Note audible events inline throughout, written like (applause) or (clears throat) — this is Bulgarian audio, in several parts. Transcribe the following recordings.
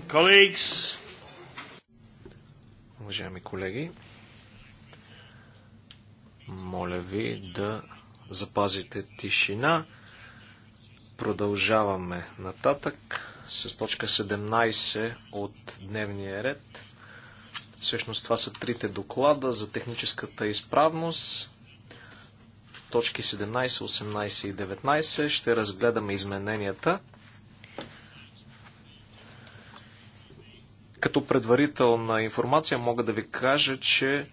Colleagues. Уважаеми колеги, моля ви да запазите тишина. Продължаваме нататък с точка 17 от дневния ред. Всъщност това са трите доклада за техническата изправност, точки 17, 18 и 19. Ще разгледаме измененията. Като предварителна информация мога да ви кажа, че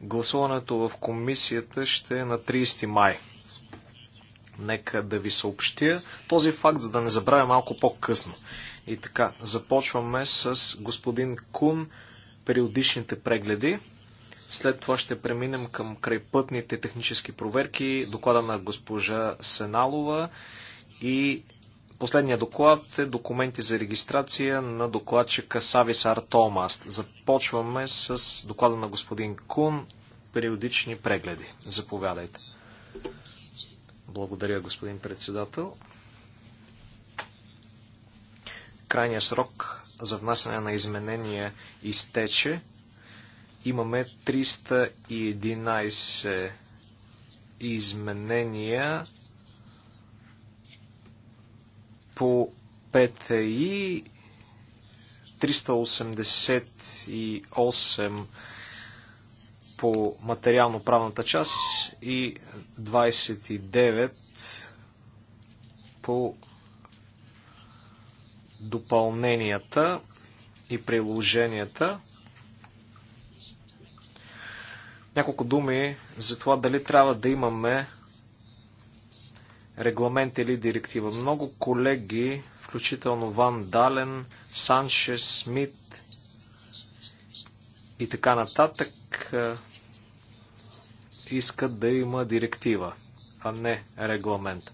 гласуването в комисията ще е на 30 май. Нека да ви съобщя този факт, за да не забравя малко по-късно. И така, започваме с господин Кун периодичните прегледи. След това ще преминем към крайпътните технически проверки, доклада на госпожа Сеналова и Последният доклад е документи за регистрация на докладчика Савис Артомаст. Започваме с доклада на господин Кун, периодични прегледи. Заповядайте. Благодаря, господин председател. Крайният срок за внасяне на изменения изтече. Имаме 311 изменения по ПТИ 388 по материално-правната част и 29 по допълненията и приложенията. Няколко думи за това дали трябва да имаме регламент или директива. Много колеги, включително Ван Дален, Санчес, Смит и така нататък, е, искат да има директива, а не регламент.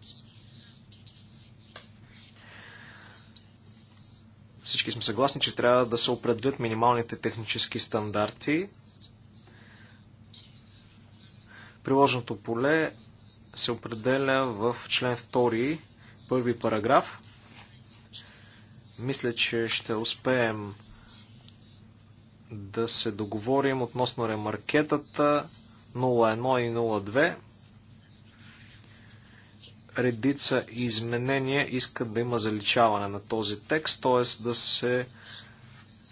Всички сме съгласни, че трябва да се определят минималните технически стандарти. Приложното поле се определя в член 2, първи параграф. Мисля, че ще успеем да се договорим относно ремаркетата 01 и 02. Редица изменения искат да има заличаване на този текст, т.е. да се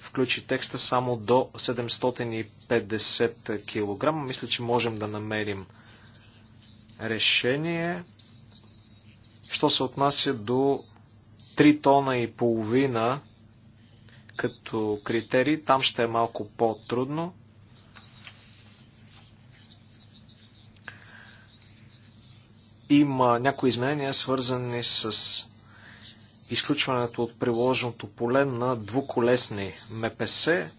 включи текста само до 750 кг. Мисля, че можем да намерим решение, що се отнася до 3 тона и половина като критерий, там ще е малко по-трудно. Има някои изменения, свързани с изключването от приложеното поле на двуколесни МПС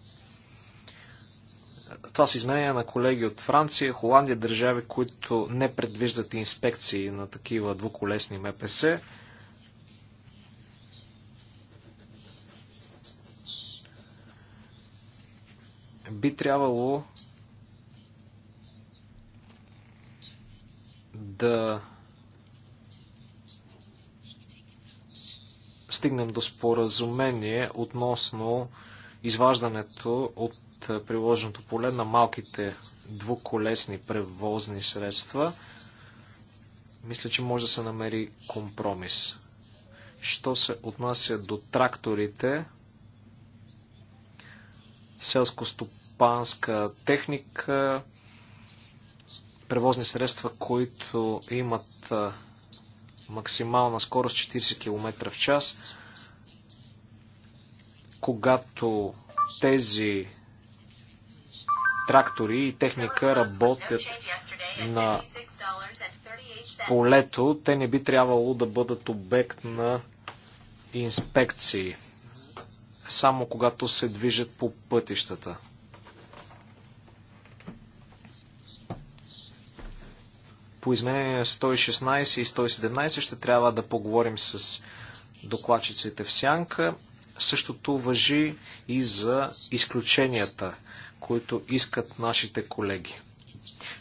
това се изменения на колеги от Франция, Холандия, държави, които не предвиждат инспекции на такива двуколесни МПС. Би трябвало да стигнем до споразумение относно изваждането от приложеното поле на малките двуколесни превозни средства, мисля, че може да се намери компромис. Що се отнася до тракторите, селско-стопанска техника, превозни средства, които имат максимална скорост 40 км в час, когато тези трактори и техника работят на полето, те не би трябвало да бъдат обект на инспекции, само когато се движат по пътищата. По изменение 116 и 117 ще трябва да поговорим с докладчиците в сянка. Същото въжи и за изключенията които искат нашите колеги.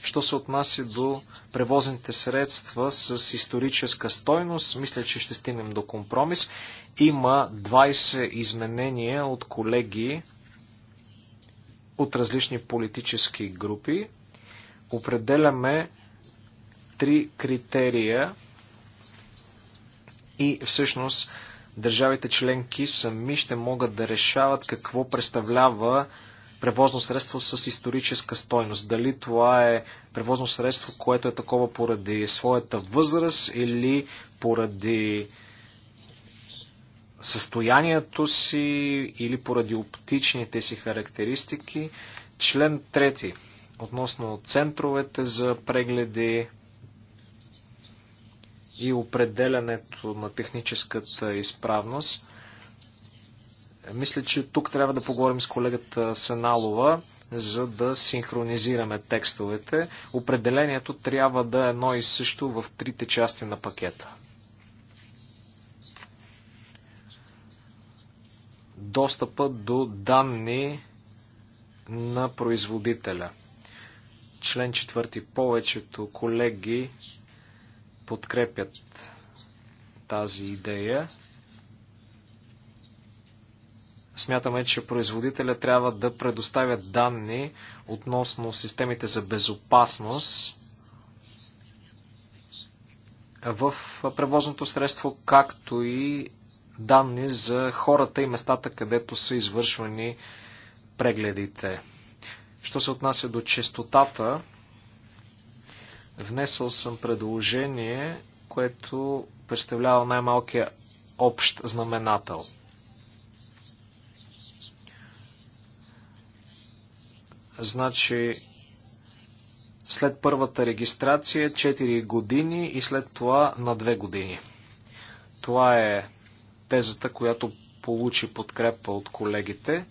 Що се отнася до превозните средства с историческа стойност, мисля, че ще стигнем до компромис. Има 20 изменения от колеги от различни политически групи. Определяме три критерия и всъщност държавите членки сами ще могат да решават какво представлява превозно средство с историческа стойност. Дали това е превозно средство, което е такова поради своята възраст или поради състоянието си или поради оптичните си характеристики. Член 3 относно центровете за прегледи и определянето на техническата изправност. Мисля, че тук трябва да поговорим с колегата Сеналова, за да синхронизираме текстовете. Определението трябва да е едно и също в трите части на пакета. Достъпа до данни на производителя. Член четвърти. Повечето колеги подкрепят тази идея. Смятаме, че производителя трябва да предоставя данни относно системите за безопасност в превозното средство, както и данни за хората и местата, където са извършвани прегледите. Що се отнася до честотата, внесъл съм предложение, което представлява най-малкия общ знаменател – Значи, след първата регистрация 4 години и след това на 2 години. Това е тезата, която получи подкрепа от колегите.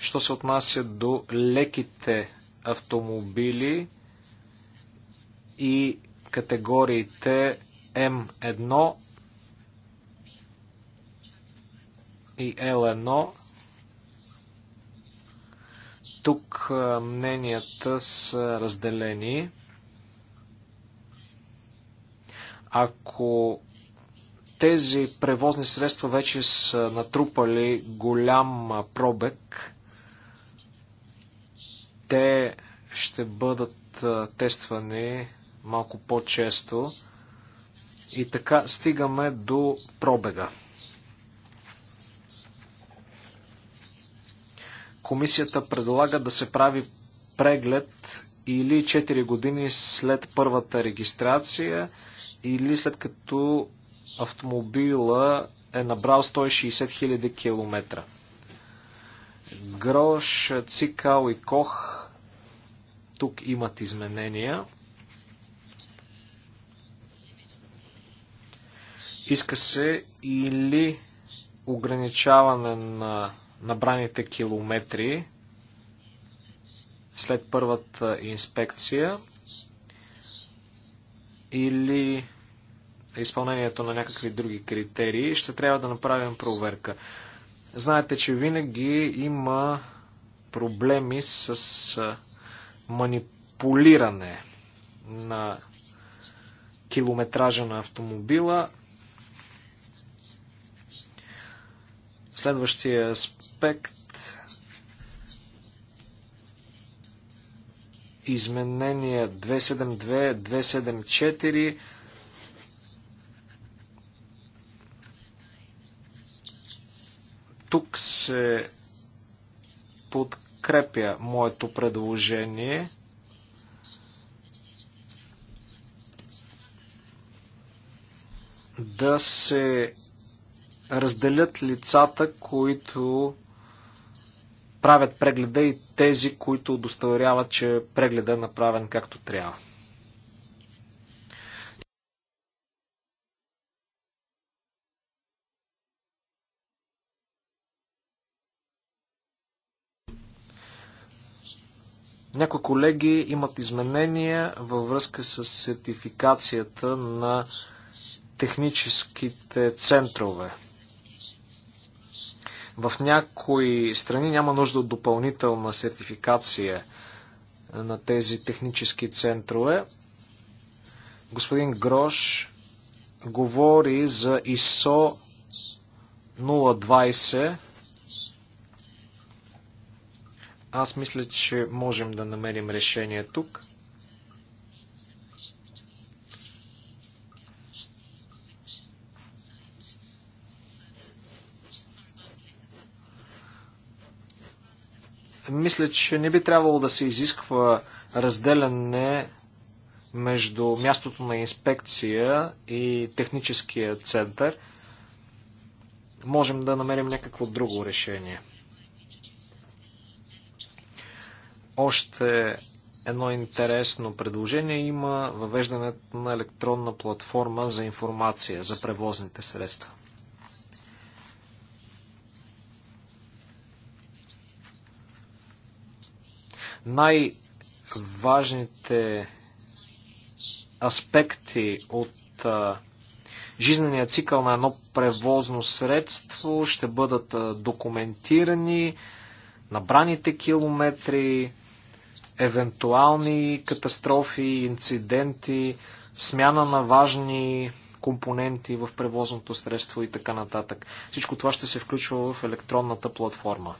Що се отнася до леките автомобили и категориите М1 и L1, тук мненията са разделени. Ако тези превозни средства вече са натрупали голям пробег, те ще бъдат тествани малко по-често. И така стигаме до пробега. комисията предлага да се прави преглед или 4 години след първата регистрация, или след като автомобила е набрал 160 000 км. Грош, Цикал и Кох тук имат изменения. Иска се или ограничаване на набраните километри след първата инспекция или изпълнението на някакви други критерии, ще трябва да направим проверка. Знаете, че винаги има проблеми с манипулиране на километража на автомобила. Следващия аспект изменения 272, 274 тук се подкрепя моето предложение. Да се разделят лицата, които правят прегледа и тези, които удостоверяват, че прегледа е направен както трябва. Някои колеги имат изменения във връзка с сертификацията на техническите центрове в някои страни няма нужда от допълнителна сертификация на тези технически центрове. Господин Грош говори за ISO 020. Аз мисля, че можем да намерим решение тук. Мисля, че не би трябвало да се изисква разделяне между мястото на инспекция и техническия център. Можем да намерим някакво друго решение. Още едно интересно предложение има въвеждането на електронна платформа за информация за превозните средства. най-важните аспекти от а, жизнения цикъл на едно превозно средство ще бъдат а, документирани, набраните километри, евентуални катастрофи, инциденти, смяна на важни компоненти в превозното средство и така нататък. Всичко това ще се включва в електронната платформа.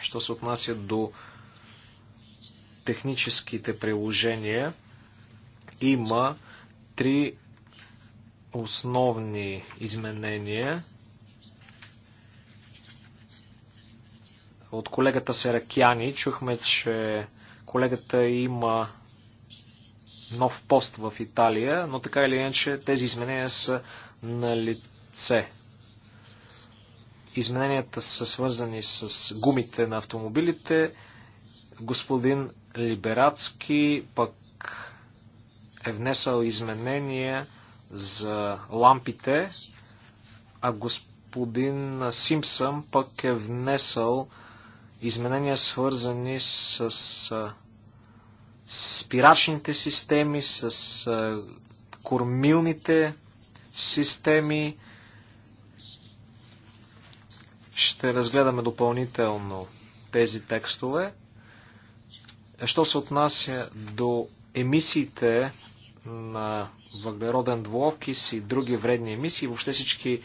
Що се отнася до техническите приложения има три основни изменения от колегата Серакяни. Чухме, че колегата има нов пост в Италия, но така или иначе тези изменения са на лице. Измененията са свързани с гумите на автомобилите. Господин Либератски пък е внесъл изменения за лампите, а господин Симпсън пък е внесъл изменения свързани с спирачните системи, с кормилните системи. Ще разгледаме допълнително тези текстове. Що се отнася до емисиите на въглероден двуокис и други вредни емисии, въобще всички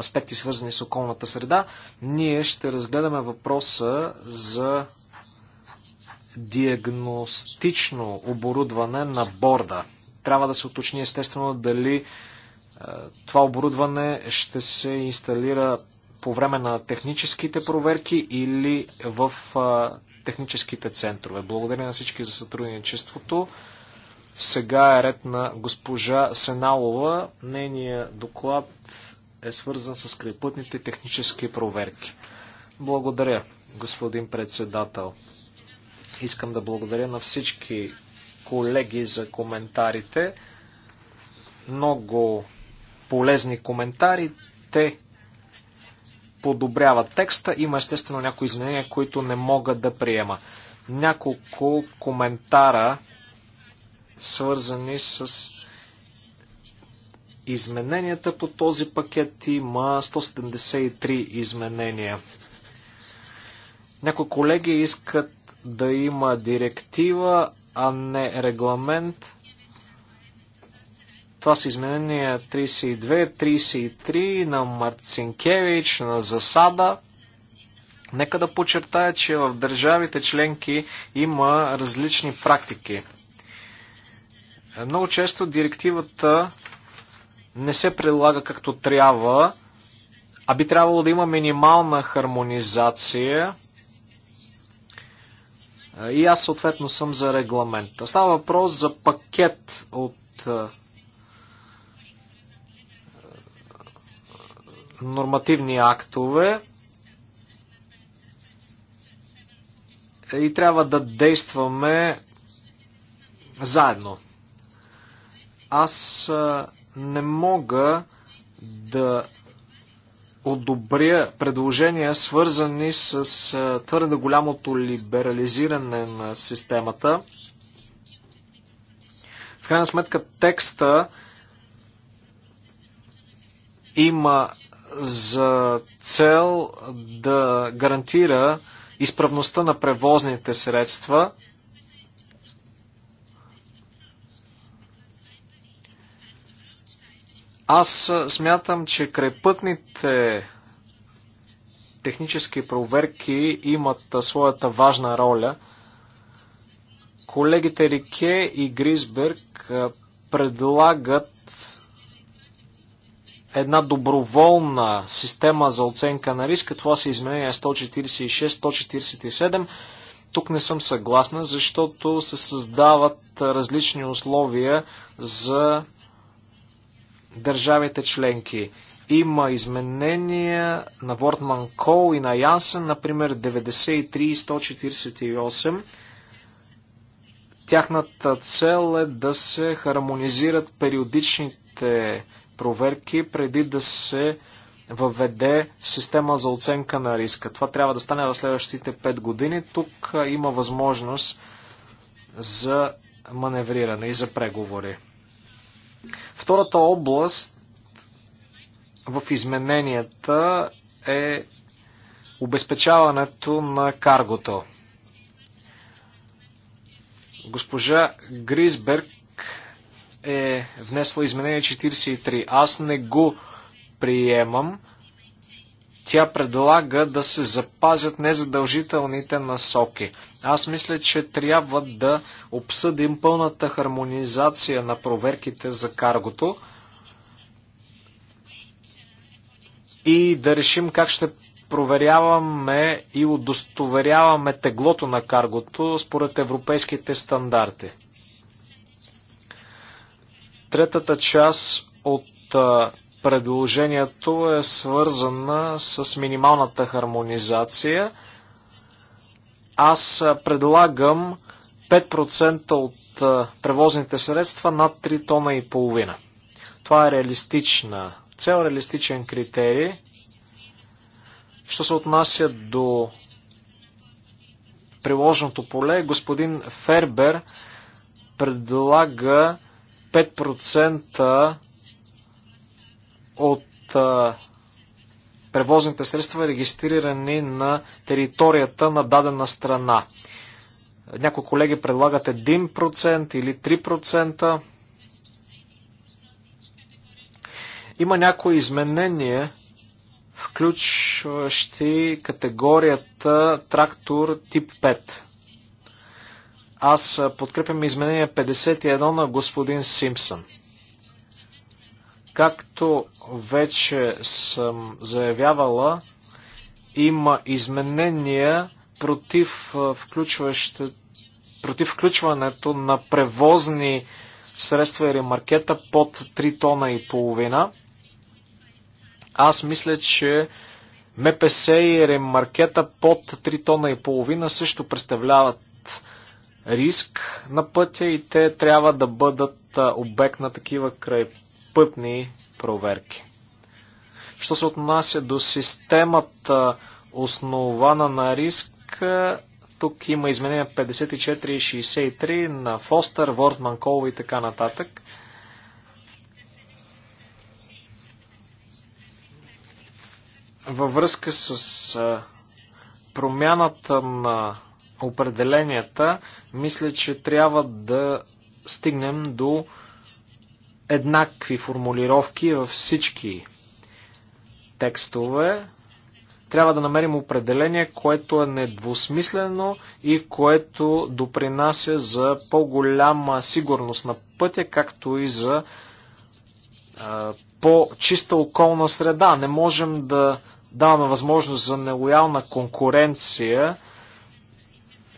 аспекти свързани с околната среда, ние ще разгледаме въпроса за диагностично оборудване на борда. Трябва да се уточни естествено дали е, това оборудване ще се инсталира по време на техническите проверки или в техническите центрове. Благодаря на всички за сътрудничеството. Сега е ред на госпожа Сеналова. Нейният доклад е свързан с крайпътните технически проверки. Благодаря, господин председател. Искам да благодаря на всички колеги за коментарите. Много полезни коментари. Те подобрява текста. Има естествено някои изменения, които не мога да приема. Няколко коментара, свързани с измененията по този пакет. Има 173 изменения. Някои колеги искат да има директива, а не регламент. Това са изменения 32, 33 на Марцинкевич, на Засада. Нека да подчертая, че в държавите членки има различни практики. Много често директивата не се прилага както трябва, а би трябвало да има минимална хармонизация. И аз съответно съм за регламент. Става въпрос за пакет от нормативни актове и трябва да действаме заедно. Аз не мога да одобря предложения, свързани с твърде голямото либерализиране на системата. В крайна сметка текста има за цел да гарантира изправността на превозните средства. Аз смятам, че крайпътните технически проверки имат своята важна роля. Колегите Рике и Гризберг предлагат една доброволна система за оценка на риска. Това са изменения 146-147. Тук не съм съгласна, защото се създават различни условия за държавите членки. Има изменения на Вортман Кол и на Янсен, например 93 148. Тяхната цел е да се хармонизират периодичните проверки преди да се въведе система за оценка на риска. Това трябва да стане в следващите 5 години. Тук има възможност за маневриране и за преговори. Втората област в измененията е обезпечаването на каргото. Госпожа Гризберг е внесла изменение 43. Аз не го приемам. Тя предлага да се запазят незадължителните насоки. Аз мисля, че трябва да обсъдим пълната хармонизация на проверките за каргото и да решим как ще проверяваме и удостоверяваме теглото на каргото според европейските стандарти. Третата част от предложението е свързана с минималната хармонизация. Аз предлагам 5% от превозните средства над 3 тона и половина. Това е реалистична цел, реалистичен критерий. Що се отнася до приложното поле, господин Фербер предлага 5% от превозните средства е регистрирани на територията на дадена страна. Някои колеги предлагат 1% или 3%. Има някои изменения, включващи категорията трактор тип 5. Аз подкрепям изменение 51 на господин Симпсън. Както вече съм заявявала, има изменения против, против включването на превозни средства или маркета под 3 тона и половина. Аз мисля, че МПС и ремаркета под 3 тона и половина също представляват риск на пътя и те трябва да бъдат обект на такива крайпътни проверки. Що се отнася до системата основана на риск, тук има изменения 54 и 63 на Фостер, Ворд, Манкол и така нататък. Във връзка с промяната на определенията, мисля, че трябва да стигнем до еднакви формулировки във всички текстове. Трябва да намерим определение, което е недвусмислено и което допринася за по-голяма сигурност на пътя, както и за по-чиста околна среда. Не можем да даваме възможност за нелоялна конкуренция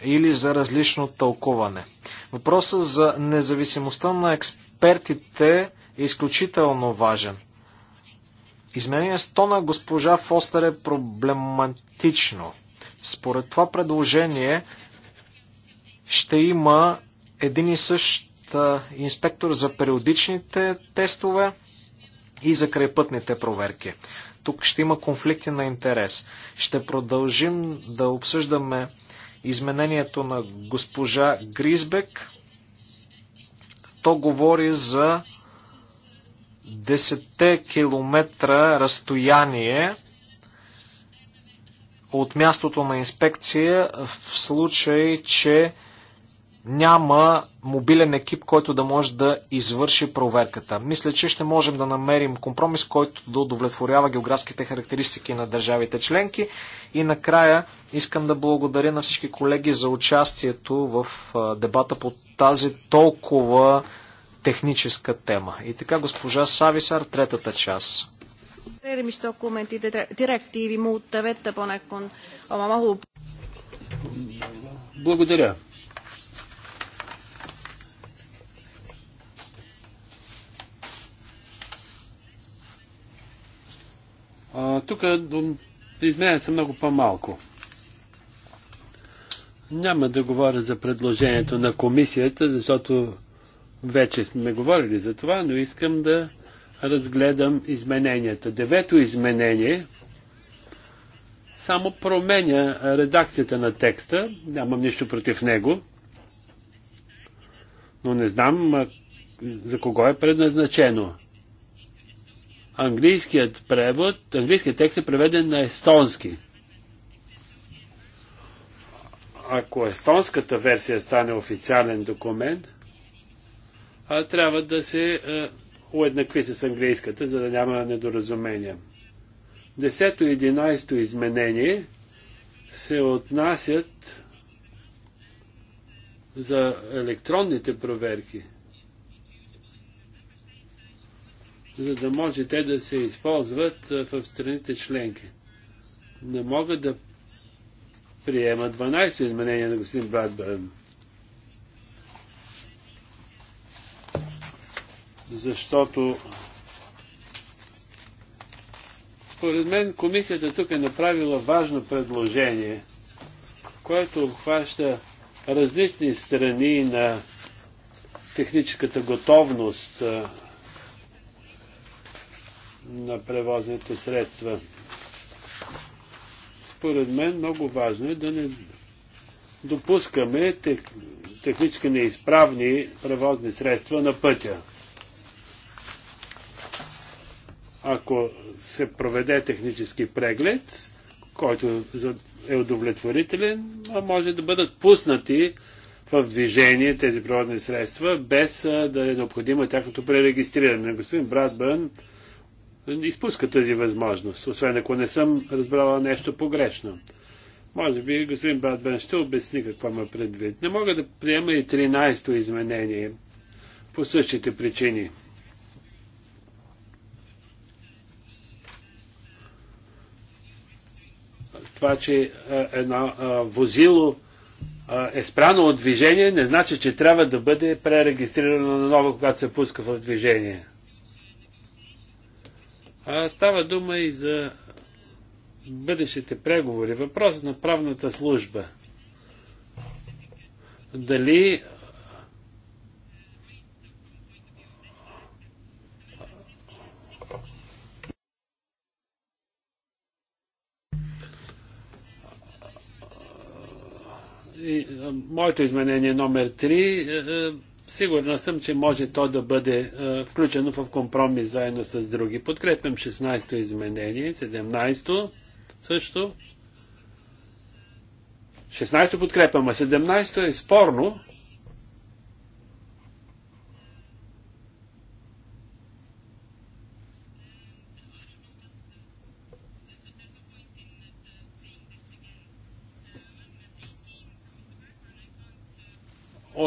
или за различно тълкуване. Въпросът за независимостта на експертите е изключително важен. Изменение 100 на госпожа Фостер е проблематично. Според това предложение ще има един и същ инспектор за периодичните тестове и за крайпътните проверки. Тук ще има конфликти на интерес. Ще продължим да обсъждаме изменението на госпожа Гризбек. То говори за 10 километра разстояние от мястото на инспекция в случай, че няма мобилен екип, който да може да извърши проверката. Мисля, че ще можем да намерим компромис, който да удовлетворява географските характеристики на държавите членки. И накрая искам да благодаря на всички колеги за участието в дебата по тази толкова техническа тема. И така, госпожа Сависар, третата част. Благодаря. Тук измененията са много по-малко. Няма да говоря за предложението на комисията, защото вече сме говорили за това, но искам да разгледам измененията. Девето изменение само променя редакцията на текста, нямам нищо против него, но не знам за кого е предназначено английският превод, английският текст е преведен на естонски. Ако естонската версия стане официален документ, а трябва да се а, уеднакви с английската, за да няма недоразумения. Десето и единайсто изменение се отнасят за електронните проверки – за да може те да се използват в страните членки. Не мога да приема 12 изменения на господин Брадбърн. Защото според мен комисията тук е направила важно предложение, което обхваща различни страни на техническата готовност на превозните средства. Според мен много важно е да не допускаме тех, технически неизправни превозни средства на пътя. Ако се проведе технически преглед, който е удовлетворителен, може да бъдат пуснати в движение тези превозни средства, без да е необходимо тяхното пререгистриране. Господин Братбън изпуска тази възможност, освен ако не съм разбрала нещо погрешно. Може би господин Братбен, ще обясни какво ме предвид. Не мога да приема и 13-то изменение по същите причини. Това, че едно возило е спрано от движение, не значи, че трябва да бъде пререгистрирано наново, когато се пуска в движение. А, става дума и за бъдещите преговори. Въпрос на правната служба. Дали моето изменение номер 3 Сигурна съм, че може то да бъде а, е, включено в компромис заедно с други. Подкрепям 16-то изменение, 17-то също. 16-то подкрепям, а 17-то е спорно,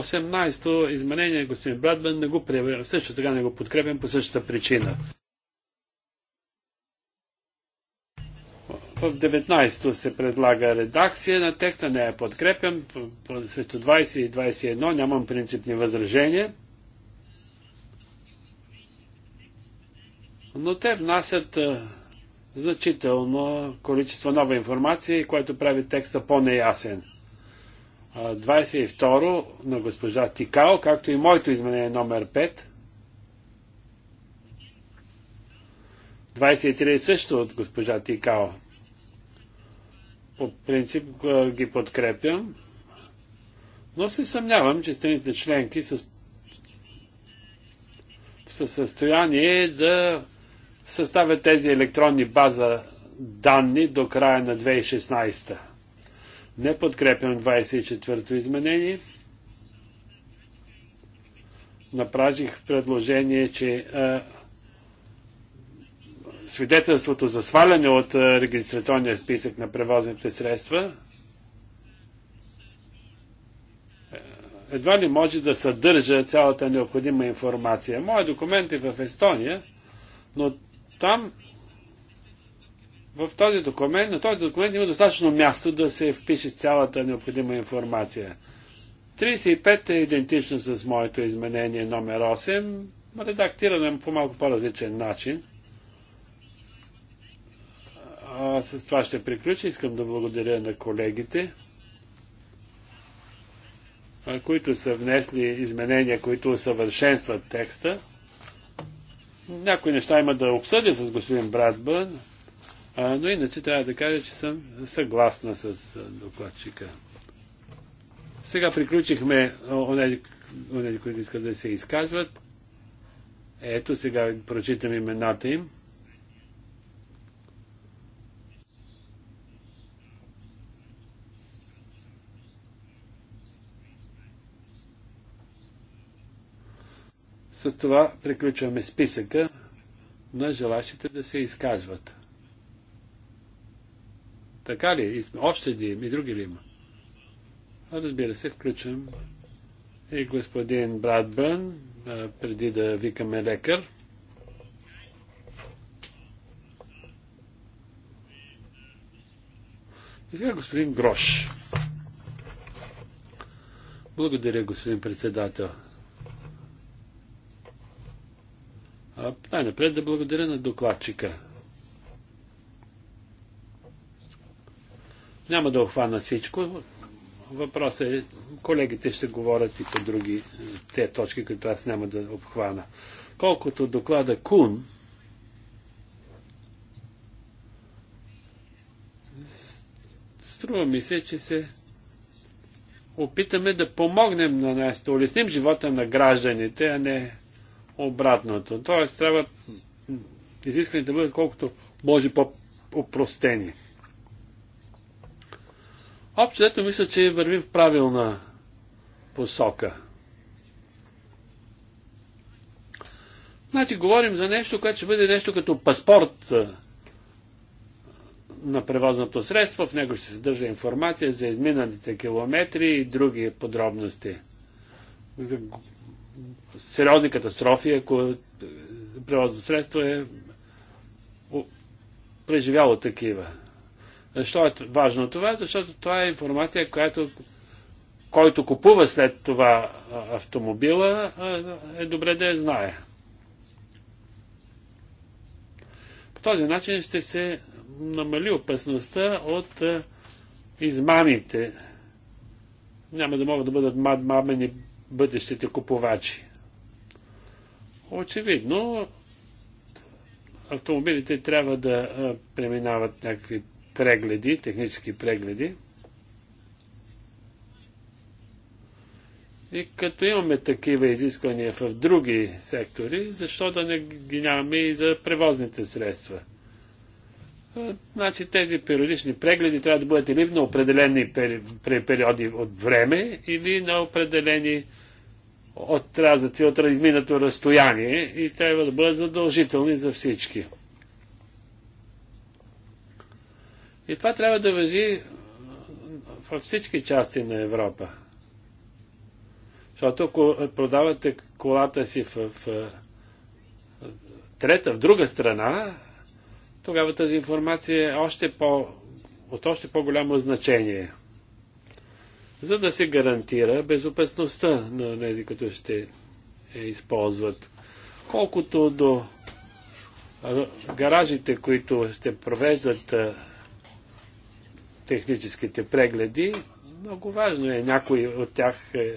18-то изменение, господин Брадбен, не го приема. Също така не го подкрепям по същата причина. В 19-то се предлага редакция на текста, не я подкрепям. Също 20 и 21 нямам принципни възражения. Но те внасят значително количество нова информация, което прави текста по-неясен. 22 на госпожа Тикао, както и моето изменение номер 5. 23 е също от госпожа Тикао. По принцип ги подкрепям, но се съмнявам, че страните членки са в състояние да съставят тези електронни база данни до края на 2016. Не подкрепям 24-то изменение. Направих предложение, че а, свидетелството за сваляне от а, регистрационния списък на превозните средства е, едва ли може да съдържа цялата необходима информация. Моят документ е в Естония, но там в този документ, на този документ има достатъчно място да се впише цялата необходима информация. 35 е идентично с моето изменение номер 8, редактирано е по малко по-различен начин. А, с това ще приключа. Искам да благодаря на колегите, които са внесли изменения, които усъвършенстват текста. Някои неща има да обсъдя с господин Братбърн но иначе трябва да кажа, че съм съгласна с докладчика. Сега приключихме онези които искат да се изказват. Ето сега прочитам имената им. С това приключваме списъка на желащите да се изказват. Така ли? Още ли И други ли има? Разбира се, включвам и господин Брадбърн, преди да викаме лекар. И сега господин Грош. Благодаря, господин председател. най-напред да благодаря на докладчика. Няма да охвана всичко. Въпросът е, колегите ще говорят и по други е, те точки, които аз няма да обхвана. Колкото доклада Кун, струва ми се, че се опитаме да помогнем на нас, да улесним живота на гражданите, а не обратното. Тоест, трябва изискванията да бъдат колкото може по-опростени. Общо ето мисля, че вървим в правилна посока. Значи говорим за нещо, което ще бъде нещо като паспорт на превозното средство. В него ще се съдържа информация за изминалите километри и други подробности. За сериозни катастрофи, ако е, превозното средство е преживяло такива. Защо е важно това? Защото това е информация, която който купува след това автомобила, е добре да я знае. По този начин ще се намали опасността от измамите. Няма да могат да бъдат мамени бъдещите купувачи. Очевидно, автомобилите трябва да преминават някакви прегледи, технически прегледи. И като имаме такива изисквания в други сектори, защо да не ги нямаме и за превозните средства? Значи тези периодични прегледи трябва да бъдат или на определени периоди от време, или на определени от трябва за изминато разстояние и трябва да бъдат задължителни за всички. И това трябва да въжи във всички части на Европа. Защото ако продавате колата си в, в трета, в друга страна, тогава тази информация е още по, от още по-голямо значение. За да се гарантира безопасността на тези, които ще я използват. Колкото до гаражите, които ще провеждат техническите прегледи. Много важно е, някои от тях е, е,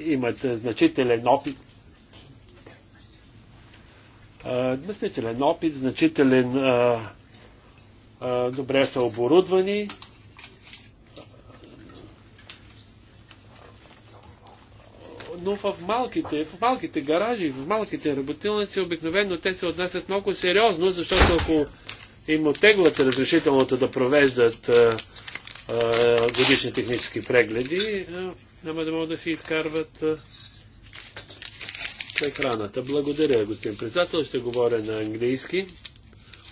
имат значителен опит. Значителен опит, значителен добре са оборудвани. но в малките, в малките гаражи, в малките работилници обикновено те се отнасят много сериозно, защото ако им отегват разрешителното да провеждат годишни технически прегледи, няма да могат да си изкарват екраната. Благодаря, господин председател. Ще говоря на английски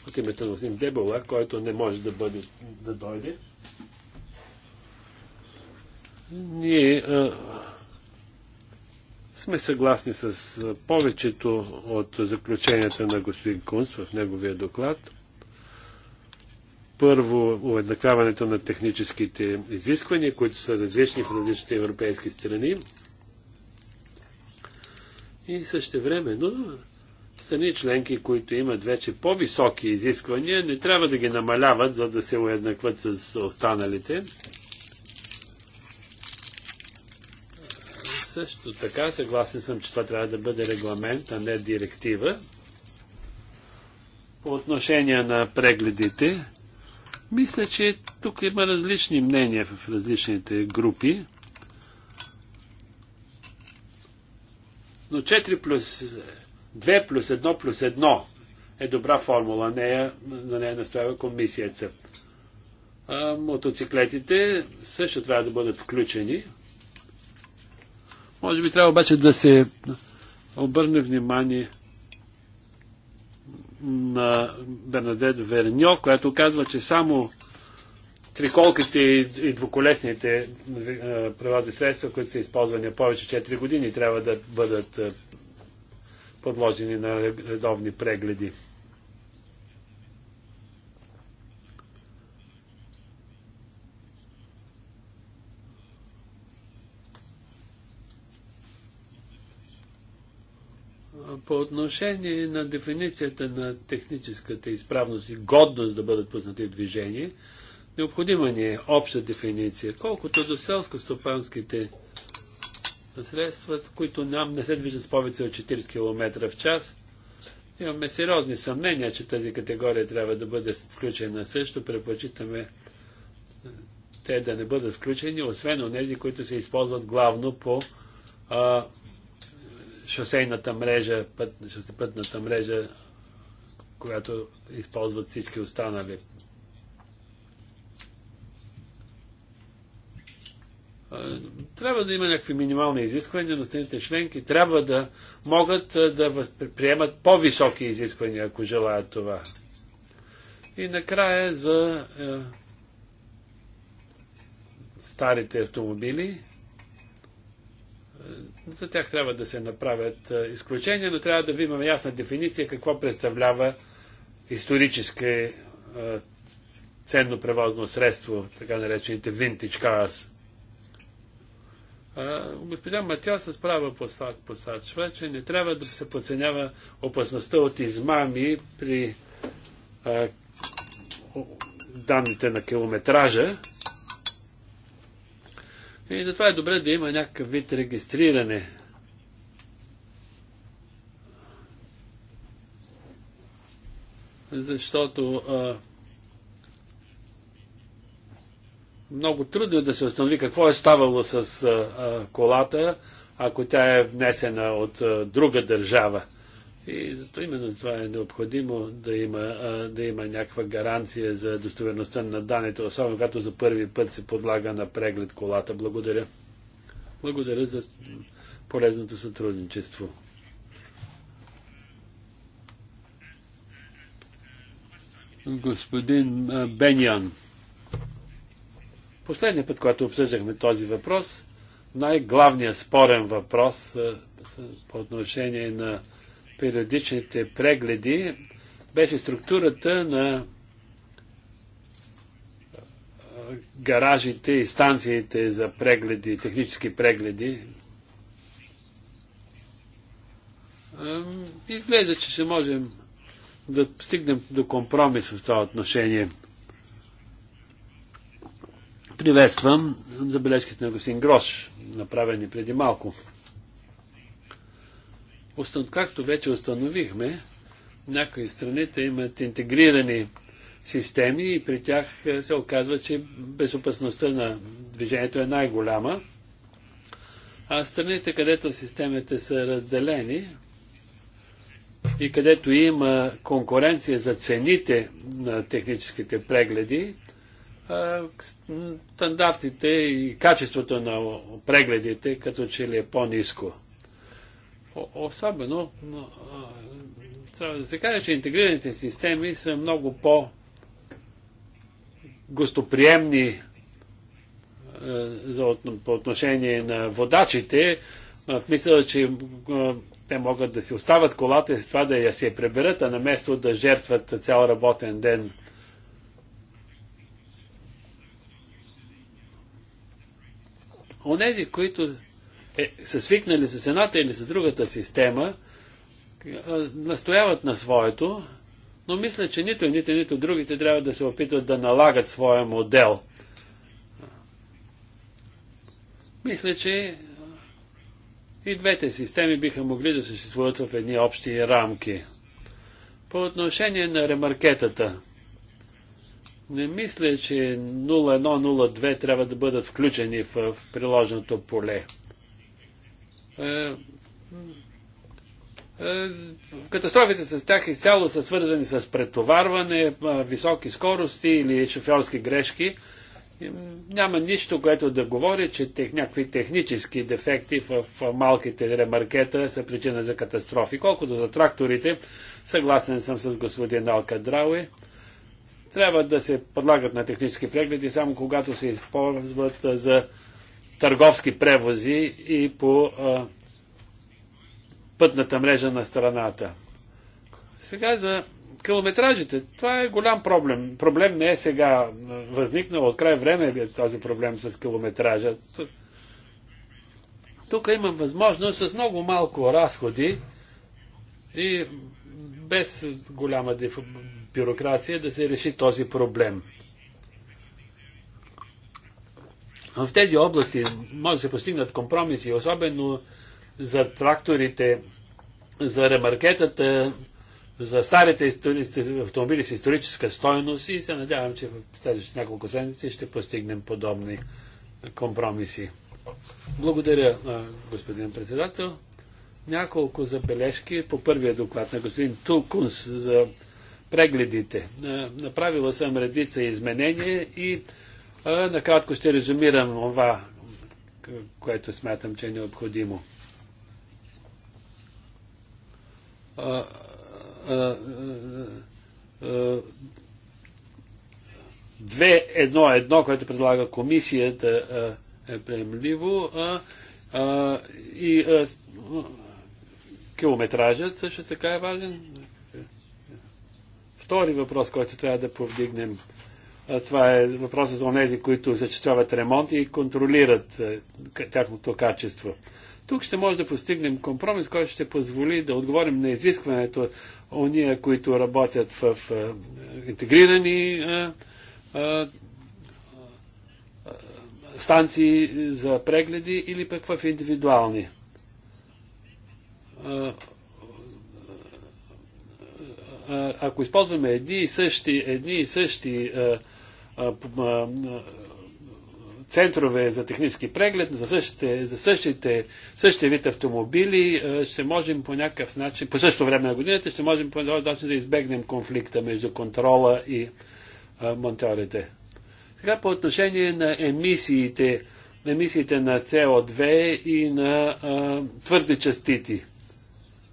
от името на господин Дебола, който не може да бъде да дойде. Ние а, сме съгласни с повечето от заключенията на господин Кунс в неговия доклад. Първо, уеднаквяването на техническите изисквания, които са различни в различните европейски страни. И също времено страни членки, които имат вече по-високи изисквания, не трябва да ги намаляват, за да се уеднакват с останалите. Също така, съгласен съм, че това трябва да бъде регламент, а не директива. По отношение на прегледите, мисля, че тук има различни мнения в различните групи. Но 4 плюс 2 плюс 1 плюс 1 е добра формула. Нея, е, на нея настоява комисията. А, мотоциклетите също трябва да бъдат включени. Може би трябва обаче да се обърне внимание на Бернадет Верньо, която казва, че само триколките и двуколесните е, превозни средства, които са използвани повече 4 години, трябва да бъдат е, подложени на редовни прегледи. По отношение на дефиницията на техническата изправност и годност да бъдат пуснати в движение, необходима ни е обща дефиниция. Колкото до селско-стопанските средства, които нам не се движат с повече от 40 км в час, имаме сериозни съмнения, че тази категория трябва да бъде включена също. Предпочитаме е, те да не бъдат включени, освен от тези, които се използват главно по а, шосейната мрежа, път, пътната мрежа, която използват всички останали. Трябва да има някакви минимални изисквания, но страните членки трябва да могат да възприемат по-високи изисквания, ако желаят това. И накрая за е, старите автомобили. За тях трябва да се направят изключения, но трябва да имаме ясна дефиниция какво представлява исторически ценно превозно средство, така наречените vintage cars. Господин Матио с права посачва, че не трябва да се подценява опасността от измами при а, данните на километража, и затова е добре да има някакъв вид регистриране. Защото а, много трудно е да се установи какво е ставало с а, а, колата, ако тя е внесена от а, друга държава. И зато именно това е необходимо да има, да има някаква гаранция за достоверността на данните, особено когато за първи път се подлага на преглед колата. Благодаря. Благодаря за полезното сътрудничество. Господин Беньян. Последния път, когато обсъждахме този въпрос, най-главният спорен въпрос по отношение на периодичните прегледи беше структурата на гаражите и станциите за прегледи, технически прегледи. Изглежда, че ще можем да стигнем до компромис в това отношение. Приветствам забележките на господин Грош, направени преди малко както вече установихме, някои страните имат интегрирани системи и при тях е, се оказва, че безопасността на движението е най-голяма. А страните, където системите са разделени и където има конкуренция за цените на техническите прегледи, е, стандартите и качеството на прегледите като че ли е по-низко. Особено но, а, трябва да се каже, че интегрираните системи са много по- гостоприемни а, за, по отношение на водачите, в мисъл, че а, те могат да си остават колата и с това да я се преберат, а наместо да жертват цял работен ден. Онези, които е, са свикнали с едната или с другата система, е, настояват на своето, но мисля, че нито нито, нито другите трябва да се опитват да налагат своя модел. Мисля, че и двете системи биха могли да съществуват в едни общи рамки. По отношение на ремаркетата, не мисля, че 0102 трябва да бъдат включени в приложеното поле. Е, е, катастрофите с тях изцяло са свързани с претоварване, високи скорости или шофьорски грешки. Няма нищо, което да говори, че тех, някакви технически дефекти в, в малките ремаркета са причина за катастрофи. Колкото за тракторите, съгласен съм с господин Драуи, трябва да се подлагат на технически прегледи само когато се използват за търговски превози и по а, пътната мрежа на страната. Сега за километражите. Това е голям проблем. Проблем не е сега възникнал. От край време е този проблем с километража. Тук има възможност с много малко разходи и без голяма бюрокрация да се реши този проблем. В тези области може да се постигнат компромиси, особено за тракторите, за ремаркетата, за старите автомобили с историческа стойност и се надявам, че в следващите няколко седмици ще постигнем подобни компромиси. Благодаря, господин председател. Няколко забележки по първия доклад на господин Тулкунс за прегледите. Направила съм редица изменения и Накратко ще резюмирам това, което смятам, че е необходимо. две едно едно, което предлага комисията е приемливо и километражът също така е важен. Втори въпрос, който трябва да повдигнем това е въпросът за тези, които осъществяват ремонт и контролират тяхното качество. Тук ще може да постигнем компромис, който ще позволи да отговорим на изискването ония, които работят в интегрирани станции за прегледи или пък в индивидуални. Ако използваме едни и същи, едни и същи а, центрове за технически преглед, за същите, за същите, същия вид автомобили, ще можем по някакъв начин, по същото време на годината, ще можем по някакъв начин да избегнем конфликта между контрола и монтьорите. Сега по отношение на емисиите, емисиите на CO2 и на а, твърди частици.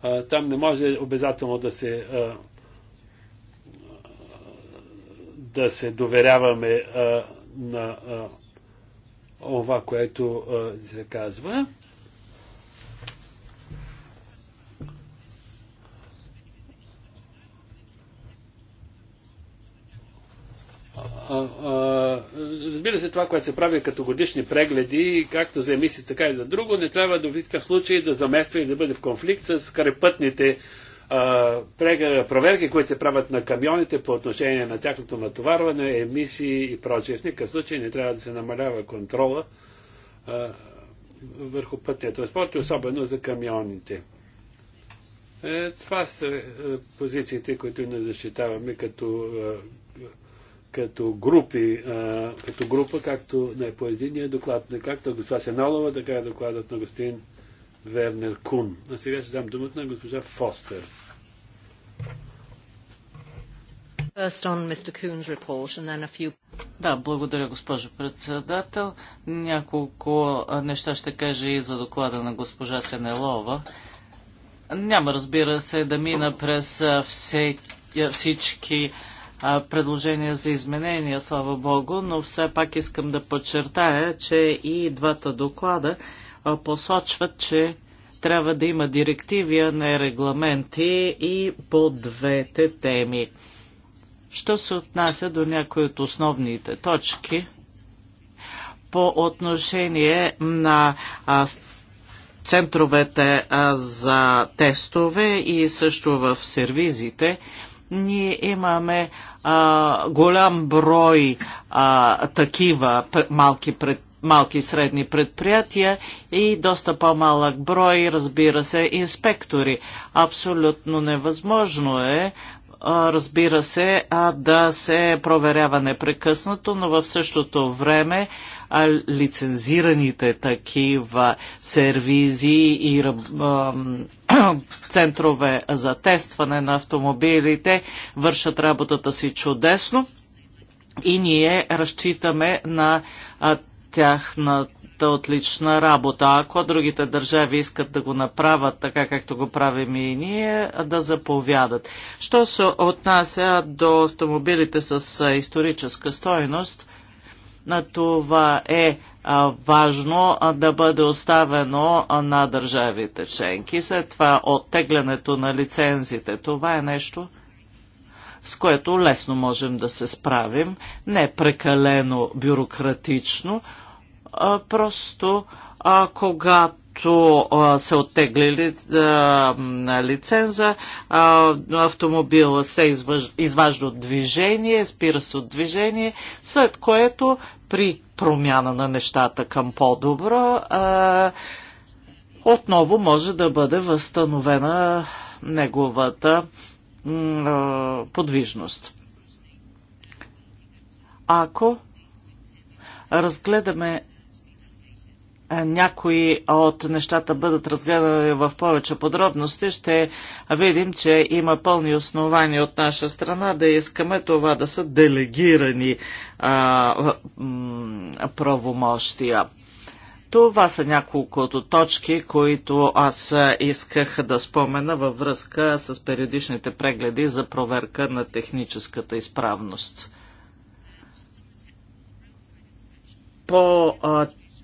А, там не може обязателно да се а, да се доверяваме а, на а, това, което а, се казва. А, а, разбира се, това, което се прави е като годишни прегледи, както за емисии, така и за друго, не трябва до никакъв случай да замества и да бъде в конфликт с крепътните проверки, които се правят на камионите по отношение на тяхното натоварване, емисии и прочее. В никакъв случай не трябва да се намалява контрола върху пътния транспорт, особено за камионите. Е, това са е, позициите, които не защитаваме като, е, като, групи, като група, както на по единия доклад, не както това Сеналова, така и докладът на господин Вернер Кун. А сега ще дам думата на госпожа Фостер. Да, благодаря, госпожо председател. Няколко неща ще кажа и за доклада на госпожа Сенелова. Няма, разбира се, да мина през все, всички предложения за изменения, слава Богу, но все пак искам да подчертая, че и двата доклада посочват, че трябва да има директиви, а не регламенти и по двете теми. Що се отнася до някои от основните точки по отношение на а, центровете а, за тестове и също в сервизите, ние имаме а, голям брой а, такива малки предприятия малки и средни предприятия и доста по-малък брой, разбира се, инспектори. Абсолютно невъзможно е разбира се, а да се проверява непрекъснато, но в същото време а, лицензираните такива сервизи и а, (clears throat) центрове за тестване на автомобилите вършат работата си чудесно и ние разчитаме на а, тяхната отлична работа. Ако другите държави искат да го направят така, както го правим и ние, да заповядат. Що се отнася до автомобилите с историческа стойност, на това е важно да бъде оставено на държавите членки. След това оттеглянето на лицензите. Това е нещо, с което лесно можем да се справим, не прекалено бюрократично, а просто а, когато се оттегли лиценза, автомобила се изважда от движение, спира се от движение, след което при промяна на нещата към по-добро, отново може да бъде възстановена неговата подвижност. Ако разгледаме някои от нещата бъдат разгледани в повече подробности, ще видим, че има пълни основания от наша страна да искаме това да са делегирани а, правомощия. Това са няколкото точки, които аз исках да спомена във връзка с периодичните прегледи за проверка на техническата изправност. По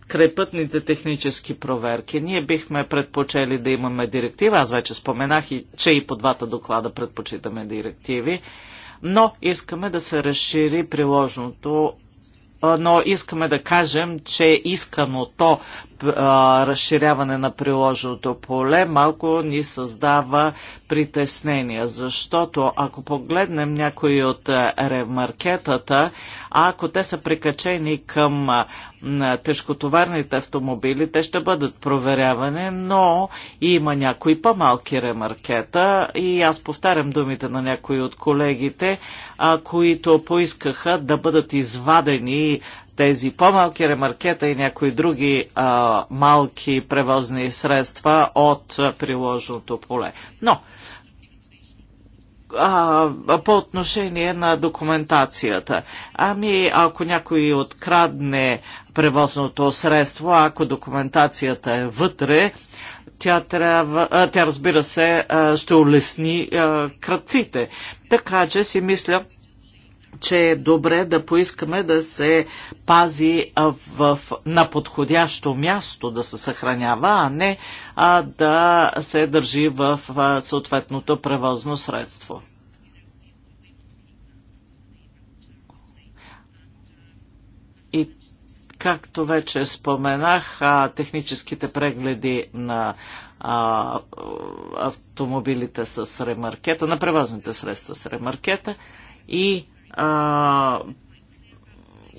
крайпътните технически проверки. Ние бихме предпочели да имаме директива. Аз вече споменах, и, че и по двата доклада предпочитаме директиви но искаме да се разшири приложното но искаме да кажем, че исканото разширяване на приложеното поле малко ни създава притеснения, защото ако погледнем някои от ремаркетата, ако те са прикачени към тежкотоварните автомобили, те ще бъдат проверявани, но има някои по-малки ремаркета и аз повтарям думите на някои от колегите, които поискаха да бъдат извадени тези по-малки ремаркета и някои други а, малки превозни средства от а, приложното поле. Но, а, по отношение на документацията. Ами, ако някой открадне превозното средство, ако документацията е вътре, тя, трябва, тя разбира се, ще улесни кръците. Така че си мисля, че е добре да поискаме да се пази в, на подходящо място, да се съхранява, а не а, да се държи в а, съответното превозно средство. И както вече споменах, а, техническите прегледи на а, автомобилите с ремаркета, на превозните средства с ремаркета и а,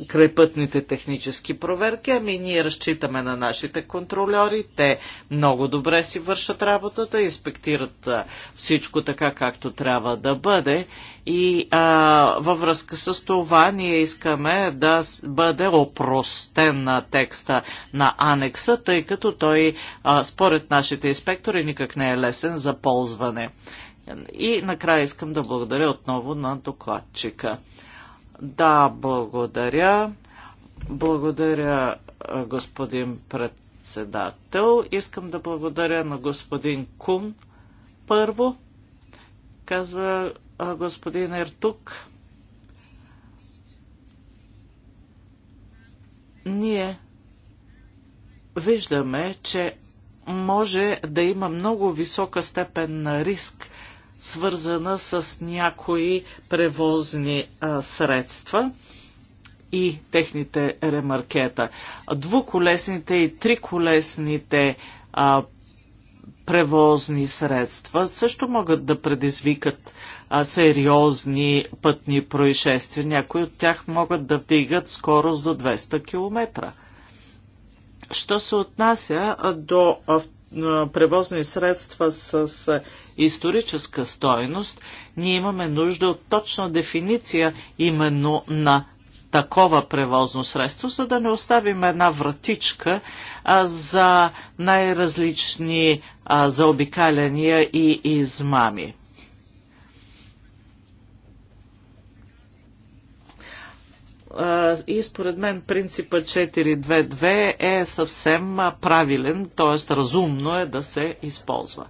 крайпътните технически проверки, ами ние разчитаме на нашите контролери, те много добре си вършат работата, инспектират всичко така както трябва да бъде и а, във връзка с това ние искаме да бъде опростен на текста на анекса, тъй като той а, според нашите инспектори никак не е лесен за ползване. И накрая искам да благодаря отново на докладчика. Да, благодаря. Благодаря, господин председател. Искам да благодаря на господин Кун първо, казва господин Ертук. Ние виждаме, че може да има много висока степен на риск – свързана с някои превозни а, средства и техните ремаркета. Двуколесните и триколесните а, превозни средства също могат да предизвикат а, сериозни пътни происшествия. Някои от тях могат да вдигат скорост до 200 км. Що се отнася до превозни средства с историческа стойност, ние имаме нужда от точна дефиниция именно на такова превозно средство, за да не оставим една вратичка а, за най-различни заобикаляния и измами. и според мен принципа 422 е съвсем правилен, т.е. разумно е да се използва.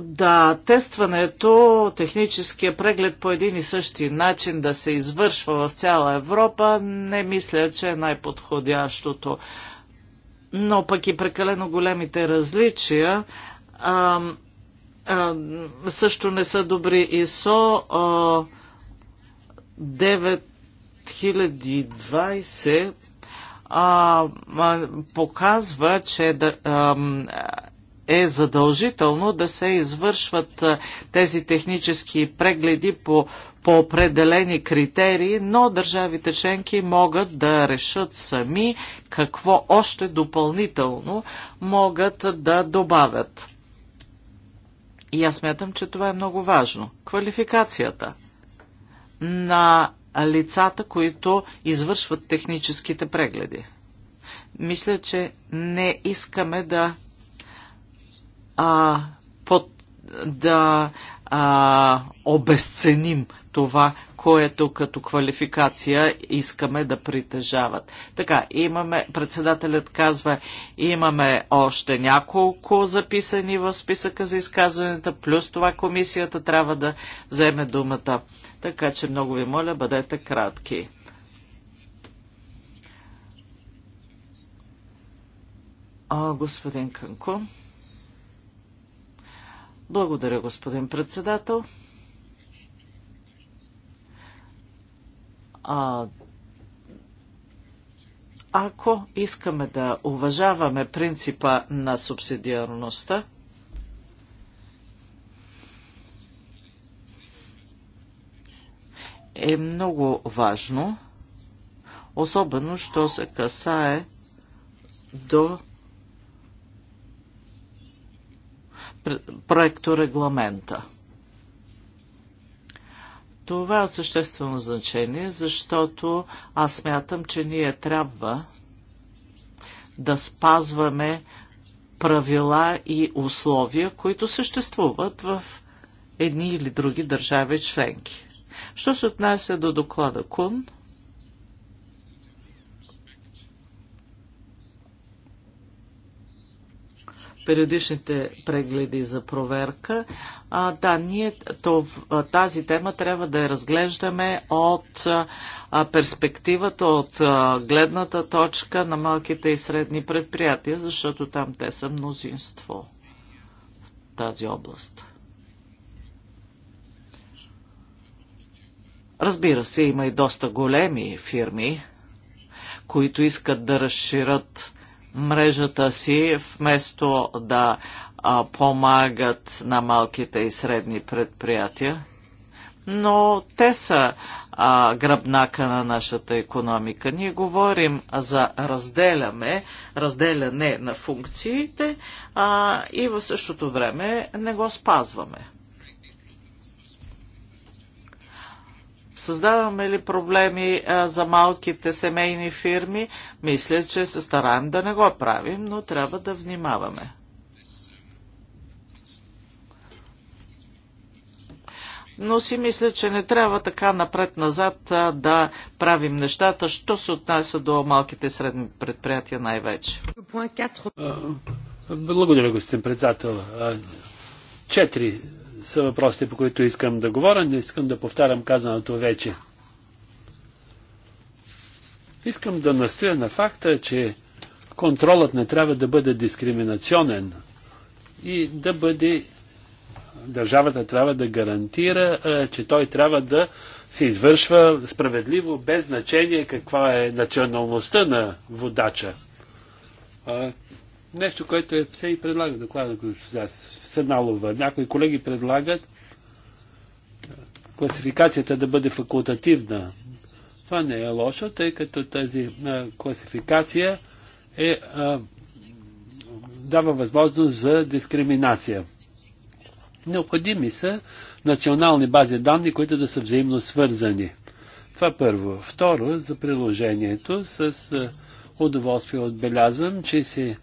Да, тестването, техническия преглед по един и същи начин да се извършва в цяла Европа, не мисля, че е най-подходящото. Но пък и прекалено големите различия а, а, също не са добри. ИСО а, 9020 а, а, показва, че да, а, е задължително да се извършват а, тези технически прегледи по, по определени критерии, но държавите членки могат да решат сами какво още допълнително могат да добавят. И аз смятам, че това е много важно. Квалификацията – на лицата, които извършват техническите прегледи. Мисля, че не искаме да а, под, да а, обесценим това, което като квалификация искаме да притежават. Така, имаме, председателят казва, имаме още няколко записани в списъка за изказванията, плюс това комисията трябва да вземе думата така че много ви моля, бъдете кратки. А, господин Канко. Благодаря, господин председател. А, ако искаме да уважаваме принципа на субсидиарността, е много важно, особено, що се касае до проекторегламента. Това е от съществено значение, защото аз смятам, че ние трябва да спазваме правила и условия, които съществуват в едни или други държави членки. Що се отнася до доклада Кун, периодичните прегледи за проверка. А, да, ние тази тема трябва да я разглеждаме от а, перспективата, от а, гледната точка на малките и средни предприятия, защото там те са мнозинство в тази област. Разбира се, има и доста големи фирми, които искат да разширят мрежата си, вместо да а, помагат на малките и средни предприятия. Но те са а, гръбнака на нашата економика. Ние говорим за разделяме, разделяне на функциите а, и в същото време не го спазваме. Създаваме ли проблеми а, за малките семейни фирми? Мисля, че се стараем да не го правим, но трябва да внимаваме. но си мисля, че не трябва така напред-назад да правим нещата, що се отнася до малките средни предприятия най-вече. Благодаря, господин председател. Четири са въпросите, по които искам да говоря. Не искам да повтарям казаното вече. Искам да настоя на факта, че контролът не трябва да бъде дискриминационен и да бъде. Държавата трябва да гарантира, че той трябва да се извършва справедливо, без значение каква е националността на водача нещо, което е, се и предлага доклада, се налова. Някои колеги предлагат класификацията да бъде факултативна. Това не е лошо, тъй като тази а, класификация е, а, дава възможност за дискриминация. Необходими са национални бази данни, които да са взаимно свързани. Това първо. Второ, за приложението с удоволствие отбелязвам, че се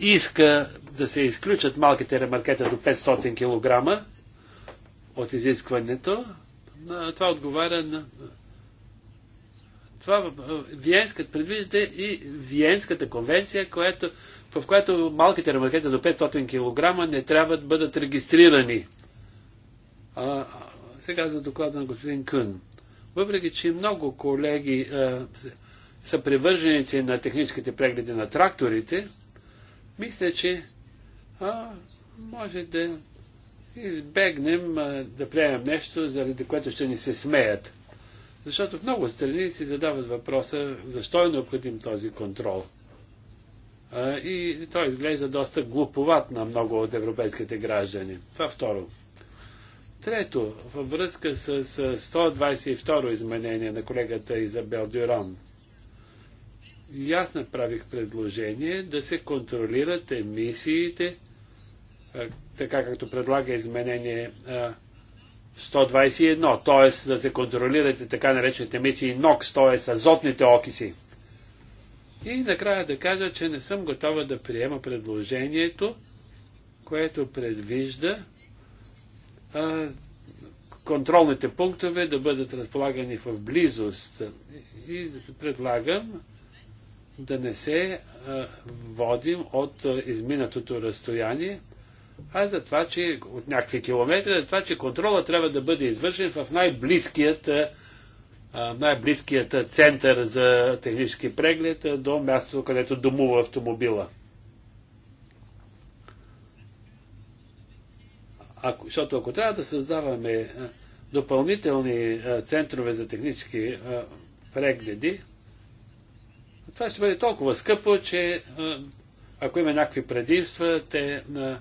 иска да се изключат малките ремаркета до 500 кг от изискването, това отговаря на... Това Виенскът предвиждате и Виенската конвенция, което, в която малките ремаркета до 500 кг не трябва да бъдат регистрирани. А, сега за доклада на господин Кун. Въпреки, че много колеги а, са привърженици на техническите прегледи на тракторите, мисля, че а, може да избегнем а, да приемем нещо, заради което ще ни се смеят. Защото в много страни си задават въпроса, защо е необходим този контрол. А, и той изглежда доста глуповат на много от европейските граждани. Това второ. Трето, във връзка с 122 изменение на колегата Изабел Дюрон – и аз направих предложение да се контролират емисиите, така както предлага изменение 121, т.е. да се контролират така наречените емисии НОКС, т.е. азотните окиси. И накрая да кажа, че не съм готова да приема предложението, което предвижда а, контролните пунктове да бъдат разполагани в близост. И предлагам да не се водим от изминатото разстояние, а за това, че от някакви километри, за това, че контрола трябва да бъде извършен в най-близкият най-близкият център за технически преглед до мястото, където домува автомобила. Ако, защото ако трябва да създаваме допълнителни центрове за технически прегледи, това ще бъде толкова скъпо, че е, ако има някакви предимства, те е,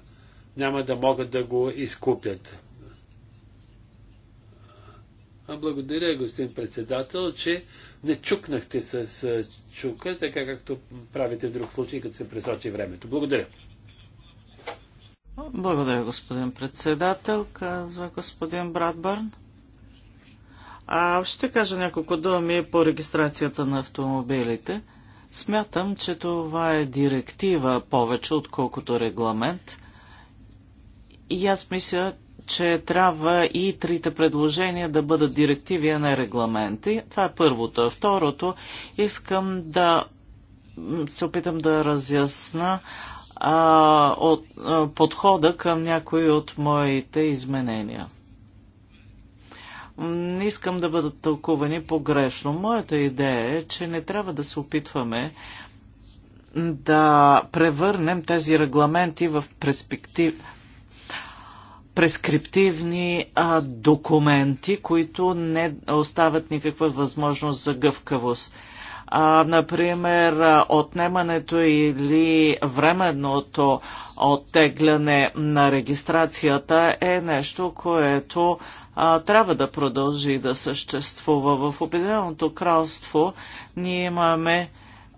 няма да могат да го изкупят. Благодаря, господин председател, че не чукнахте с е, чука, така както правите в друг случай, като се пресочи времето. Благодаря. Благодаря, господин председател, казва господин Братбърн. А ще кажа няколко думи по регистрацията на автомобилите. Смятам, че това е директива повече, отколкото регламент. И аз мисля, че трябва и трите предложения да бъдат директиви, а не регламенти. Това е първото. Второто, искам да се опитам да разясна а, от, а, подхода към някои от моите изменения не искам да бъдат тълкувани погрешно. Моята идея е, че не трябва да се опитваме да превърнем тези регламенти в перспектив, прескриптивни а, документи, които не оставят никаква възможност за гъвкавост. А, например, отнемането или временното оттегляне на регистрацията е нещо, което а, трябва да продължи да съществува. В Обединеното кралство ние имаме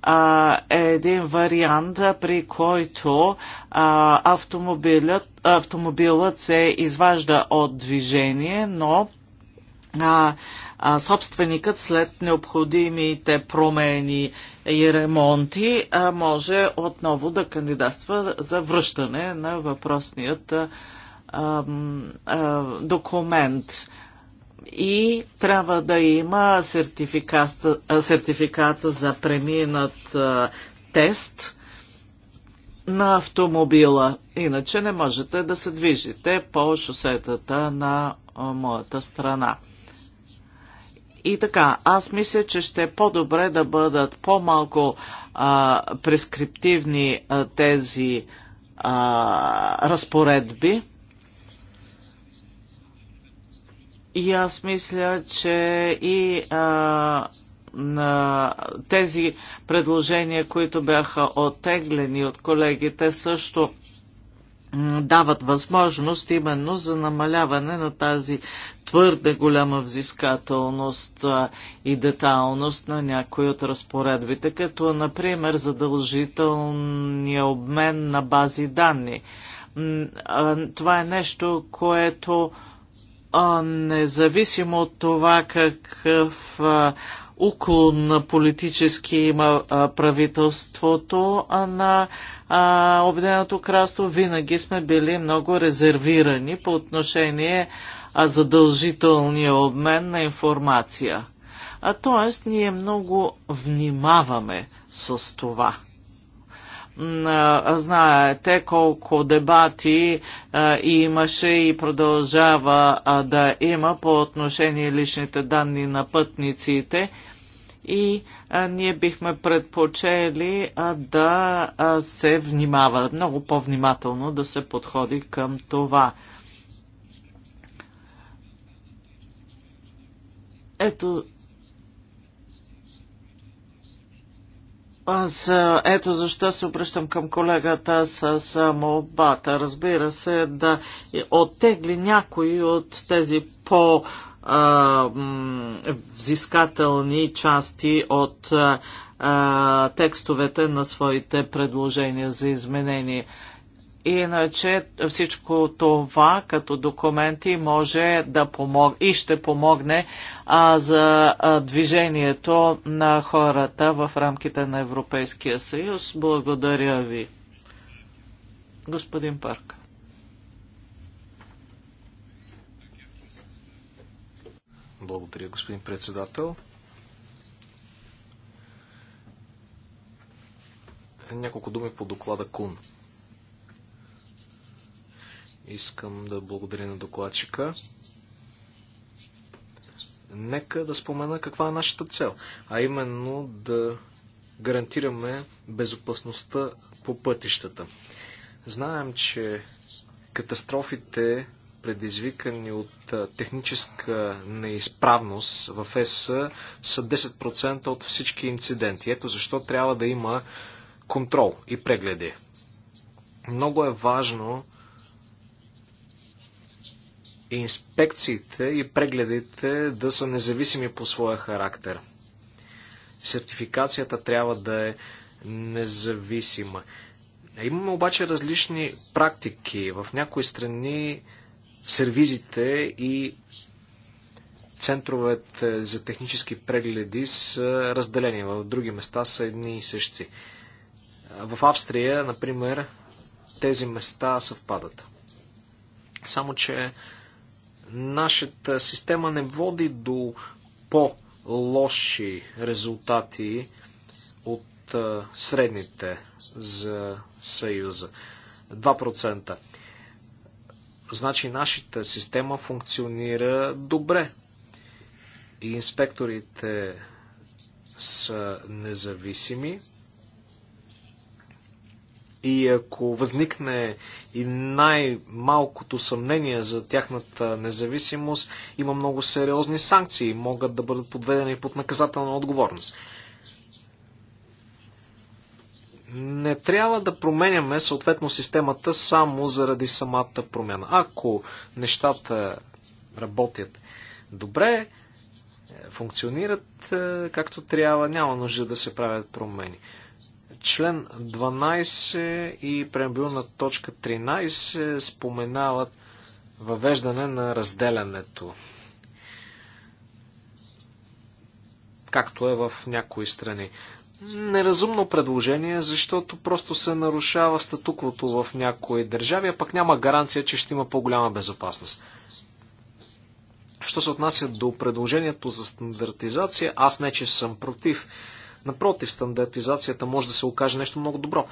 а, един вариант, при който а, автомобилът, автомобилът се изважда от движение, но а, а, собственикът след необходимите промени и ремонти а, може отново да кандидатства за връщане на въпросният а, документ и трябва да има сертификата, сертификата за преминат тест на автомобила. Иначе не можете да се движите по шосетата на моята страна. И така, аз мисля, че ще е по-добре да бъдат по-малко прескриптивни а, тези а, разпоредби, И аз мисля, че и а, на тези предложения, които бяха оттеглени от колегите, също дават възможност именно за намаляване на тази твърде голяма взискателност и деталност на някои от разпоредбите, като например задължителния обмен на бази данни. Това е нещо, което а, независимо от това какъв а, уклон политически има а, правителството а на а, Обединеното кралство, винаги сме били много резервирани по отношение а, задължителния обмен на информация. А т.е. ние много внимаваме с това знаете колко дебати имаше и продължава да има по отношение личните данни на пътниците и а, ние бихме предпочели а, да а, се внимава, много по-внимателно да се подходи към това. Ето Аз е, ето защо се обръщам към колегата с е, молбата. Разбира се, да оттегли някои от тези по а, е, взискателни части от а, текстовете на своите предложения за изменение. Иначе всичко това като документи може да помог... и ще помогне а, за а, движението на хората в рамките на Европейския съюз. Благодаря ви. Господин Парк. Благодаря, господин председател. Няколко думи по доклада Кун. Искам да благодаря на докладчика. Нека да спомена каква е нашата цел, а именно да гарантираме безопасността по пътищата. Знаем, че катастрофите, предизвикани от техническа неизправност в ЕС, са 10% от всички инциденти. Ето защо трябва да има контрол и прегледи. Много е важно инспекциите и прегледите да са независими по своя характер. Сертификацията трябва да е независима. Имаме обаче различни практики. В някои страни сервизите и центровете за технически прегледи са разделени, в други места са едни и същи. В Австрия, например, тези места съвпадат. Само, че нашата система не води до по-лоши резултати от средните за Съюза. 2%. Значи нашата система функционира добре. И инспекторите са независими. И ако възникне и най-малкото съмнение за тяхната независимост, има много сериозни санкции, могат да бъдат подведени под наказателна отговорност. Не трябва да променяме съответно системата само заради самата промяна. Ако нещата работят добре, е, функционират е, както трябва, няма нужда да се правят промени. Член 12 и на точка 13 споменават въвеждане на разделянето. Както е в някои страни. Неразумно предложение, защото просто се нарушава статуквото в някои държави, а пък няма гаранция, че ще има по-голяма безопасност. Що се отнася до предложението за стандартизация, аз не, че съм против Напротив, стандартизацията може да се окаже нещо много добро.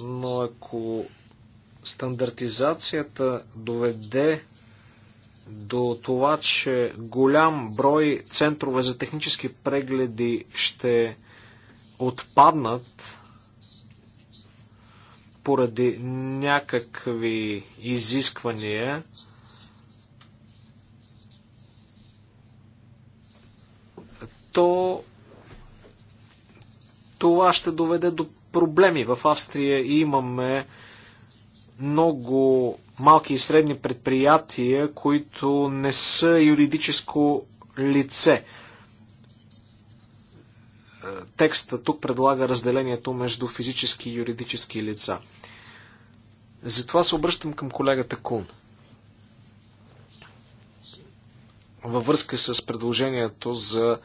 Но ако стандартизацията доведе до това, че голям брой центрове за технически прегледи ще отпаднат поради някакви изисквания, то това ще доведе до проблеми. В Австрия имаме много малки и средни предприятия, които не са юридическо лице. Текста тук предлага разделението между физически и юридически лица. Затова се обръщам към колегата Кун. Във връзка с предложението за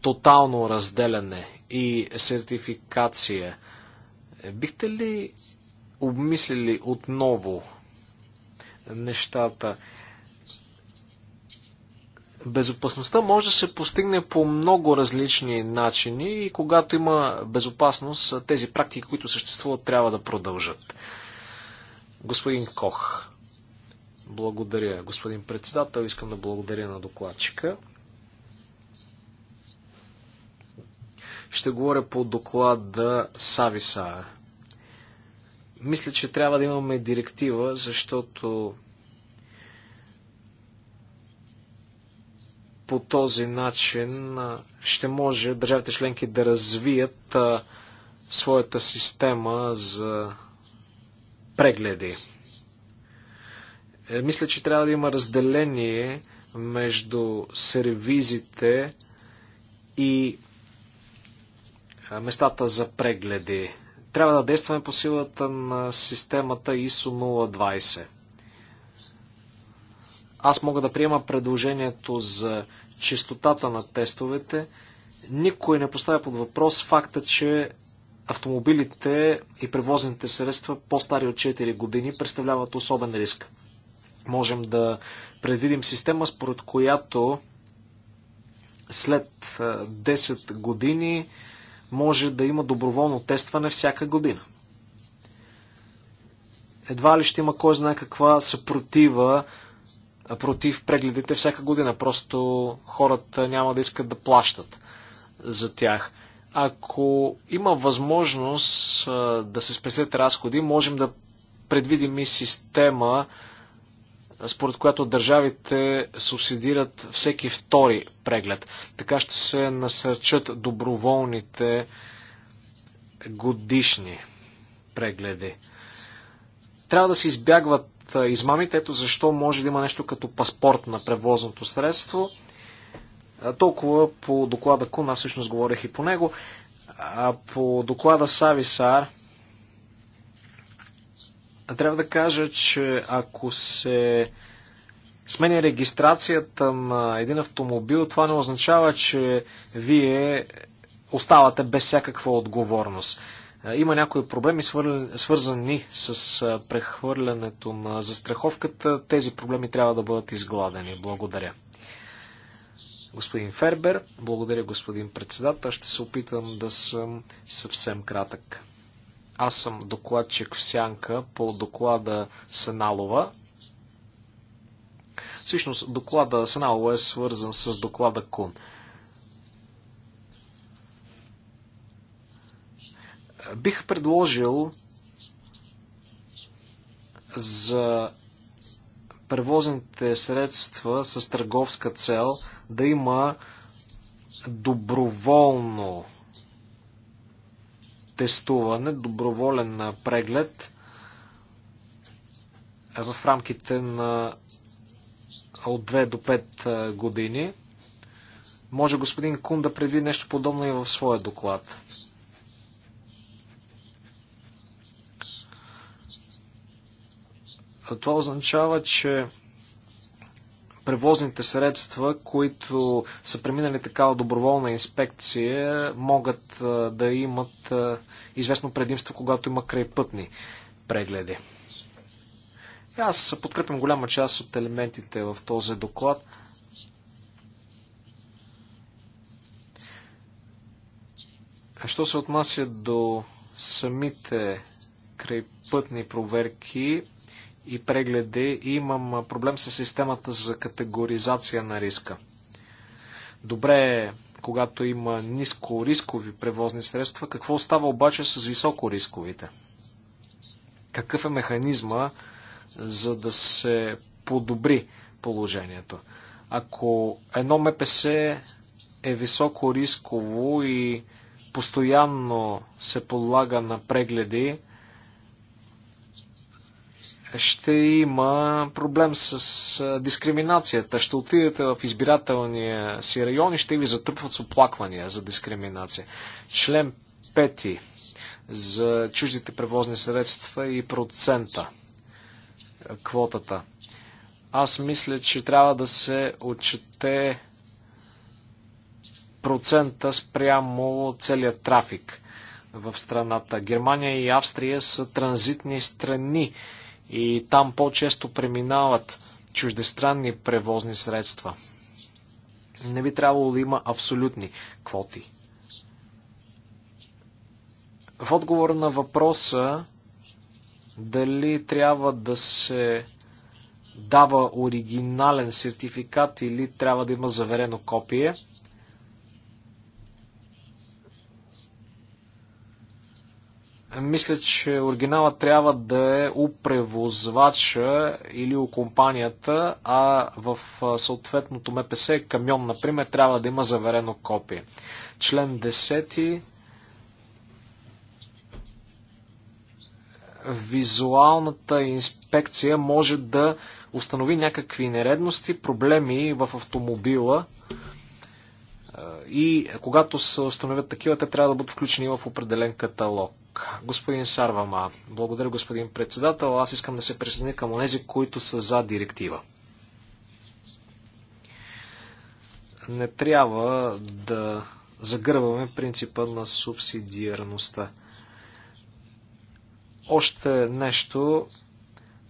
тотално разделяне и сертификация. Бихте ли обмислили отново нещата? Безопасността може да се постигне по много различни начини и когато има безопасност, тези практики, които съществуват, трябва да продължат. Господин Кох. Благодаря, господин председател. Искам да благодаря на докладчика. Ще говоря по доклада Сависар. Мисля, че трябва да имаме директива, защото по този начин ще може държавите членки да развият своята система за прегледи. Е, мисля, че трябва да има разделение между сервизите и местата за прегледи. Трябва да действаме по силата на системата ISO 020. Аз мога да приема предложението за чистотата на тестовете. Никой не поставя под въпрос факта, че автомобилите и превозните средства по-стари от 4 години представляват особен риск. Можем да предвидим система, според която след 10 години може да има доброволно тестване всяка година. Едва ли ще има кой знае каква съпротива против прегледите всяка година. Просто хората няма да искат да плащат за тях. Ако има възможност да се спестят разходи, можем да предвидим и система, според която държавите субсидират всеки втори преглед. Така ще се насърчат доброволните годишни прегледи. Трябва да се избягват измамите, ето защо може да има нещо като паспорт на превозното средство. Толкова по доклада Кун, аз всъщност говорих и по него. А по доклада Сависар – трябва да кажа, че ако се сменя регистрацията на един автомобил, това не означава, че вие оставате без всякаква отговорност. Има някои проблеми, свързани с прехвърлянето на застраховката. Тези проблеми трябва да бъдат изгладени. Благодаря. Господин Фербер, благодаря господин председател. Ще се опитам да съм съвсем кратък. Аз съм докладчик в Сянка по доклада Сеналова. Всъщност, доклада Сеналова е свързан с доклада Кун. Бих предложил за превозните средства с търговска цел да има доброволно тестуване, доброволен преглед е, в рамките на от 2 до 5 години. Може господин Кун да предвиди нещо подобно и в своя доклад. Това означава, че превозните средства, които са преминали такава доброволна инспекция, могат да имат известно предимство, когато има крайпътни прегледи. Аз подкрепям голяма част от елементите в този доклад. Що се отнася до самите крайпътни проверки, и прегледи имам проблем с системата за категоризация на риска. Добре е, когато има ниско рискови превозни средства, какво става обаче с високо рисковите? Какъв е механизма за да се подобри положението? Ако едно МПС е високо рисково и постоянно се подлага на прегледи, ще има проблем с дискриминацията. Ще отидете в избирателния си район и ще ви затрупват с оплаквания за дискриминация. Член 5 за чуждите превозни средства и процента квотата. Аз мисля, че трябва да се отчете процента спрямо целият трафик в страната. Германия и Австрия са транзитни страни и там по-често преминават чуждестранни превозни средства. Не би трябвало да има абсолютни квоти. В отговор на въпроса дали трябва да се дава оригинален сертификат или трябва да има заверено копие, Мисля, че оригинала трябва да е у превозвача или у компанията, а в съответното МПС камион, например, трябва да има заверено копие. Член 10. Визуалната инспекция може да установи някакви нередности, проблеми в автомобила, и когато се установят такива, те трябва да бъдат включени в определен каталог. Господин Сарвама, благодаря господин председател. Аз искам да се присъединя към онези, които са за директива. Не трябва да загърваме принципа на субсидиарността. Още нещо.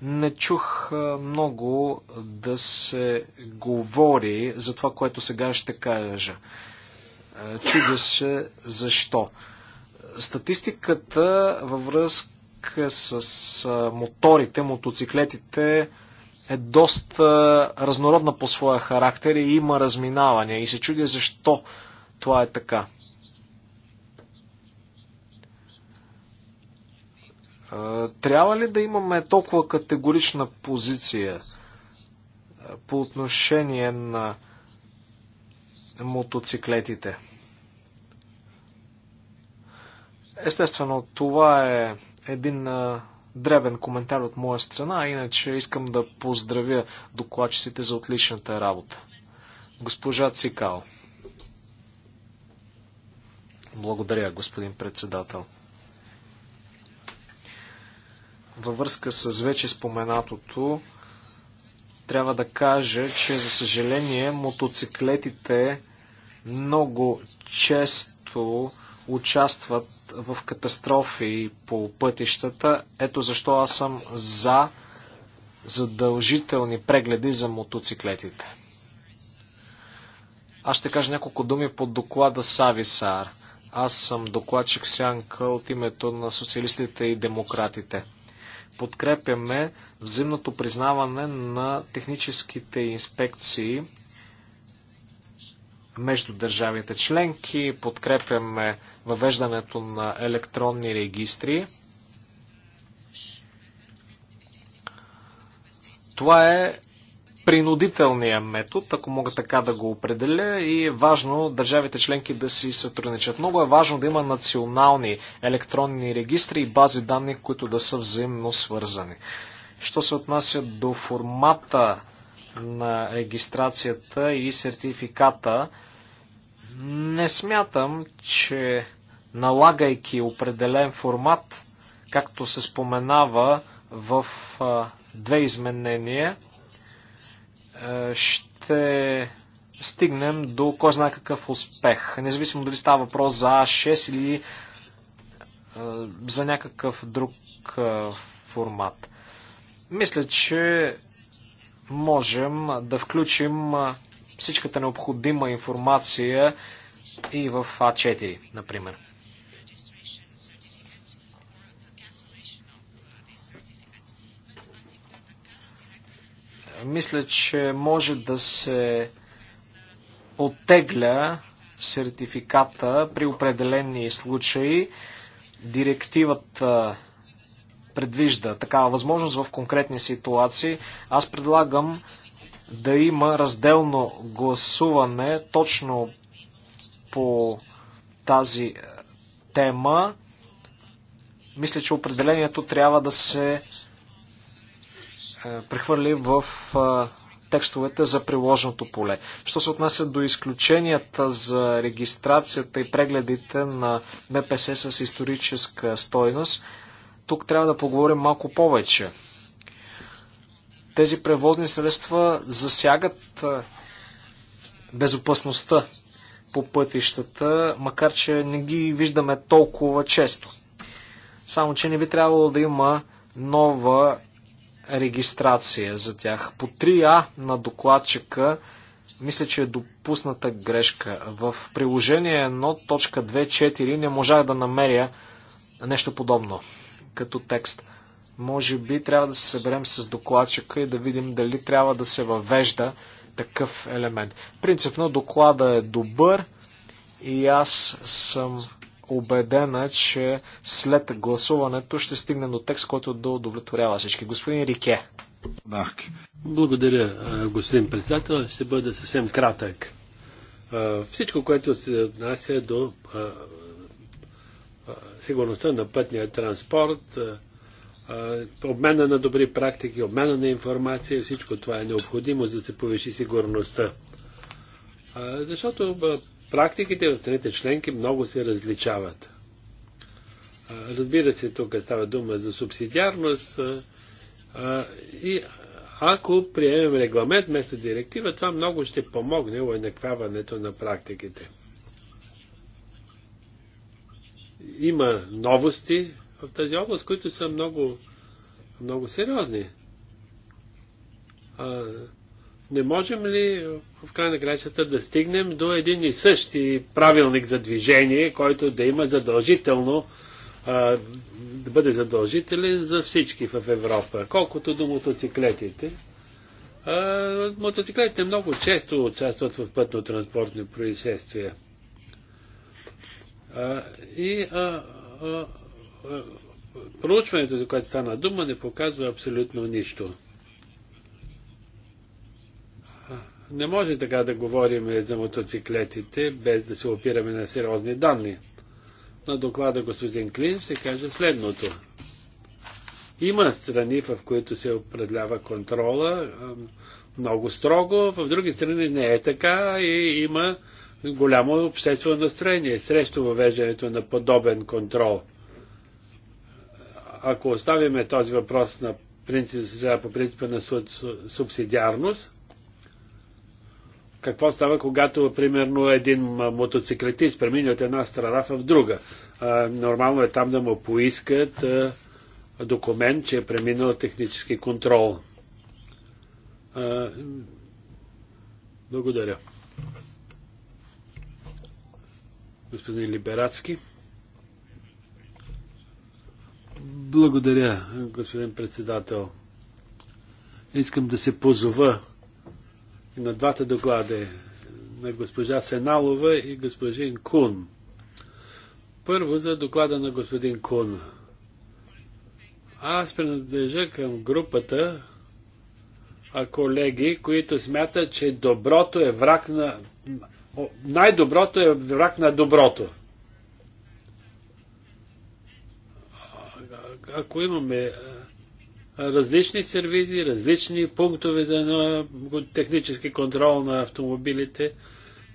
Не чух много да се говори за това, което сега ще кажа. Чудя се защо. Статистиката във връзка с моторите, мотоциклетите е доста разнородна по своя характер и има разминавания. И се чудя защо това е така. Трябва ли да имаме толкова категорична позиция по отношение на мотоциклетите? Естествено, това е един дребен коментар от моя страна, иначе искам да поздравя докладчиците за отличната работа. Госпожа Цикал. Благодаря, господин председател. Във връзка с вече споменатото, трябва да кажа, че за съжаление мотоциклетите много често участват в катастрофи по пътищата. Ето защо аз съм за задължителни прегледи за мотоциклетите. Аз ще кажа няколко думи по доклада Сависар. Аз съм докладчик Сянка от името на социалистите и демократите. Подкрепяме взаимното признаване на техническите инспекции между държавите членки, подкрепяме въвеждането на електронни регистри. Това е принудителният метод, ако мога така да го определя и е важно държавите членки да си сътрудничат. Много е важно да има национални електронни регистри и бази данни, които да са взаимно свързани. Що се отнася до формата на регистрацията и сертификата, не смятам, че налагайки определен формат, както се споменава в а, две изменения, а, ще стигнем до кой знае какъв успех. Независимо дали става въпрос за А6 или а, за някакъв друг а, формат. Мисля, че можем да включим всичката необходима информация и в А4, например. Мисля, че може да се оттегля сертификата при определени случаи. Директивата предвижда такава възможност в конкретни ситуации. Аз предлагам да има разделно гласуване точно по тази е, тема. Мисля, че определението трябва да се е, прехвърли в е, текстовете за приложното поле. Що се отнася до изключенията за регистрацията и прегледите на МПС с историческа стойност, тук трябва да поговорим малко повече тези превозни средства засягат безопасността по пътищата, макар че не ги виждаме толкова често. Само, че не би трябвало да има нова регистрация за тях. По 3А на докладчика мисля, че е допусната грешка. В приложение 1.2.4 не можах да намеря нещо подобно като текст. Може би трябва да се съберем с докладчика и да видим дали трябва да се въвежда такъв елемент. Принципно доклада е добър и аз съм убедена, че след гласуването ще стигне до текст, който да удовлетворява всички. Господин Рике. Благодаря, господин председател. Ще бъда съвсем кратък. Всичко, което се отнася до сигурността на пътния транспорт, обмена на добри практики, обмена на информация, всичко това е необходимо, за да се повиши сигурността. Защото практиките в страните членки много се различават. Разбира се, тук става дума за субсидиарност и ако приемем регламент вместо директива, това много ще помогне уеднаквяването на практиките. Има новости, в тази област, които са много, много сериозни. А, не можем ли в край на кращата да стигнем до един и същи правилник за движение, който да има задължително, а, да бъде задължителен за всички в Европа, колкото до мотоциклетите? А, мотоциклетите много често участват в пътно-транспортни происшествия. А, и а, а, проучването, за което стана дума, не показва абсолютно нищо. Не може така да говорим за мотоциклетите, без да се опираме на сериозни данни. На доклада господин Клин се каже следното. Има страни, в които се определява контрола много строго, в други страни не е така и има голямо обществено настроение срещу въвеждането на подобен контрол – ако оставиме този въпрос на принцип, по принципа на субсидиарност, какво става, когато, примерно, един мотоциклетист премине от една страна в друга? А, нормално е там да му поискат а, документ, че е преминал технически контрол. А, благодаря. Господин Либерацки. Благодаря, господин председател. Искам да се позова на двата доклада на госпожа Сеналова и господин Кун. Първо за доклада на господин Кун. Аз принадлежа към групата а колеги, които смятат, че доброто е враг на... Най-доброто е враг на доброто. ако имаме различни сервизи, различни пунктове за технически контрол на автомобилите,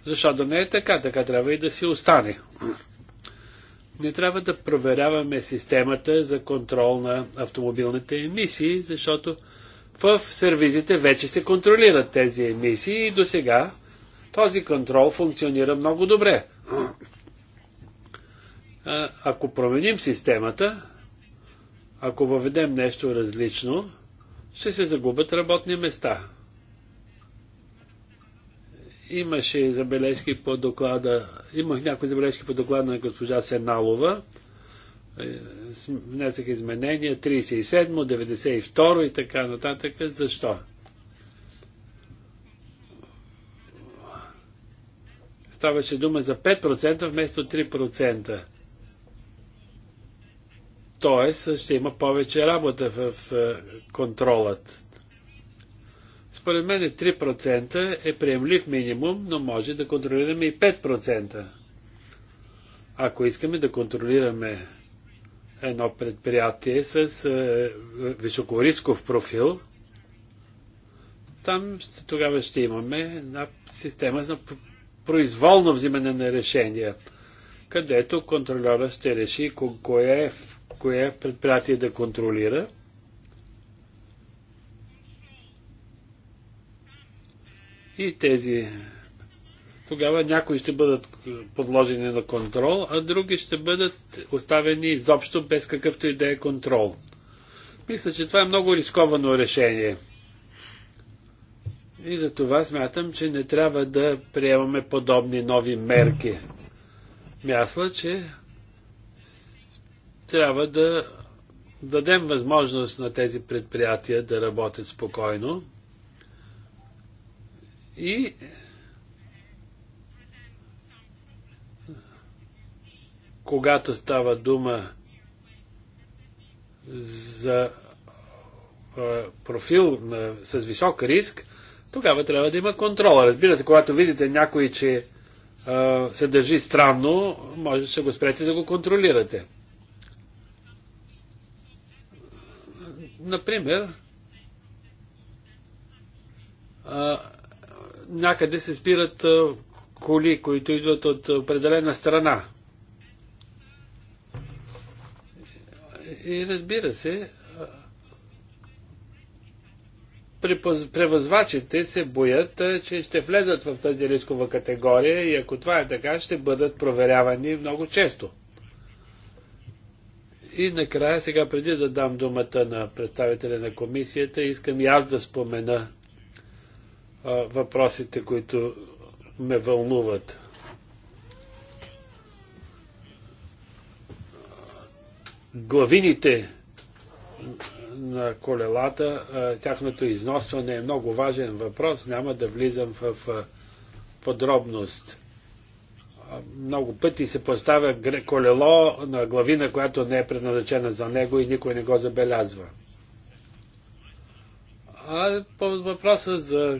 защо да не е така? Така трябва и да си остане. Не трябва да проверяваме системата за контрол на автомобилните емисии, защото в сервизите вече се контролират тези емисии и до сега този контрол функционира много добре. Ако променим системата, ако въведем нещо различно, ще се загубят работни места. Имаше забележки по доклада, имах някои забележки по доклада на госпожа Сеналова. Е, внесах изменения 37, 92 и така нататък. Защо? Ставаше дума за 5% вместо 3%. Т.е. ще има повече работа в е, контролът. Според мен 3% е приемлив минимум, но може да контролираме и 5%. Ако искаме да контролираме едно предприятие с е, високорисков профил, там тогава ще имаме една система за произволно взимане на решения, където контролера ще реши кое е кое е предприятие да контролира. И тези тогава някои ще бъдат подложени на контрол, а други ще бъдат оставени изобщо без какъвто и да е контрол. Мисля, че това е много рисковано решение. И за това смятам, че не трябва да приемаме подобни нови мерки. Мисля, че трябва да дадем възможност на тези предприятия да работят спокойно и когато става дума за профил на, с висок риск, тогава трябва да има контрол. Разбира се, когато видите някой, че се държи странно, може да се го спрете да го контролирате. Например, а, някъде се спират а, коли, които идват от определена страна. И разбира се, превозвачите се боят, че ще влезат в тази рискова категория и ако това е така, ще бъдат проверявани много често. И накрая, сега преди да дам думата на представителя на комисията, искам и аз да спомена а, въпросите, които ме вълнуват. Главините на колелата, тяхното износване е много важен въпрос, няма да влизам в подробност много пъти се поставя колело на главина, която не е предназначена за него и никой не го забелязва. А по въпроса за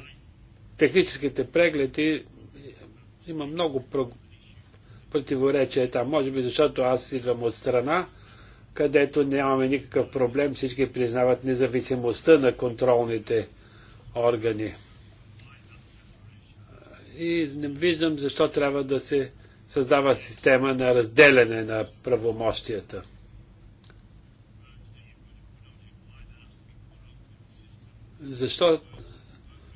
техническите прегледи има много противоречия там. Може би защото аз идвам от страна, където нямаме никакъв проблем, всички признават независимостта на контролните органи. И не виждам защо трябва да се създава система на разделяне на правомощията. Защо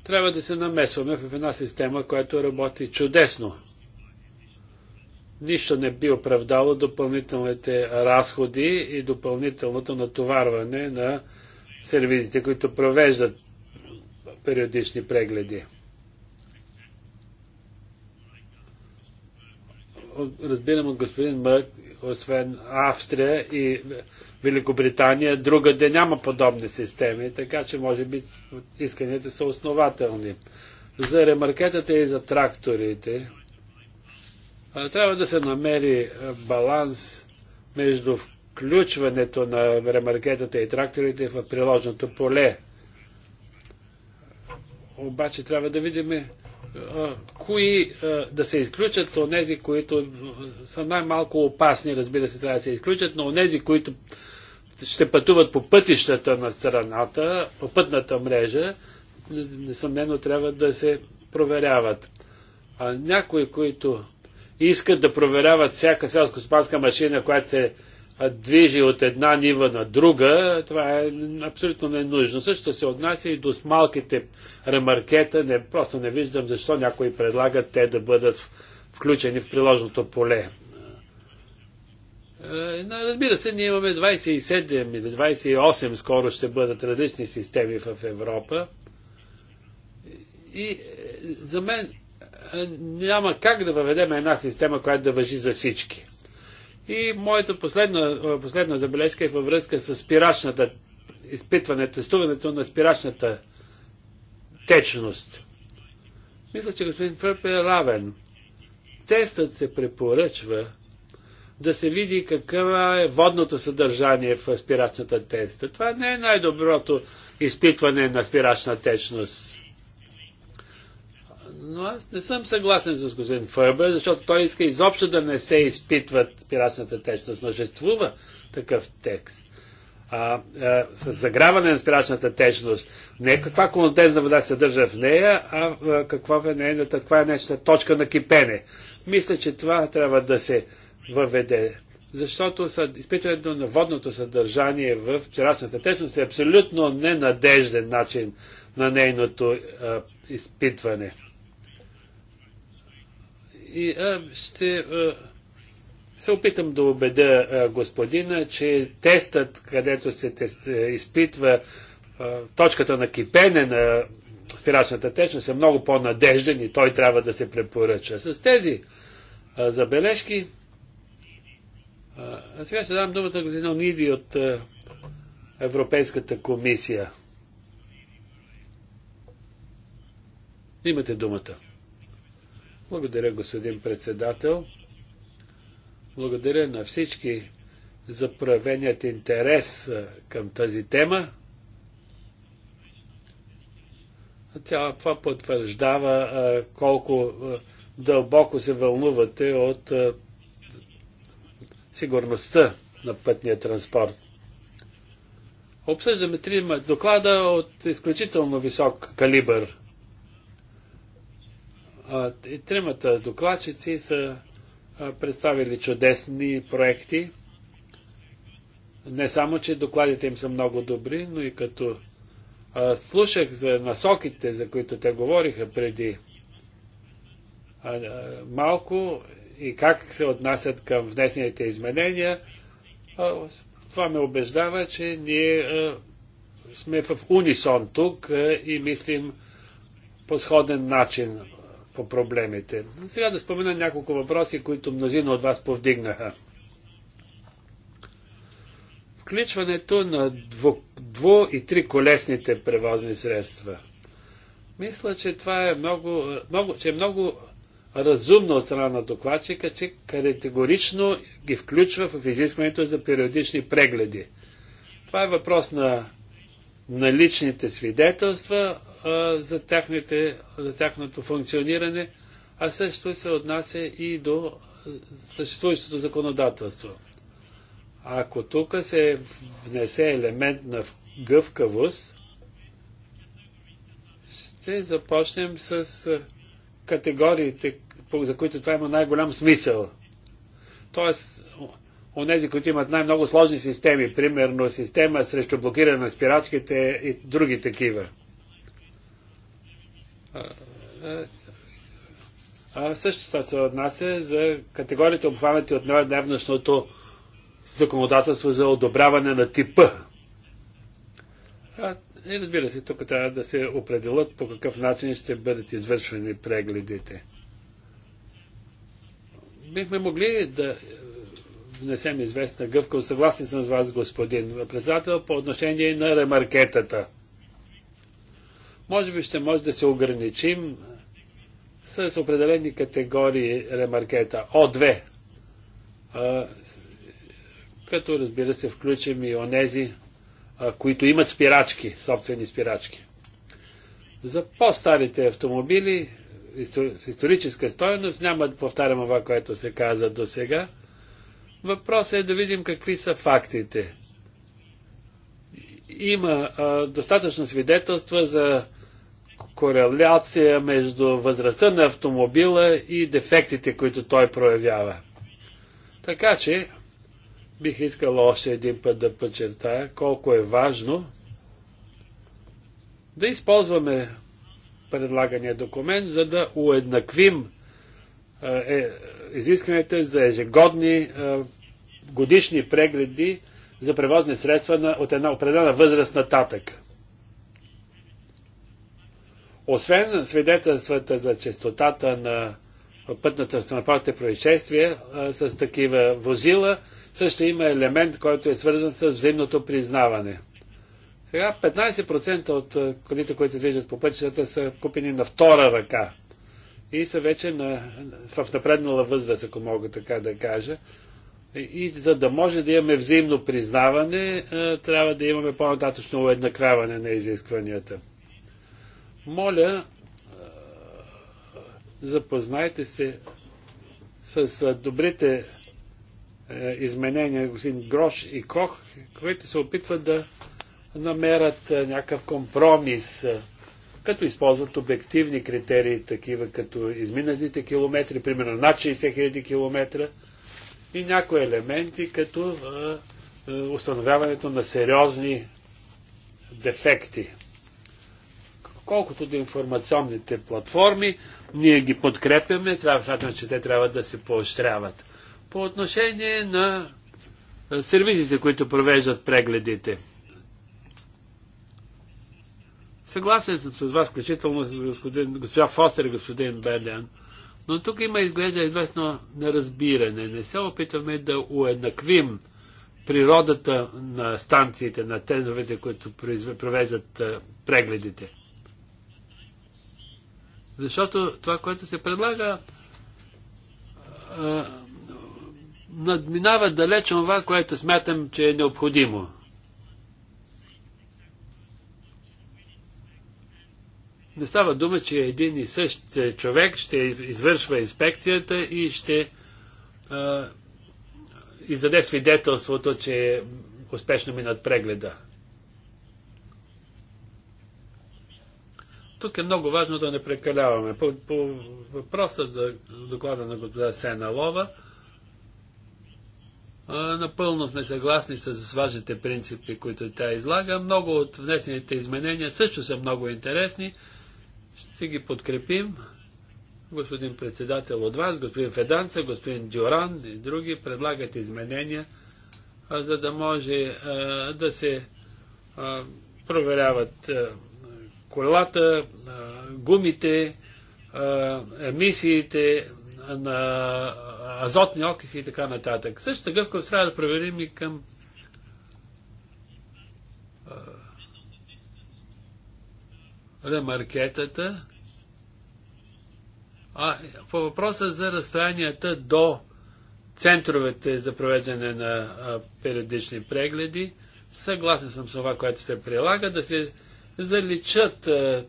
трябва да се намесваме в една система, която работи чудесно? Нищо не би оправдало допълнителните разходи и допълнителното натоварване на сервизите, които провеждат периодични прегледи. разбирам от господин Мърк, освен Австрия и Великобритания, другаде няма подобни системи, така че може би исканията са основателни. За ремаркетата и за тракторите трябва да се намери баланс между включването на ремаркетата и тракторите в приложното поле. Обаче трябва да видим кои да се изключат, от онези, които са най-малко опасни, разбира се, трябва да се изключат, но онези, които ще пътуват по пътищата на страната, по пътната мрежа, несъмнено трябва да се проверяват. А някои, които искат да проверяват всяка селско-спанска машина, която се движи от една нива на друга, това е абсолютно ненужно. Също се отнася и до с малките ремаркета. Не, просто не виждам защо някои предлагат те да бъдат включени в приложното поле. Е, разбира се, ние имаме 27 или 28, скоро ще бъдат различни системи в Европа. И е, за мен е, няма как да въведем една система, която да въжи за всички. И моята последна, последна забележка е във връзка с спирачната, изпитване, тестуването на спирачната течност. Мисля, че господин Фърп е равен. Тестът се препоръчва да се види какъв е водното съдържание в спирачната теста. Това не е най-доброто изпитване на спирачна течност. Но аз не съм съгласен с господин Фърбер, защото той иска изобщо да не се изпитват спирачната течност. Съществува такъв текст. А, а, с заграване на спирачната течност. Не каква кондензна вода се държа в нея, а, а каква е нейната, каква е нещата точка на кипене. Мисля, че това трябва да се въведе. Защото изпитването на водното съдържание в спирачната течност е абсолютно ненадежден начин на нейното а, изпитване. И а, ще а, се опитам да убедя а, господина, че тестът, където се тест, изпитва а, точката на кипене на спирачната течност е много по-надежден и той трябва да се препоръча. С тези а, забележки а сега ще дам думата на господин от а, Европейската комисия. Имате думата. Благодаря, господин председател. Благодаря на всички за проявеният интерес към тази тема. Тя, това потвърждава колко дълбоко се вълнувате от сигурността на пътния транспорт. Обсъждаме три доклада от изключително висок калибър. Тримата докладчици са представили чудесни проекти. Не само, че докладите им са много добри, но и като слушах за насоките, за които те говориха преди малко и как се отнасят към внесените изменения, това ме убеждава, че ние сме в унисон тук и мислим по сходен начин по проблемите. Сега да спомена няколко въпроси, които мнозина от вас повдигнаха. Включването на дво, дво и три колесните превозни средства. Мисля, че това е много, много, че е много разумно от страна на докладчика, че категорично ги включва в изискването за периодични прегледи. Това е въпрос на наличните свидетелства, за, техните, за тяхното функциониране, а също се отнася и до съществуващото законодателство. Ако тук се внесе елемент на гъвкавост, ще започнем с категориите, за които това има най-голям смисъл. Тоест, онези, които имат най-много сложни системи, примерно система срещу блокиране на спирачките и други такива. А също се отнася за категориите обхванати от най-дневнашното законодателство за одобряване на типа. А, и разбира се, тук трябва да се определят по какъв начин ще бъдат извършвани прегледите. Бихме могли да внесем известна гъвка. Съгласен съм с вас, господин председател, по отношение на ремаркетата. Може би ще може да се ограничим с определени категории ремаркета. О2. А, като разбира се включим и онези, а, които имат спирачки, собствени спирачки. За по-старите автомобили с историческа стоеност, няма да повтарям това, което се каза до сега. Въпросът е да видим какви са фактите. Има а, достатъчно свидетелства за кореляция между възрастта на автомобила и дефектите, които той проявява. Така че, бих искал още един път да подчертая колко е важно да използваме предлагания документ, за да уеднаквим е, изискванията за ежегодни е, годишни прегледи за превозни средства на, от една определена възраст нататък. Освен свидетелствата за честотата на пътната транспортните происшествия а, с такива возила, също има елемент, който е свързан с взаимното признаване. Сега 15% от колите, които се движат по пътищата, са купени на втора ръка и са вече на, в напреднала възраст, ако мога така да кажа. И за да може да имаме взаимно признаване, е, трябва да имаме по-нататъчно уеднаквяване на изискванията. Моля, е, запознайте се с е, добрите изменения господин Грош и Кох, които се опитват да намерят някакъв компромис, като използват обективни критерии, такива като изминатите километри, примерно над 60 000 километра – и някои елементи, като установяването на сериозни дефекти. Колкото до информационните платформи, ние ги подкрепяме, трябва, смятам, че те трябва да се поощряват. По отношение на сервизите, които провеждат прегледите. Съгласен съм с вас, включително с господин, Фостер и господин Берлян, но тук има изглежда известно неразбиране. Не се опитваме да уеднаквим природата на станциите, на тезовете, които провеждат прегледите. Защото това, което се предлага, надминава далеч това, което смятам, че е необходимо. Не става дума, че един и същ е, човек ще извършва инспекцията и ще а, издаде свидетелството, че е успешно минат прегледа. Тук е много важно да не прекаляваме. По, по въпроса за доклада на господа Лова, напълно сме съгласни с важните принципи, които тя излага. Много от внесените изменения също са много интересни ще ги подкрепим. Господин председател от вас, господин Феданца, господин Дюран и други предлагат изменения, за да може да се проверяват колата, гумите, емисиите на азотни окиси и така нататък. Също гъвкост трябва да проверим и към ремаркетата. А по въпроса за разстоянията до центровете за провеждане на а, периодични прегледи, съгласен съм с това, което се прилага, да се заличат а,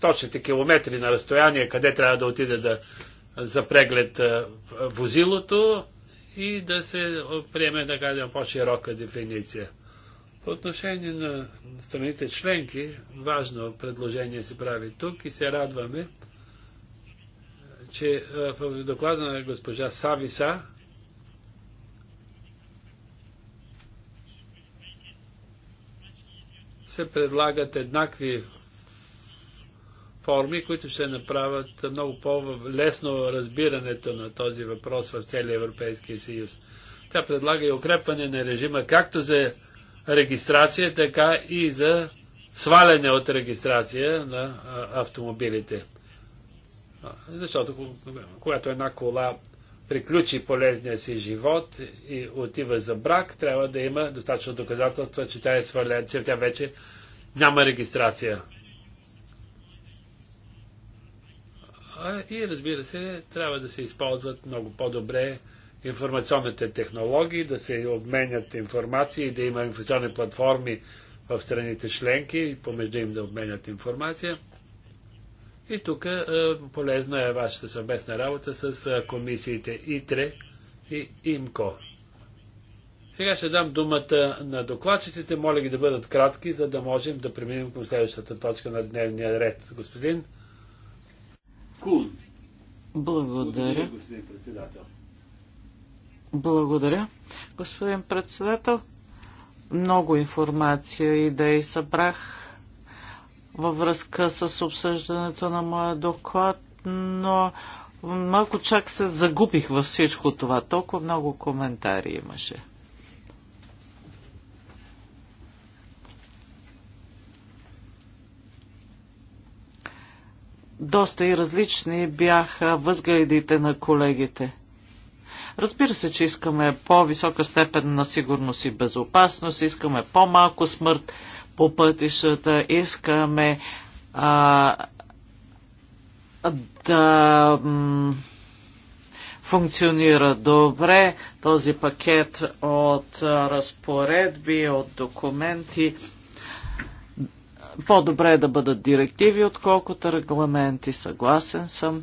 точните километри на разстояние, къде трябва да отиде да, за преглед а, возилото и да се приеме, да кажем, по-широка дефиниция. По отношение на страните членки, важно предложение се прави тук и се радваме, че е, в доклада на госпожа Сависа се предлагат еднакви форми, които ще направят много по-лесно разбирането на този въпрос в целия Европейския съюз. Тя предлага и укрепване на режима както за регистрация, така и за сваляне от регистрация на автомобилите. Защото когато една кола приключи полезния си живот и отива за брак, трябва да има достатъчно доказателство, че тя е свалена, че тя вече няма регистрация. И разбира се, трябва да се използват много по-добре информационните технологии, да се обменят информации, да има информационни платформи в страните членки и помежду им да обменят информация. И тук е, полезна е вашата съвместна работа с е, комисиите ИТРЕ и ИМКО. Сега ще дам думата на докладчиците. Моля ги да бъдат кратки, за да можем да преминем към следващата точка на дневния ред. Господин Кун. Благодаря. Благодаря господин председател. Благодаря, господин председател. Много информация и да и събрах във връзка с обсъждането на моя доклад, но малко чак се загубих във всичко това. Толкова много коментари имаше. Доста и различни бяха възгледите на колегите. Разбира се, че искаме по-висока степен на сигурност и безопасност, искаме по-малко смърт по пътищата, искаме а, да функционира добре този пакет от разпоредби, от документи. По-добре е да бъдат директиви, отколкото регламенти, съгласен съм.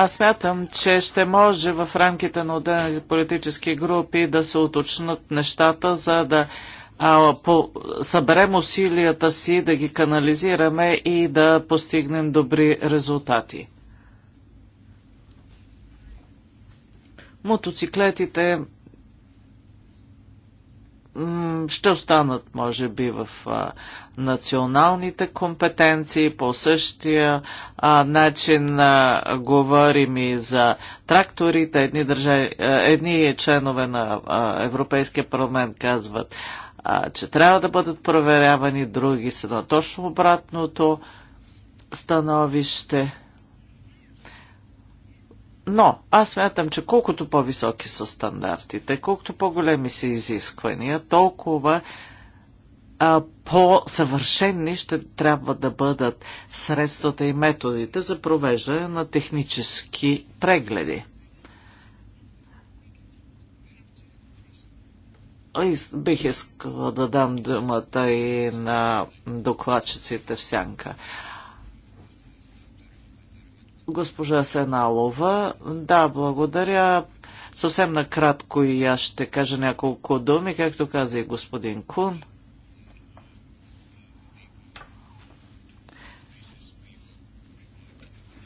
Аз смятам, че ще може в рамките на отделните политически групи да се уточнат нещата, за да а, по, съберем усилията си, да ги канализираме и да постигнем добри резултати. Мотоциклетите ще останат, може би, в а, националните компетенции. По същия а, начин а, говорим и за тракторите. Едни, държави, едни членове на Европейския парламент казват, че трябва да бъдат проверявани, други са на точно обратното становище. Но аз мятам, че колкото по-високи са стандартите, колкото по-големи са изисквания, толкова по-съвършенни ще трябва да бъдат средствата и методите за провеждане на технически прегледи. Бих искала да дам думата и на докладчиците в сянка. Госпожа Сеналова, да, благодаря. Съвсем накратко и аз ще кажа няколко думи, както каза и господин Кун.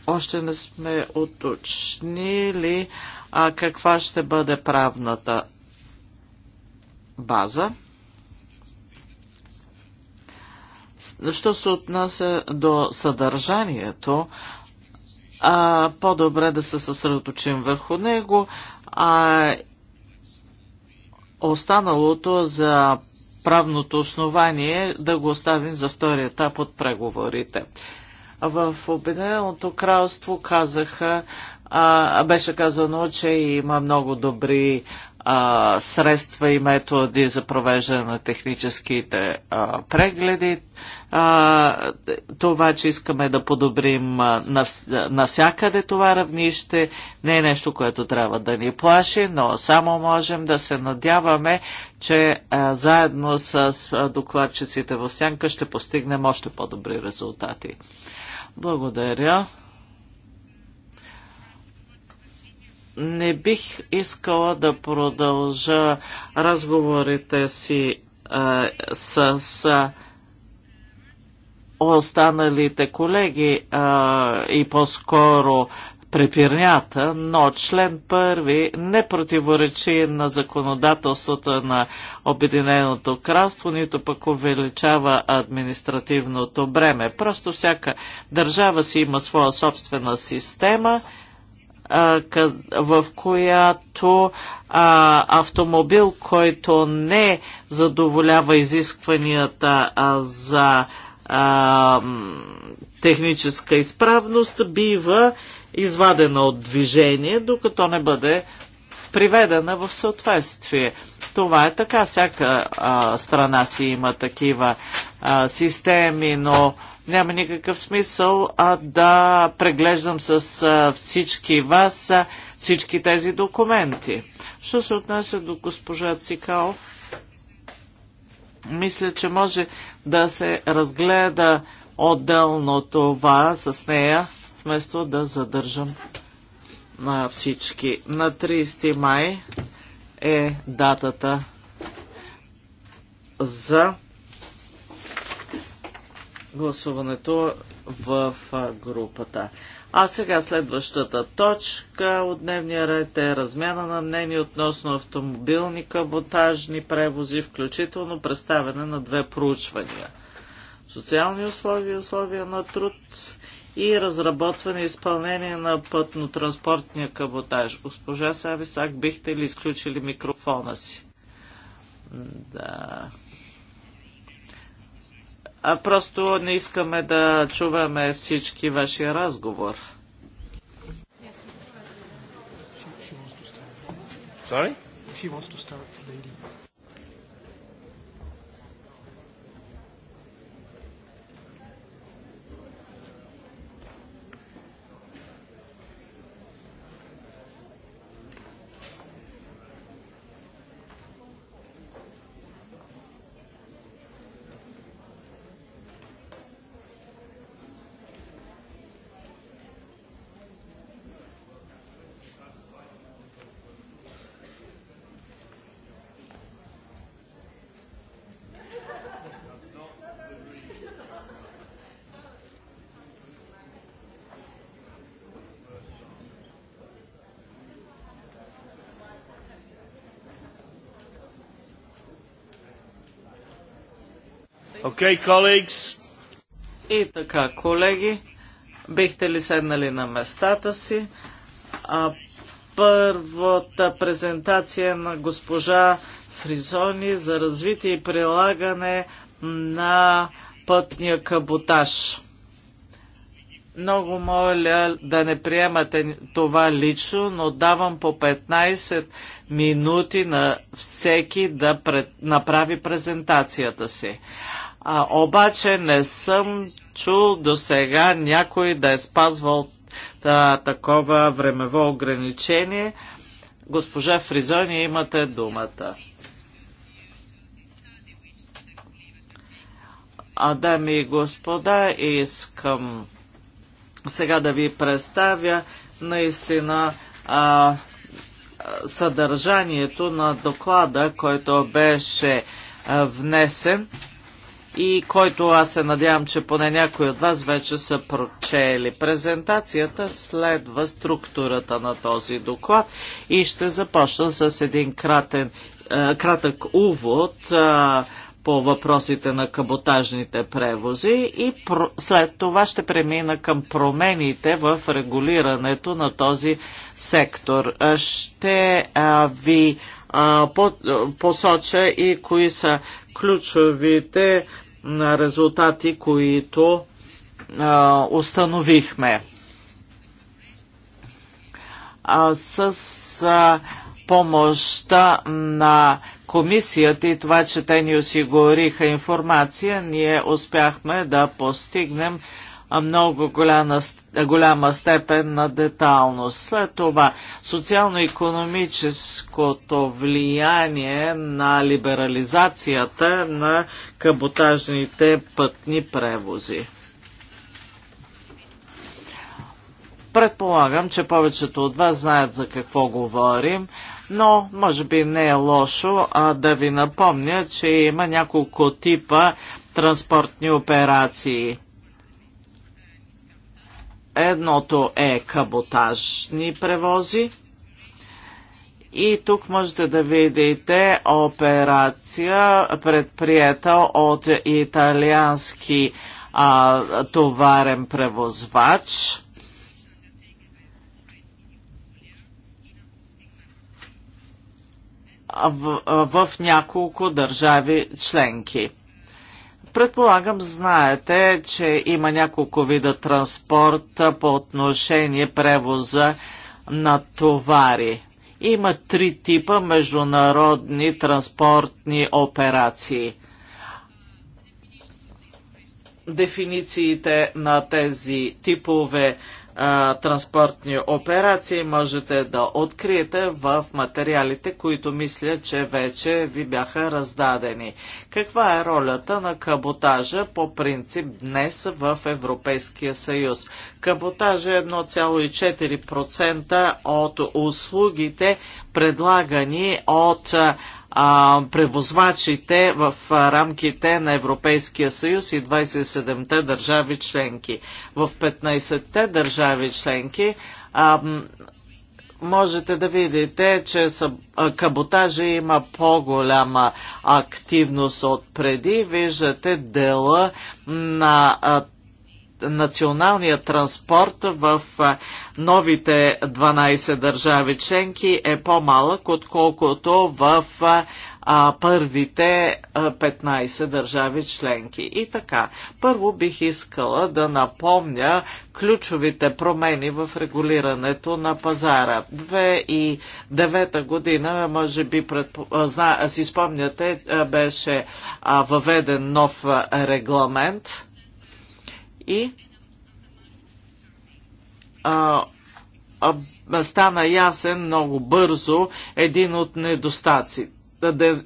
Още не сме уточнили а каква ще бъде правната база. Що се отнася до съдържанието, по-добре да се съсредоточим върху него, а останалото за правното основание да го оставим за втори етап от преговорите. В Обединеното кралство казаха, а, беше казано, че има много добри а, средства и методи за провеждане на техническите а, прегледи а, това, че искаме да подобрим нав, навсякъде това равнище, не е нещо, което трябва да ни плаши, но само можем да се надяваме, че а, заедно с а, докладчиците в Сянка ще постигнем още по-добри резултати. Благодаря. Не бих искала да продължа разговорите си а, с. А, останалите колеги а, и по-скоро препирнята, но член първи не противоречи на законодателството на Обединеното кралство, нито пък увеличава административното бреме. Просто всяка държава си има своя собствена система, в която а, автомобил, който не задоволява изискванията а, за а, техническа изправност бива извадена от движение, докато не бъде приведена в съответствие. Това е така. Всяка а, страна си има такива а, системи, но няма никакъв смисъл а, да преглеждам с а, всички вас а, всички тези документи. Що се отнася до госпожа Цикалов? мисля, че може да се разгледа отделно това с нея, вместо да задържам на всички. На 30 май е датата за гласуването в групата. А сега следващата точка от дневния ред е размяна на мнение относно автомобилни каботажни превози, включително представяне на две проучвания. Социални условия, условия на труд и разработване и изпълнение на пътно-транспортния каботаж. Госпожа Сависак, бихте ли изключили микрофона си? Да. А просто не искаме да чуваме всички вашия разговор. Sorry? She wants to start. Okay, colleagues. И така, колеги, бихте ли седнали на местата си? А, първата презентация е на госпожа Фризони за развитие и прилагане на пътния каботаж. Много моля да не приемате това лично, но давам по 15 минути на всеки да пред... направи презентацията си. А, обаче не съм чул до сега някой да е спазвал да, такова времево ограничение. Госпожа Фризони, имате думата. А, дами и господа, искам сега да ви представя наистина а, съдържанието на доклада, който беше а, внесен и който аз се надявам, че поне някои от вас вече са прочели. Презентацията следва структурата на този доклад и ще започна с един кратен, е, кратък увод е, по въпросите на каботажните превози и след това ще премина към промените в регулирането на този сектор. Е, ще ви по, посоча и кои са ключовите резултати, които а, установихме. А, с а, помощта на комисията и това, че те ни осигуриха информация, ние успяхме да постигнем много голяма, голяма степен на деталност. След това социално-економическото влияние на либерализацията на каботажните пътни превози. Предполагам, че повечето от вас знаят за какво говорим, но може би не е лошо а, да ви напомня, че има няколко типа транспортни операции – Едното е каботажни превози. И тук можете да видите операция, предприета от италиански а, товарен превозвач. В, в няколко държави членки. Предполагам, знаете, че има няколко вида транспорт по отношение превоза на товари. Има три типа международни транспортни операции. Дефинициите на тези типове а, транспортни операции можете да откриете в материалите, които мисля, че вече ви бяха раздадени. Каква е ролята на каботажа по принцип днес в Европейския съюз? Каботажа е 1,4% от услугите предлагани от а, превозвачите в рамките на Европейския съюз и 27-те държави членки. В 15-те държави членки а, можете да видите, че каботажа има по-голяма активност от преди. Виждате дела на националният транспорт в новите 12 държави членки е по-малък, отколкото в първите 15 държави членки. И така, първо бих искала да напомня ключовите промени в регулирането на пазара. 2009 година, може би, предпо... зна... си спомняте, беше въведен нов регламент и а, а, стана ясен много бързо един от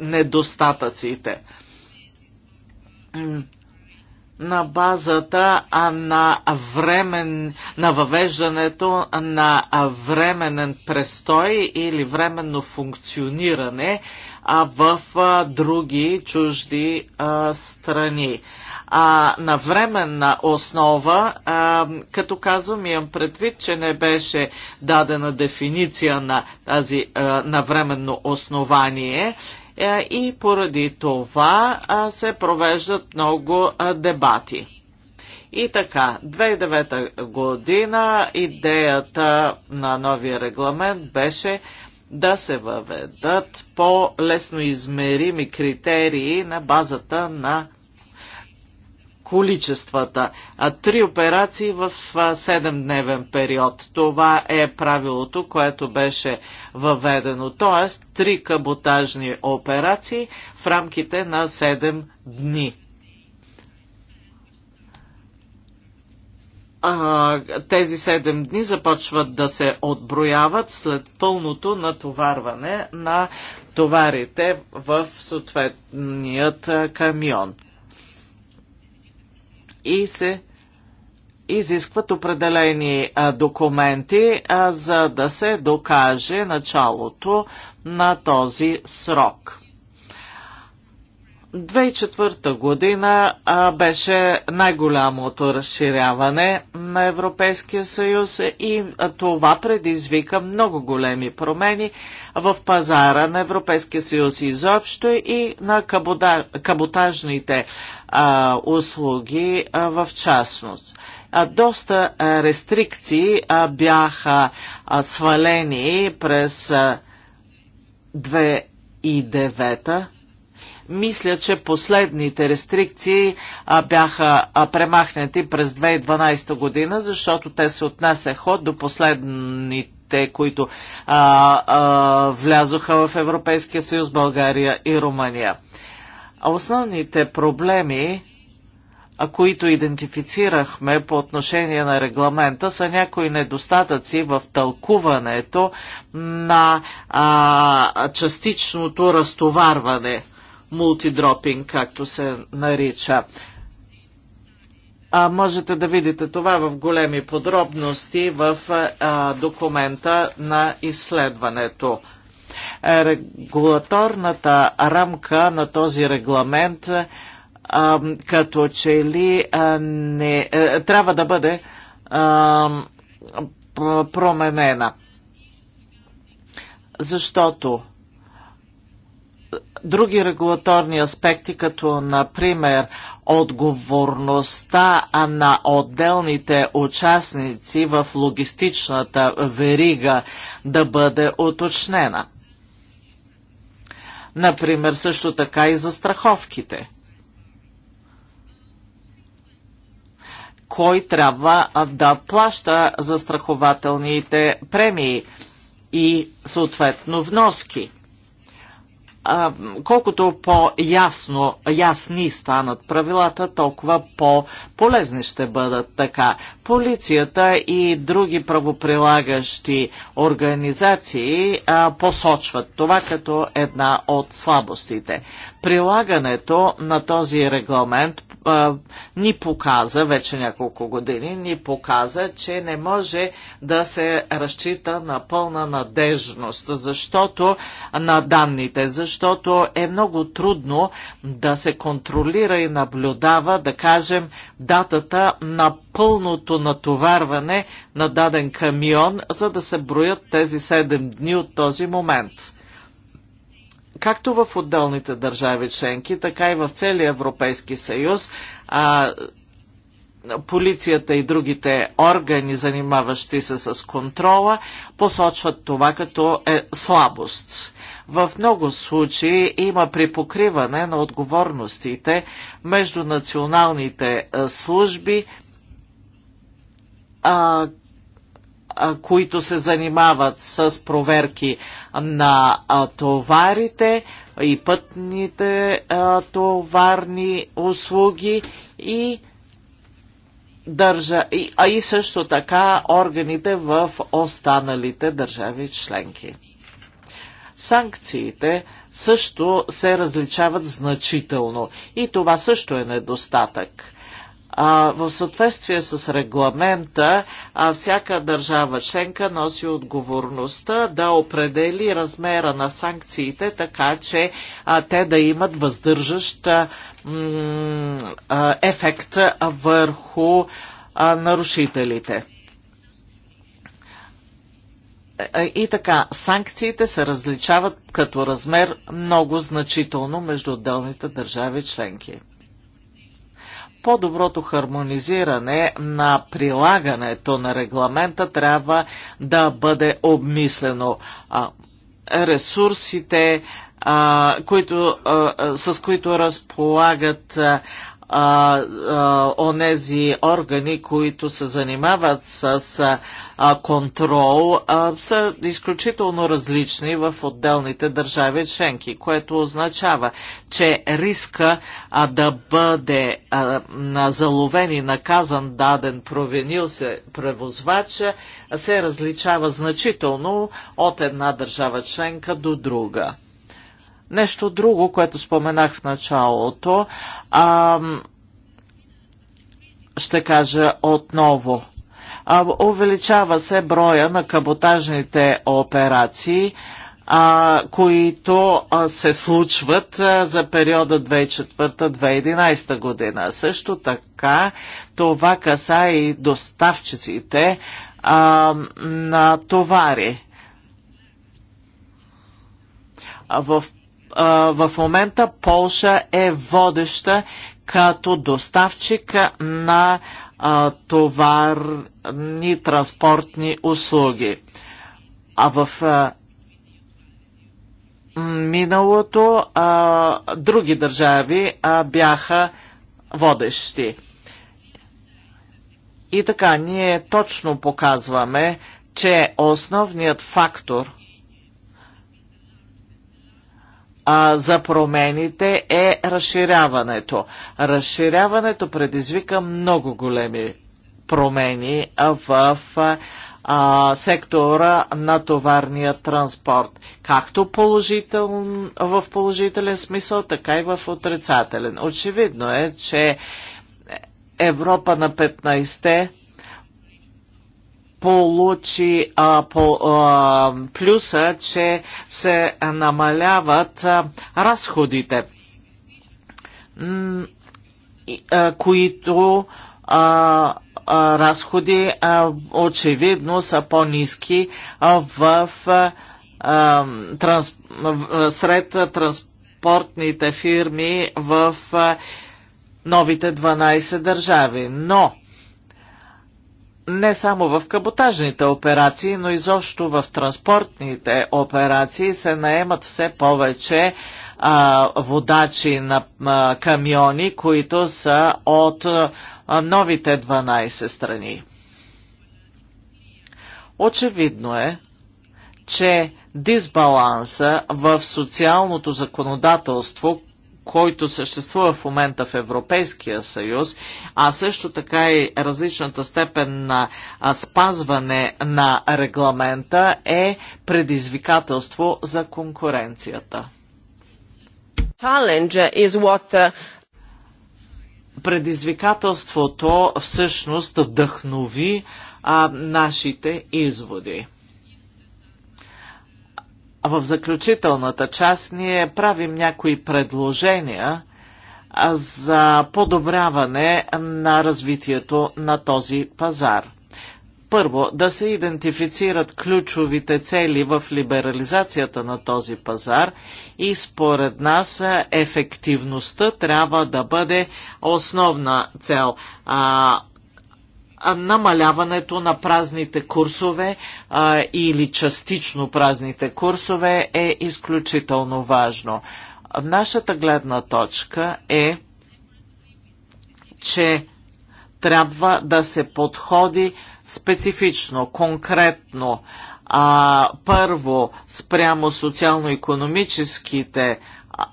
недостатъците. На базата на, времен, на въвеждането на временен престой или временно функциониране в други чужди страни а, на временна основа, а, като казвам, имам предвид, че не беше дадена дефиниция на тази а, на временно основание а, и поради това а, се провеждат много а, дебати. И така, 2009 година идеята на новия регламент беше да се въведат по-лесно измерими критерии на базата на количествата. А три операции в 7-дневен период. Това е правилото, което беше въведено. Тоест, три каботажни операции в рамките на 7 дни. тези 7 дни започват да се отброяват след пълното натоварване на товарите в съответният камион и се изискват определени а, документи, а, за да се докаже началото на този срок. 2004 година а, беше най-голямото разширяване на Европейския съюз и а, това предизвика много големи промени в пазара на Европейския съюз изобщо и на кабода, каботажните а, услуги а, в частност. А, доста а, рестрикции а, бяха а, свалени през а, 2009 мисля, че последните рестрикции а, бяха а, премахнати през 2012 година, защото те се отнесеха до последните, които а, а, влязоха в Европейския съюз, България и Румъния. А основните проблеми които идентифицирахме по отношение на регламента, са някои недостатъци в тълкуването на а, частичното разтоварване мултидропинг, както се нарича. А, можете да видите това в големи подробности в а, документа на изследването. Регулаторната рамка на този регламент а, като че ли а, не, а, трябва да бъде а, променена. Защото други регулаторни аспекти, като например отговорността на отделните участници в логистичната верига да бъде уточнена. Например, също така и за страховките. Кой трябва да плаща за страхователните премии и съответно вноски – колкото по-ясно, ясни станат правилата, толкова по-полезни ще бъдат така. Полицията и други правоприлагащи организации а, посочват това като една от слабостите. Прилагането на този регламент а, ни показа, вече няколко години, ни показа, че не може да се разчита на пълна надежност, защото на данните, защото защото е много трудно да се контролира и наблюдава, да кажем, датата на пълното натоварване на даден камион, за да се броят тези 7 дни от този момент както в отделните държави членки, така и в целия Европейски съюз, а, полицията и другите органи, занимаващи се с контрола, посочват това като е слабост. В много случаи има припокриване на отговорностите между националните служби, а, а, които се занимават с проверки на а, товарите и пътните а, товарни услуги и държа, а и също така органите в останалите държави членки санкциите също се различават значително и това също е недостатък. А, в съответствие с регламента, а, всяка държава членка носи отговорността да определи размера на санкциите, така че а, те да имат въздържащ а, ефект върху а, нарушителите. И така, санкциите се различават като размер много значително между отделните държави членки. По-доброто хармонизиране на прилагането на регламента трябва да бъде обмислено. Ресурсите, които, с които разполагат а, а, онези органи, които се занимават с а, контрол, а, са изключително различни в отделните държави членки, което означава, че риска а, да бъде а, заловен и наказан даден провинил се превозвач се различава значително от една държава членка до друга. Нещо друго, което споменах в началото, а, ще кажа отново. А, увеличава се броя на каботажните операции, а, които а, се случват а, за периода 2004-2011 година. Също така това каса и доставчиците а, на товари. в в момента Полша е водеща като доставчик на товарни транспортни услуги. А в миналото а, други държави а, бяха водещи. И така, ние точно показваме, че основният фактор – а, за промените е разширяването. Разширяването предизвика много големи промени в а, сектора на товарния транспорт, както положител, в положителен смисъл, така и в отрицателен. Очевидно е, че Европа на 15-те получи а, по, а, плюса, че се намаляват а, разходите, а, които а, а, разходи а, очевидно са по-низки в а, транс, сред транспортните фирми в новите 12 държави. Но не само в каботажните операции, но изобщо в транспортните операции се наемат все повече а, водачи на а, камиони, които са от а, новите 12 страни. Очевидно е, че дисбаланса в социалното законодателство, който съществува в момента в Европейския съюз, а също така и различната степен на спазване на регламента е предизвикателство за конкуренцията. Uh, Предизвикателството всъщност вдъхнови а, нашите изводи в заключителната част ние правим някои предложения за подобряване на развитието на този пазар. Първо, да се идентифицират ключовите цели в либерализацията на този пазар и според нас ефективността трябва да бъде основна цел. А, намаляването на празните курсове а, или частично празните курсове е изключително важно. Нашата гледна точка е, че трябва да се подходи специфично, конкретно. А, първо, спрямо социално-економическите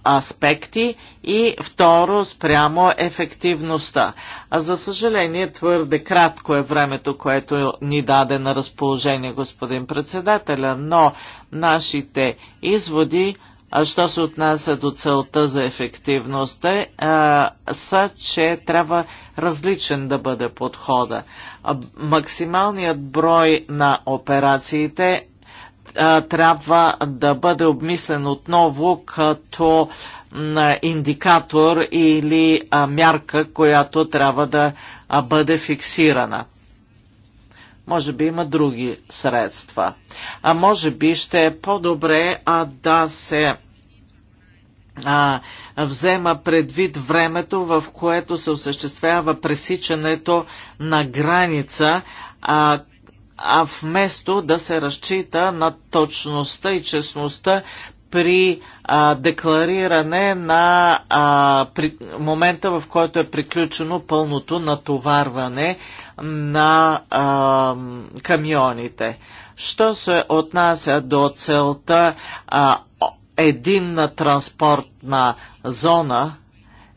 аспекти и второ спрямо ефективността. А за съжаление твърде кратко е времето, което ни даде на разположение господин председателя, но нашите изводи, а що се отнася до целта за ефективността, е, са, че трябва различен да бъде подхода. максималният брой на операциите трябва да бъде обмислен отново като индикатор или мярка, която трябва да бъде фиксирана. Може би има други средства. А може би ще е по-добре да се а, взема предвид времето, в което се осъществява пресичането на граница, а, а вместо да се разчита на точността и честността при а, деклариране на а, при, момента, в който е приключено пълното натоварване на а, камионите. Що се отнася до целта а, единна транспортна зона,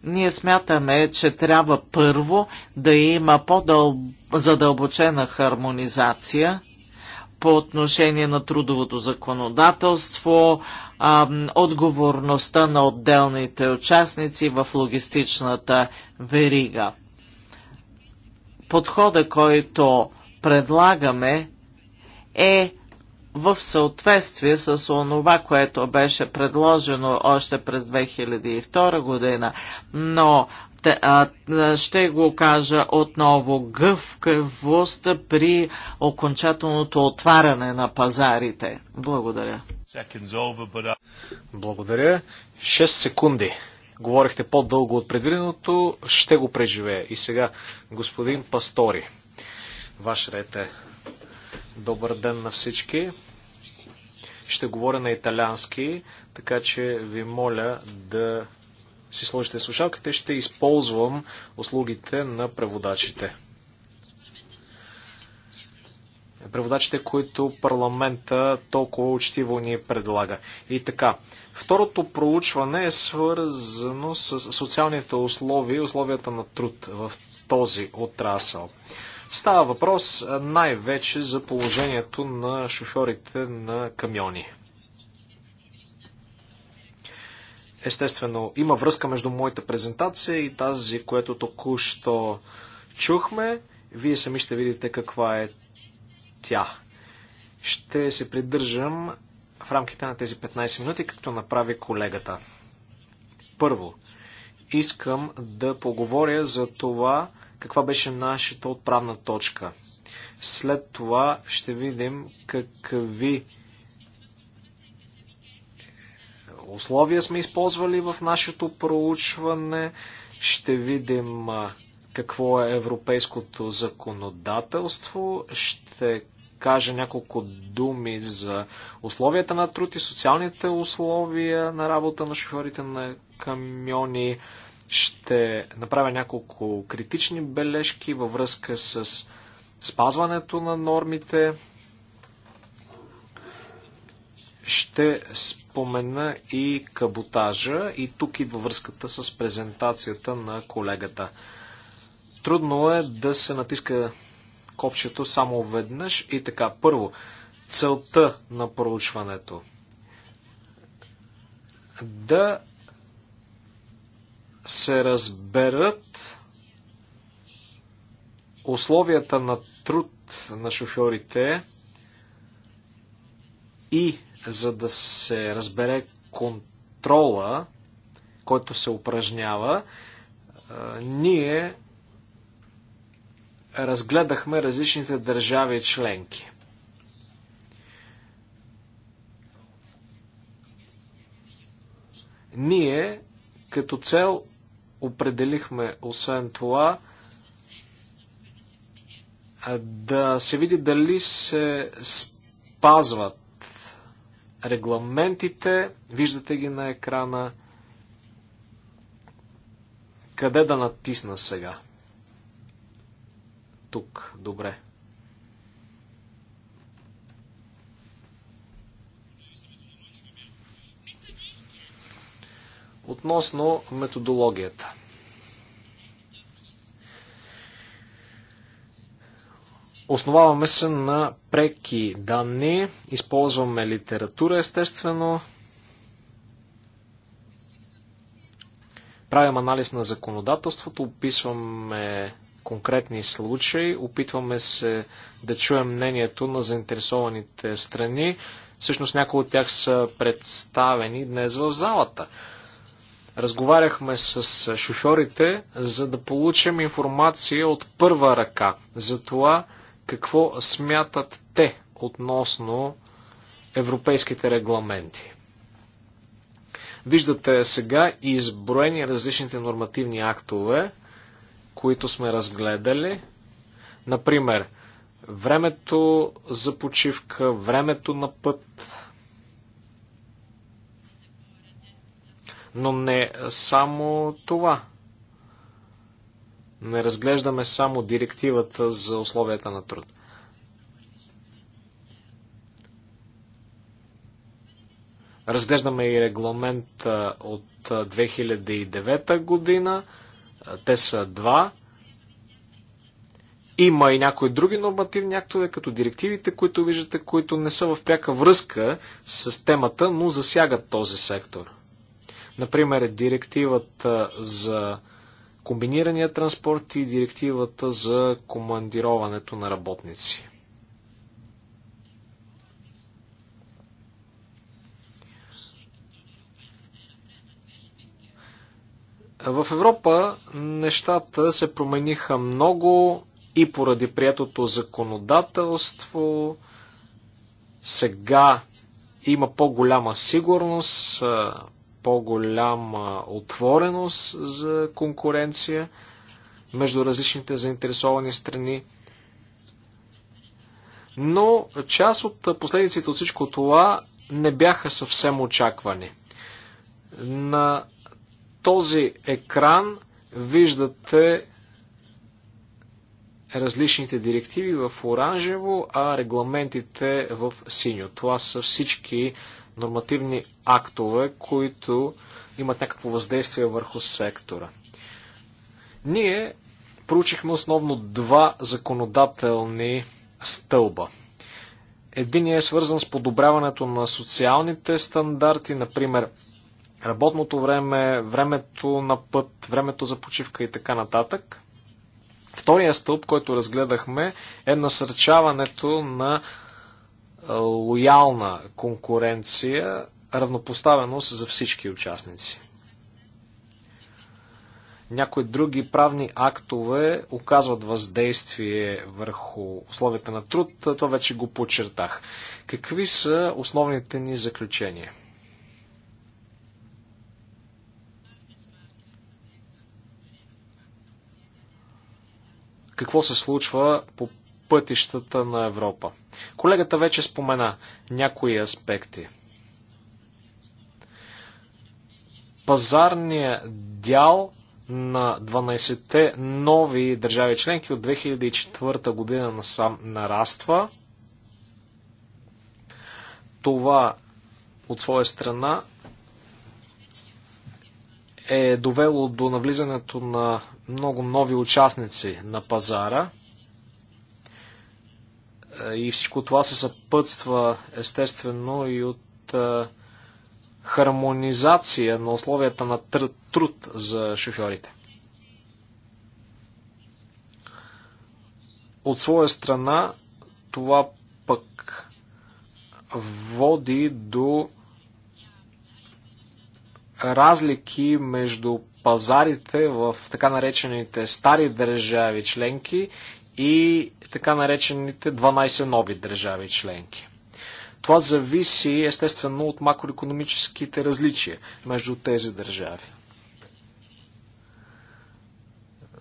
ние смятаме, че трябва първо да има по-задълбочена хармонизация по отношение на трудовото законодателство, а, отговорността на отделните участници в логистичната верига. Подхода, който предлагаме е в съответствие с онова, което беше предложено още през 2002 година, но ще го кажа отново, гъвкавост при окончателното отваряне на пазарите. Благодаря. Благодаря. 6 секунди. Говорихте по-дълго от предвиденото, ще го преживея. И сега, господин Пастори, ваш рете. Добър ден на всички. Ще говоря на италиански, така че ви моля да си сложите слушалките. Ще използвам услугите на преводачите. Преводачите, които парламента толкова учтиво ни предлага. И така, Второто проучване е свързано с социалните условия и условията на труд в този отрасъл. Става въпрос най-вече за положението на шофьорите на камиони. Естествено, има връзка между моята презентация и тази, която току-що чухме. Вие сами ще видите каква е тя. Ще се придържам в рамките на тези 15 минути, като направи колегата. Първо, искам да поговоря за това, каква беше нашата отправна точка. След това ще видим какви условия сме използвали в нашето проучване. Ще видим какво е европейското законодателство. Ще кажа няколко думи за условията на труд и социалните условия на работа на шофьорите на камиони. Ще направя няколко критични бележки във връзка с спазването на нормите. Ще спомена и каботажа и тук идва връзката с презентацията на колегата. Трудно е да се натиска копчето само веднъж и така. Първо, целта на проучването. Да се разберат условията на труд на шофьорите и за да се разбере контрола, който се упражнява, ние разгледахме различните държави членки. Ние като цел Определихме освен това да се види дали се спазват регламентите, виждате ги на екрана. Къде да натисна сега? Тук, добре. Относно методологията. Основаваме се на преки данни, използваме литература естествено, правим анализ на законодателството, описваме конкретни случаи, опитваме се да чуем мнението на заинтересованите страни. Всъщност някои от тях са представени днес в залата. Разговаряхме с шофьорите, за да получим информация от първа ръка за това какво смятат те относно европейските регламенти. Виждате сега изброени различните нормативни актове, които сме разгледали. Например, времето за почивка, времето на път, Но не само това. Не разглеждаме само директивата за условията на труд. Разглеждаме и регламента от 2009 година. Те са два. Има и някои други нормативни актове, като директивите, които виждате, които не са в пряка връзка с темата, но засягат този сектор. Например, директивата за комбинирания транспорт и директивата за командироването на работници. В Европа нещата се промениха много и поради приятото законодателство. Сега има по-голяма сигурност, по-голяма отвореност за конкуренция между различните заинтересовани страни. Но част от последиците от всичко това не бяха съвсем очаквани. На този екран виждате различните директиви в оранжево, а регламентите в синьо. Това са всички нормативни актове, които имат някакво въздействие върху сектора. Ние проучихме основно два законодателни стълба. Единият е свързан с подобряването на социалните стандарти, например работното време, времето на път, времето за почивка и така нататък. Втория стълб, който разгледахме, е насърчаването на е, лоялна конкуренция, равнопоставеност за всички участници. Някои други правни актове оказват въздействие върху условията на труд, това вече го подчертах. Какви са основните ни заключения? Какво се случва по пътищата на Европа. Колегата вече спомена някои аспекти. Пазарният дял на 12-те нови държави членки от 2004 година насам нараства. Това от своя страна е довело до навлизането на много нови участници на пазара – е, и всичко това се съпътства естествено и от е, хармонизация на условията на труд за шофьорите. От своя страна това пък води до разлики между пазарите в така наречените стари държави членки и така наречените 12 нови държави членки. Това зависи естествено от макроекономическите различия между тези държави.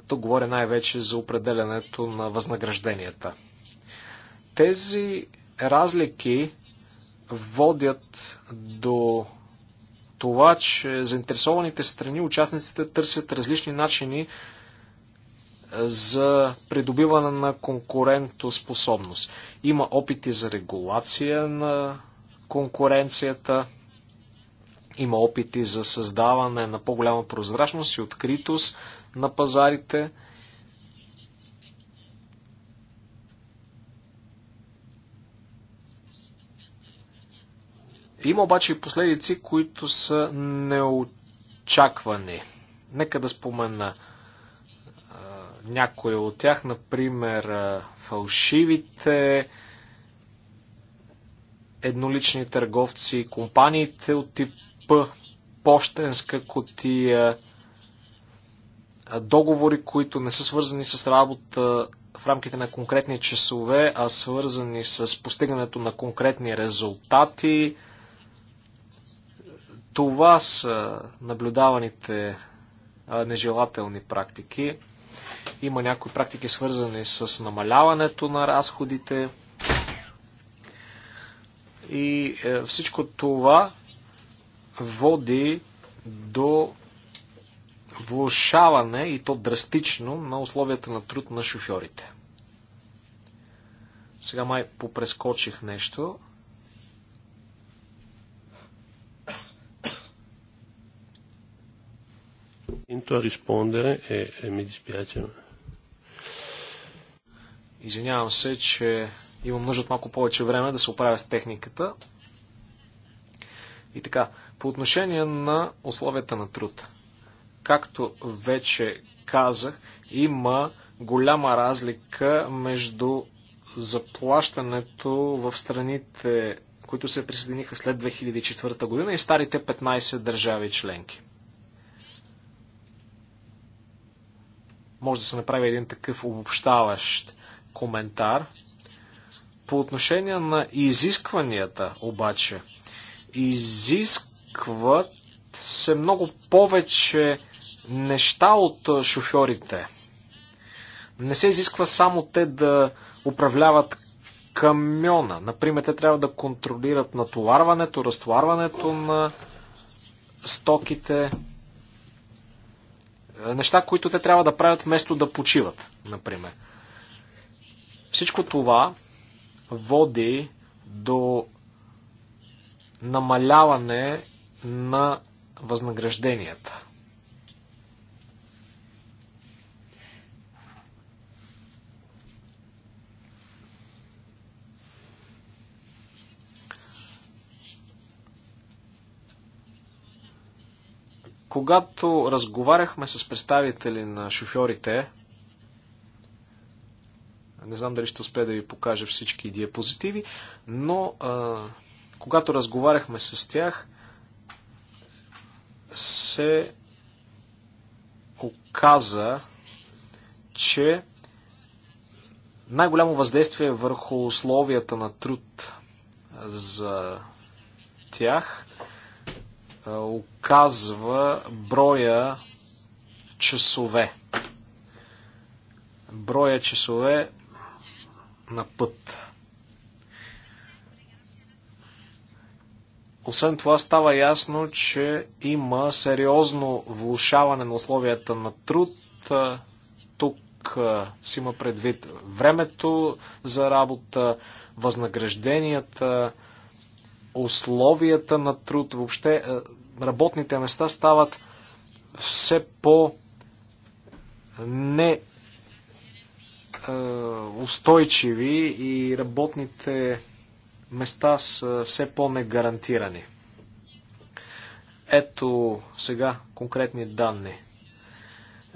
То говоря най-вече за определенето на възнагражденията. Тези разлики водят до това, че заинтересованите страни, участниците търсят различни начини за придобиване на конкурентоспособност. Има опити за регулация на конкуренцията, има опити за създаване на по-голяма прозрачност и откритост на пазарите. Има обаче и последици, които са неочаквани. Нека да спомена някои от тях, например фалшивите, еднолични търговци, компаниите от типа пощенска котия, договори, които не са свързани с работа в рамките на конкретни часове, а свързани с постигането на конкретни резултати. Това са наблюдаваните нежелателни практики. Има някои практики свързани с намаляването на разходите. И е, всичко това води до влушаване и то драстично на условията на труд на шофьорите. Сега май попрескочих нещо. Into a rispondere e, e mi dispiace. Извинявам се, че имам нужда от малко повече време да се оправя с техниката. И така, по отношение на условията на труд. Както вече казах, има голяма разлика между заплащането в страните, които се присъединиха след 2004 година и старите 15 държави членки. Може да се направи един такъв обобщаващ коментар. По отношение на изискванията обаче, изискват се много повече неща от шофьорите. Не се изисква само те да управляват камиона. Например, те трябва да контролират натоварването, разтоварването на стоките. Е, неща, които те трябва да правят вместо да почиват, например. Всичко това води до намаляване на възнагражденията. Когато разговаряхме с представители на шофьорите, не знам дали ще успея да ви покажа всички диапозитиви, но а, когато разговаряхме с тях, се оказа, че най-голямо въздействие върху условията на труд за тях оказва броя часове. Броя часове на път. Освен това става ясно, че има сериозно влушаване на условията на труд. Тук си има предвид времето за работа, възнагражденията, условията на труд. Въобще работните места стават все по- не е, устойчиви и работните места са все по-негарантирани. Ето сега конкретни данни.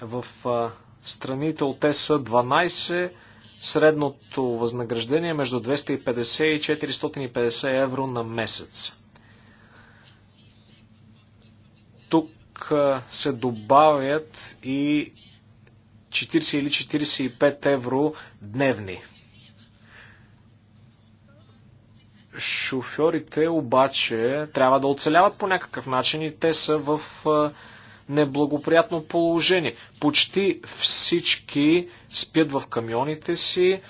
В е, страните от ЕС 12 средното възнаграждение е между 250 и 450 евро на месец. Тук е, се добавят и 40 или 45 евро дневни. Шофьорите обаче трябва да оцеляват по някакъв начин и те са в неблагоприятно положение. Почти всички спят в камионите си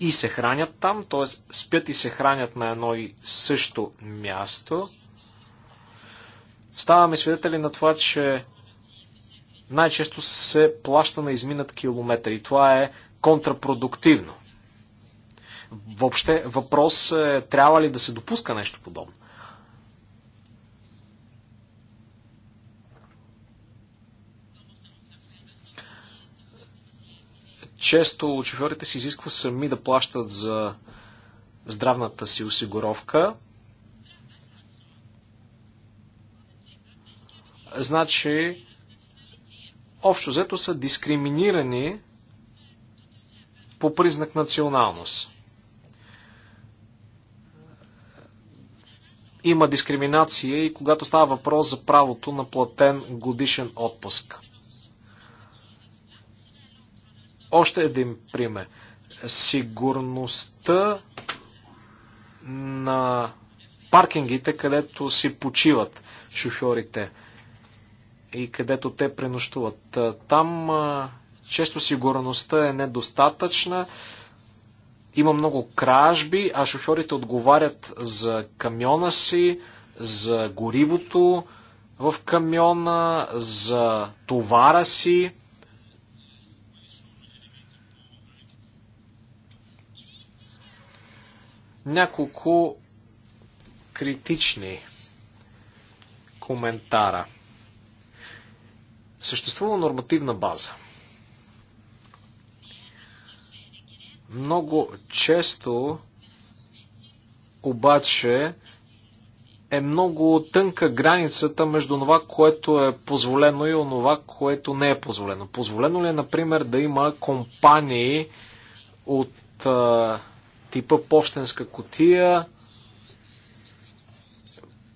и се хранят там, т.е. спят и се хранят на едно и също място. Ставаме свидетели на това, че най-често се плаща на изминат километър и това е контрапродуктивно. Въобще въпрос е трябва ли да се допуска нещо подобно. Често шофьорите си изисква сами да плащат за здравната си осигуровка. Значи, общо взето са дискриминирани по признак националност. Има дискриминация и когато става въпрос за правото на платен годишен отпуск. Още един пример. Сигурността на паркингите, където си почиват шофьорите и където те пренощуват. Там често сигурността е недостатъчна, има много кражби, а шофьорите отговарят за камиона си, за горивото в камиона, за товара си. Няколко критични коментара – Съществува нормативна база. Много често обаче е много тънка границата между това, което е позволено и онова, което не е позволено. Позволено ли е, например, да има компании от а, типа почтенска котия?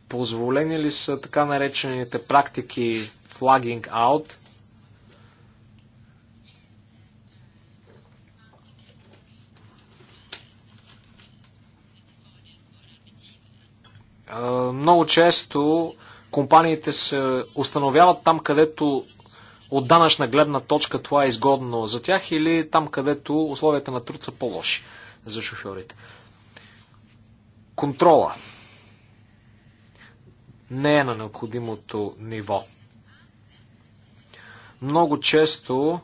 Позволени ли са така наречените практики флагинг аут. Много често компаниите се установяват там, където от данъчна гледна точка това е изгодно за тях или там, където условията на труд са по-лоши за шофьорите. Контрола не е на необходимото ниво. Много често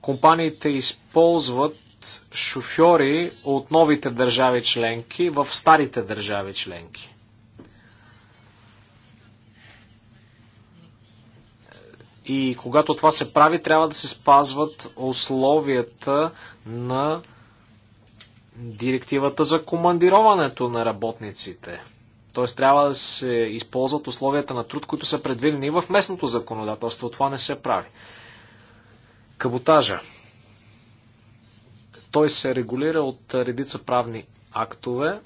компаниите използват шофьори от новите държави членки в старите държави членки. И когато това се прави, трябва да се спазват условията на директивата за командироването на работниците. Т.е. трябва да се използват условията на труд, които са предвидени и в местното законодателство. Това не се прави. Каботажа. Той се регулира от редица правни актове.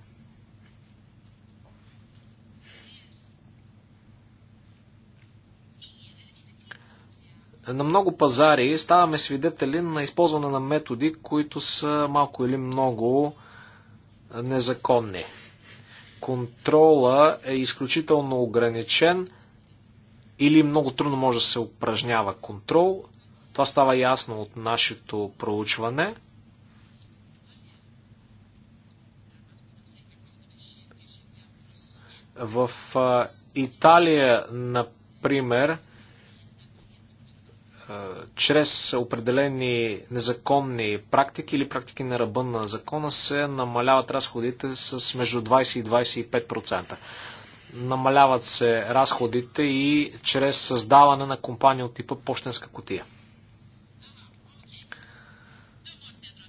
На много пазари ставаме свидетели на използване на методи, които са малко или много незаконни контрола е изключително ограничен или много трудно може да се упражнява контрол. Това става ясно от нашето проучване. В Италия, например, чрез определени незаконни практики или практики на ръба на закона се намаляват разходите с между 20 и 25%. Намаляват се разходите и чрез създаване на компания от типа почтенска котия.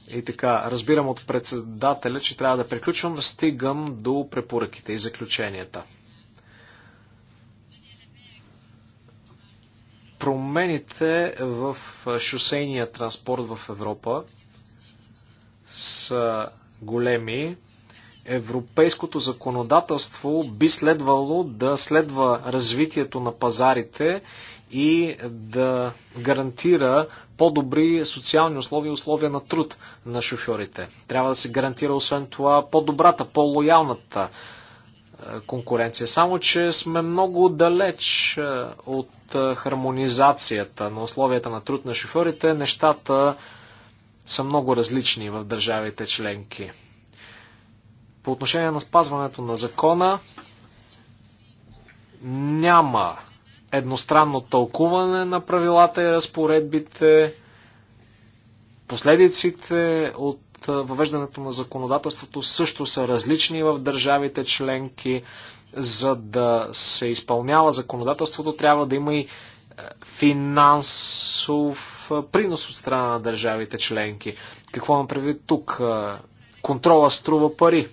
И така, разбирам от председателя, че трябва да приключвам, стигам до препоръките и заключенията – промените в шосейния транспорт в Европа са големи. Европейското законодателство би следвало да следва развитието на пазарите и да гарантира по-добри социални условия и условия на труд на шофьорите. Трябва да се гарантира освен това по-добрата, по-лоялната конкуренция. Само, че сме много далеч е, от е, хармонизацията на условията на труд на шофьорите. Нещата са много различни в държавите членки. По отношение на спазването на закона, няма едностранно тълкуване на правилата и разпоредбите. Последиците от въвеждането на законодателството също са различни в държавите членки. За да се изпълнява законодателството, трябва да има и е, финансов е, принос от страна на държавите членки. Какво имам предвид тук? Е, контрола струва пари,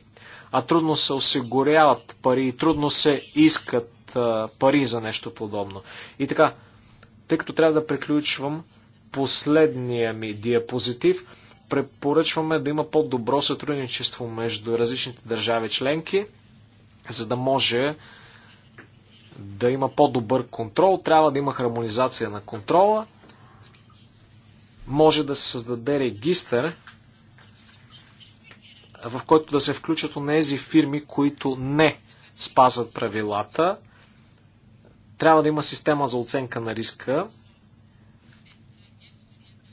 а трудно се осигуряват пари и трудно се искат пари за нещо подобно. И така, тъй като трябва да приключвам последния ми диапозитив – препоръчваме да има по-добро сътрудничество между различните държави членки, за да може да има по-добър контрол. Трябва да има хармонизация на контрола. Може да се създаде регистър, в който да се включат онези фирми, които не спазват правилата. Трябва да има система за оценка на риска,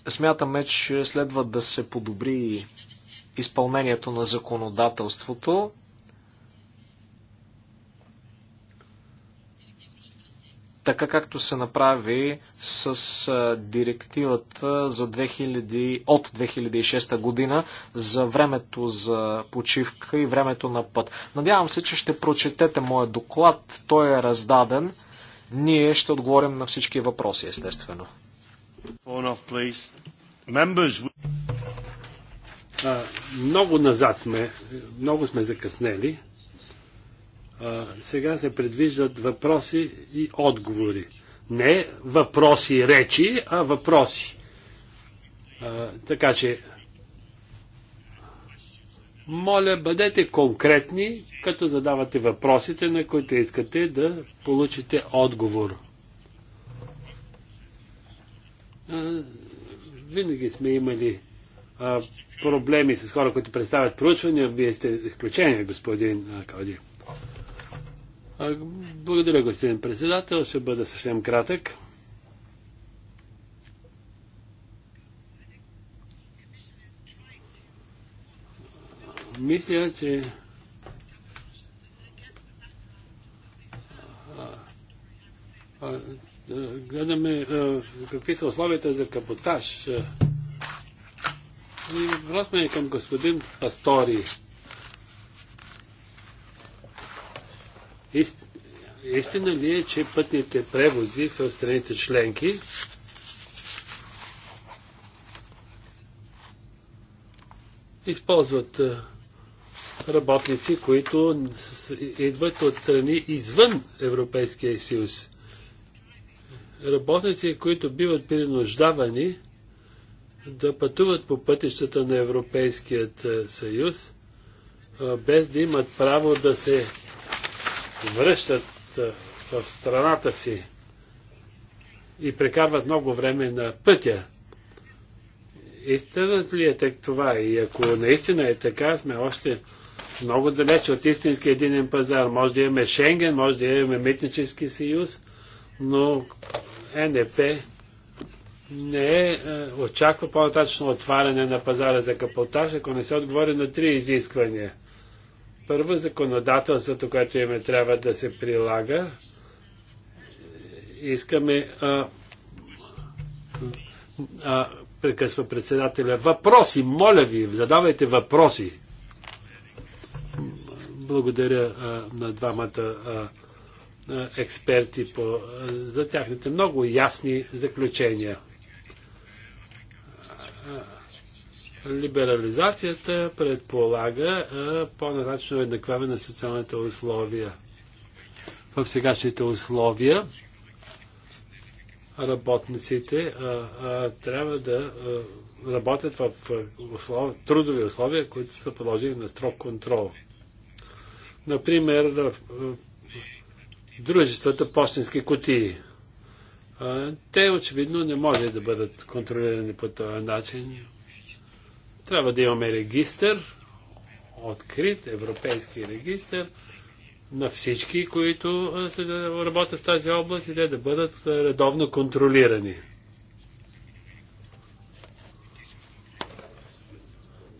Смятаме, че следва да се подобри изпълнението на законодателството. Така както се направи с директивата за 2000, от 2006 година за времето за почивка и времето на път. Надявам се, че ще прочетете моя доклад. Той е раздаден. Ние ще отговорим на всички въпроси, естествено много назад сме, много сме закъснели. сега се предвиждат въпроси и отговори. Не въпроси и речи, а въпроси. така че, моля, бъдете конкретни, като задавате въпросите, на които искате да получите отговор. Винаги сме имали а, проблеми с хора, които представят проучвания. Вие сте изключение, господин Калди. Благодаря, господин председател. Ще бъда съвсем кратък. Мисля, че а, а, гледаме какви са условията за каботаж. И въпрос е към господин Пастори. истина ли е, че пътните превози в страните членки използват работници, които идват от страни извън Европейския съюз? работници, които биват принуждавани да пътуват по пътищата на Европейският е, съюз, е, без да имат право да се връщат е, в страната си и прекарват много време на пътя. Истина ли е так това? И ако наистина е така, сме още много далеч от истински единен пазар. Може да имаме Шенген, може да имаме митнически съюз, но НДП не е, е, очаква по-нататъчно отваряне на пазара за капотаж, ако не се отговори на три изисквания. Първо, законодателството, което им е, трябва да се прилага. Искаме а, а, прекъсва председателя. Въпроси, моля ви, задавайте въпроси. Благодаря а, на двамата а, експерти по, за тяхните много ясни заключения. Либерализацията предполага по-нарачно еднакваве на социалните условия. В сегашните условия работниците а, а, трябва да а, работят в услов... трудови условия, които са положени на строг контрол. Например, в дружествата почтенски кутии. Те очевидно не може да бъдат контролирани по този начин. Трябва да имаме регистър, открит европейски регистър на всички, които работят в тази област и те да бъдат редовно контролирани.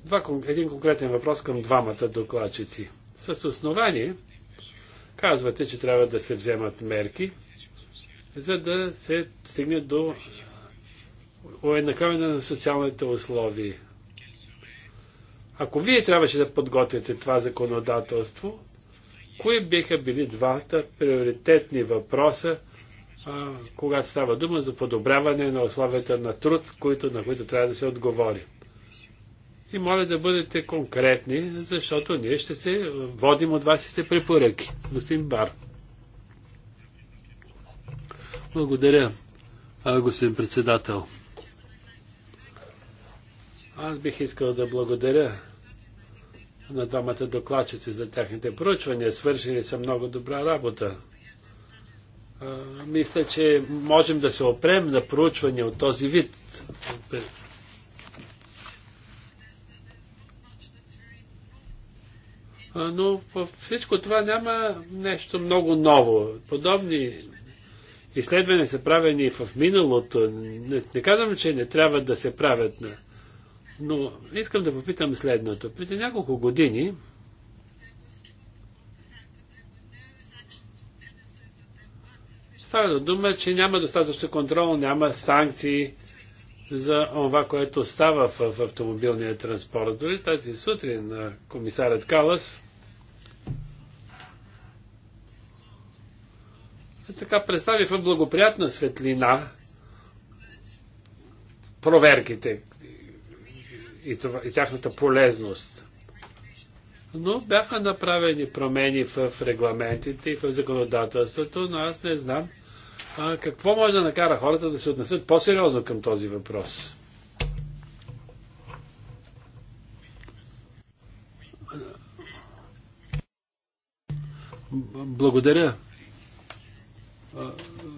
Два, един конкретен въпрос към двамата докладчици. С основание Казвате, че трябва да се вземат мерки, за да се стигне до уеднаквяване на социалните условия. Ако вие трябваше да подготвите това законодателство, кои биха били двата приоритетни въпроса, а, когато става дума за подобряване на условията на труд, които, на които трябва да се отговори? и моля да бъдете конкретни, защото ние ще се водим от вашите препоръки. Господин Бар. Благодаря, господин председател. Аз бих искал да благодаря на двамата докладчици за тяхните проучвания. Свършили са много добра работа. А, мисля, че можем да се опрем на проучвания от този вид Но във всичко това няма нещо много ново. Подобни изследвания са правени в миналото. Не, не казвам, че не трябва да се правят. Но искам да попитам следното. Преди няколко години става дума, че няма достатъчно контрол, няма санкции за това, което става в автомобилния транспорт. Дори тази сутрин комисарят Калас е така представи в благоприятна светлина проверките и, това, и тяхната полезност. Но бяха направени промени в регламентите и в законодателството, но аз не знам а, какво може да накара хората да се отнесат по-сериозно към този въпрос? Благодаря.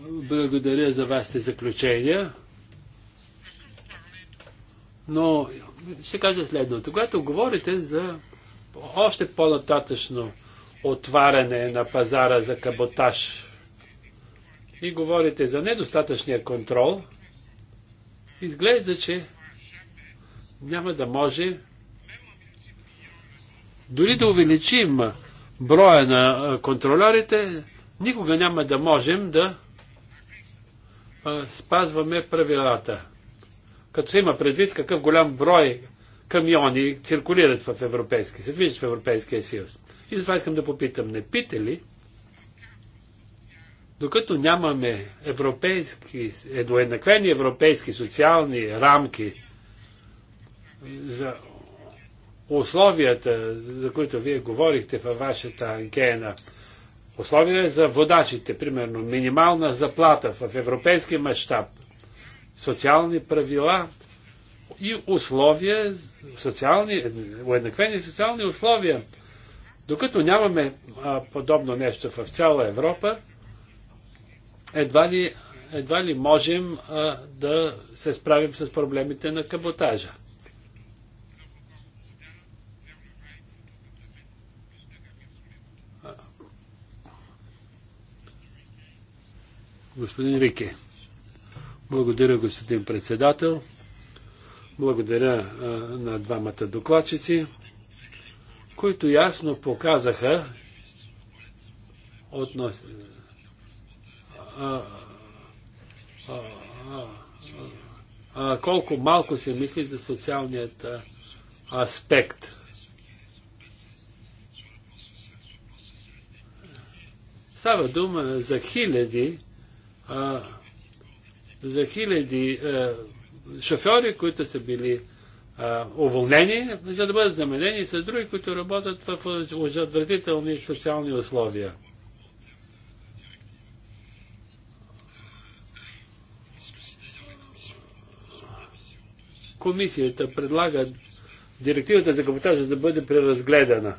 Благодаря за вашите заключения. Но ще кажа следното. Когато говорите за още по-нататъчно отваряне на пазара за каботаж, и говорите за недостатъчния контрол, изглежда, че няма да може дори да увеличим броя на контролерите, никога няма да можем да спазваме правилата. Като се има предвид какъв голям брой камиони циркулират в Европейския съюз, в Европейския съюз. И затова искам да попитам, не пите ли докато нямаме европейски, едноеднаквени европейски социални рамки за условията, за които вие говорихте във вашата анкена, условия за водачите, примерно минимална заплата в европейски мащаб, социални правила и условия, социални, уеднаквени социални условия. Докато нямаме а, подобно нещо в цяла Европа, едва ли, едва ли можем а, да се справим с проблемите на каботажа. Господин Рике. Благодаря, господин председател. Благодаря а, на двамата докладчици, които ясно показаха относно а, колко малко се мисли за социалният а, аспект. Става дума за хиляди, а, за хиляди а, шофьори, които са били а, уволнени, за да бъдат заменени с други, които работят в отвратителни социални условия. Комисията предлага директивата за капитажа да бъде преразгледана,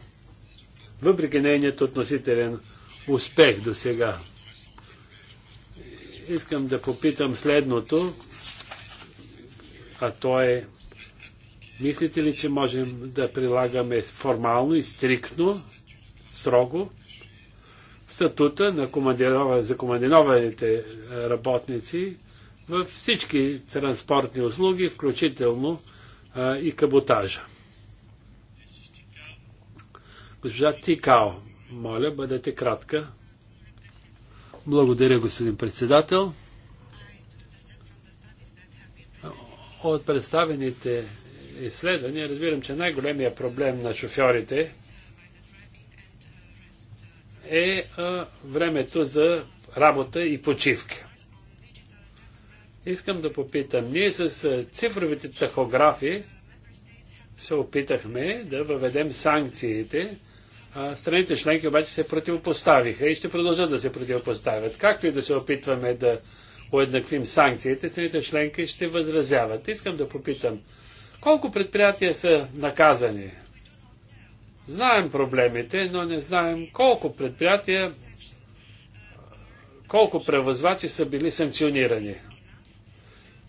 въпреки нейният относителен успех до сега. Искам да попитам следното, а то е, мислите ли, че можем да прилагаме формално и стриктно, строго, статута на командирова, за командированите работници във всички транспортни услуги, включително а, и каботажа. Госпожа Тикао, моля, бъдете кратка. Благодаря, господин председател. От представените изследвания разбирам, че най-големия проблем на шофьорите е а, времето за работа и почивка. Искам да попитам. Ние с цифровите тахографи се опитахме да въведем санкциите. А страните членки обаче се противопоставиха и ще продължат да се противопоставят. Както и да се опитваме да уеднаквим санкциите, страните членки ще възразяват. Искам да попитам, колко предприятия са наказани? Знаем проблемите, но не знаем колко предприятия, колко превозвачи са били санкционирани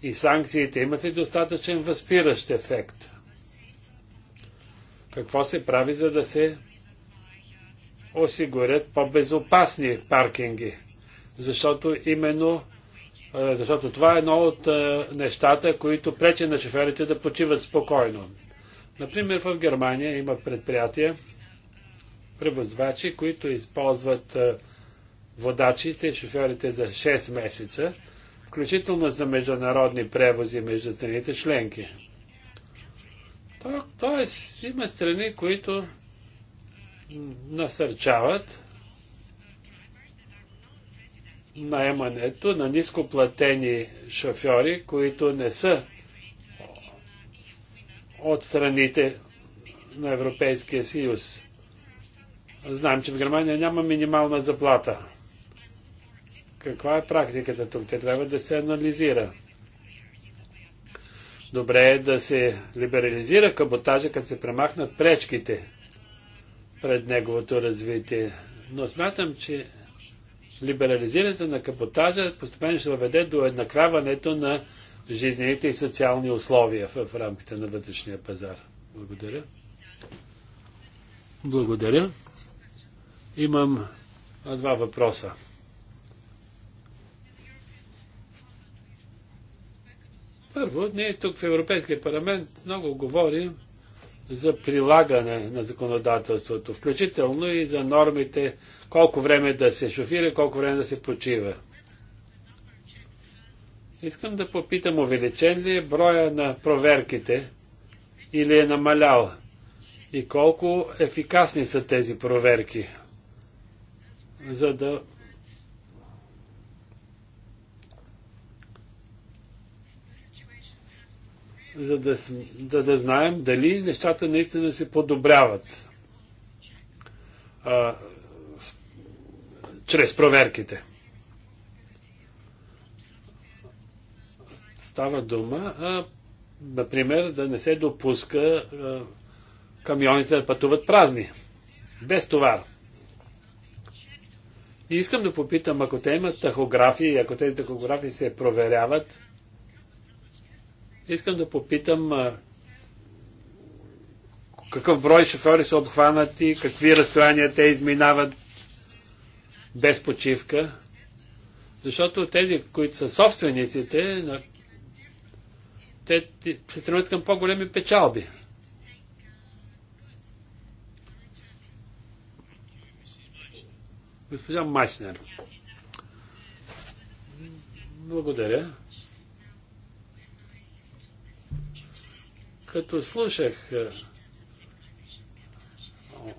и санкциите имат ли достатъчен възпиращ ефект? Какво се прави, за да се осигурят по-безопасни паркинги? Защото именно защото това е едно от нещата, които пречи на шофьорите да почиват спокойно. Например, в Германия има предприятия, превозвачи, които използват водачите, шофьорите за 6 месеца, включително за международни превози между страните членки. То, тоест, има страни, които насърчават наемането на нископлатени шофьори, които не са от страните на Европейския съюз. Знаем, че в Германия няма минимална заплата каква е практиката тук. Тя трябва да се анализира. Добре е да се либерализира каботажа, като се премахнат пречките пред неговото развитие. Но смятам, че либерализирането на каботажа постепенно ще доведе до еднакраването на жизнените и социални условия в рамките на вътрешния пазар. Благодаря. Благодаря. Имам два въпроса. Първо, ние тук в Европейския парламент много говорим за прилагане на законодателството, включително и за нормите, колко време да се шофира, колко време да се почива. Искам да попитам, увеличен ли е броя на проверките или е намалял? И колко ефикасни са тези проверки, за да за да, да, да знаем дали нещата наистина се подобряват а, с, чрез проверките. Става дума, а, например, да не се допуска а, камионите да пътуват празни, без товар. И искам да попитам, ако те имат тахографии, ако тези тахографии се проверяват, Искам да попитам какъв брой шофьори са обхванати, какви разстояния те изминават без почивка. Защото тези, които са собствениците, те се стремят към по-големи печалби. Госпожа Майснер. Благодаря. Като слушах е,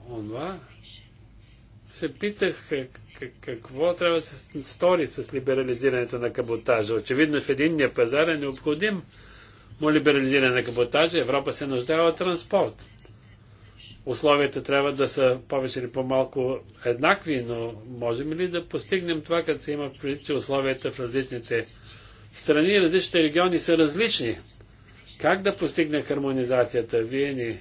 онова, се питах е, какво трябва да се стори с либерализирането на каботажа. Очевидно в единния пазар е необходим му либерализиране на каботажа. Европа се нуждае от транспорт. Условията трябва да са повече или по-малко еднакви, но можем ли да постигнем това, като се има предвид, че условията в различните страни и различните региони са различни? Как да постигне хармонизацията? Вие ни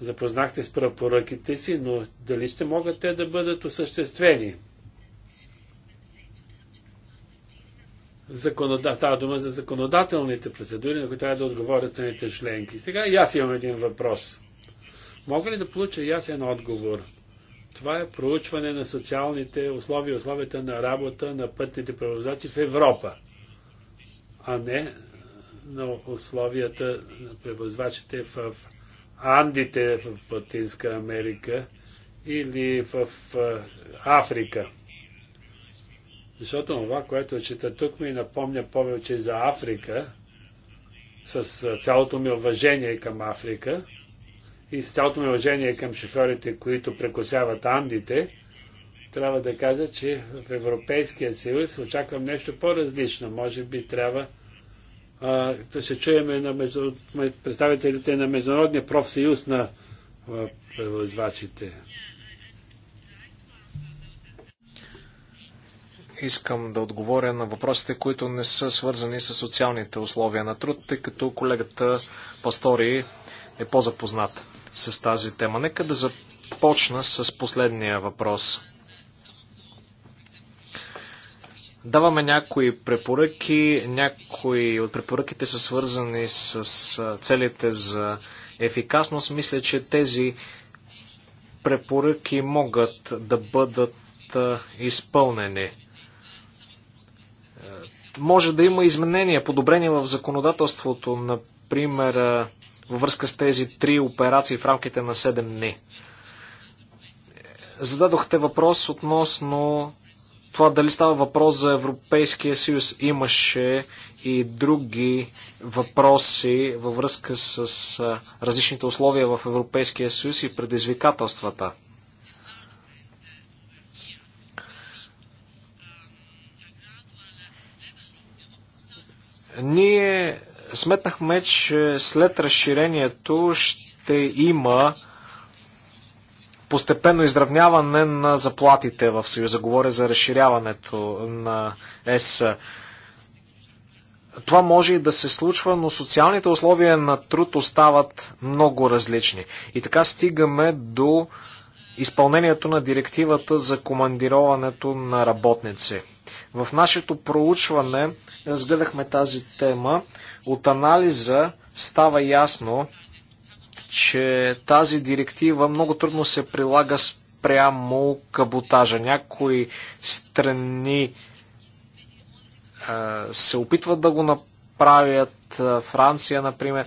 запознахте с препоръките си, но дали ще могат те да бъдат осъществени? Законода... Става дума за законодателните процедури, на които трябва да отговорят страните членки. Сега и аз имам един въпрос. Мога ли да получа ясен отговор? Това е проучване на социалните условия, условията на работа на пътните превозвачи в Европа, а не на условията на превозвачите в Андите в Латинска Америка или в Африка. Защото това, което чета тук, ми напомня повече за Африка, с цялото ми уважение към Африка и с цялото ми уважение към шофьорите, които прекосяват Андите, трябва да кажа, че в Европейския съюз очаквам нещо по-различно. Може би трябва а, да се чуеме на между... представителите на Международния профсъюз на превозвачите. Искам да отговоря на въпросите, които не са свързани с социалните условия на труд, тъй като колегата Пастори е по запознат с тази тема. Нека да започна с последния въпрос. Даваме някои препоръки. Някои от препоръките са свързани с целите за ефикасност. Мисля, че тези препоръки могат да бъдат изпълнени. Може да има изменения, подобрения в законодателството, например във връзка с тези три операции в рамките на 7 дни. Зададохте въпрос относно това дали става въпрос за Европейския съюз. Имаше и други въпроси във връзка с различните условия в Европейския съюз и предизвикателствата. Ние сметнахме, че след разширението ще има постепенно изравняване на заплатите в Съюза. Говоря за разширяването на ЕС. Това може и да се случва, но социалните условия на труд остават много различни. И така стигаме до изпълнението на директивата за командироването на работници. В нашето проучване разгледахме тази тема. От анализа става ясно, че тази директива много трудно се прилага спрямо каботажа. Някои страни се опитват да го направят, Франция, например.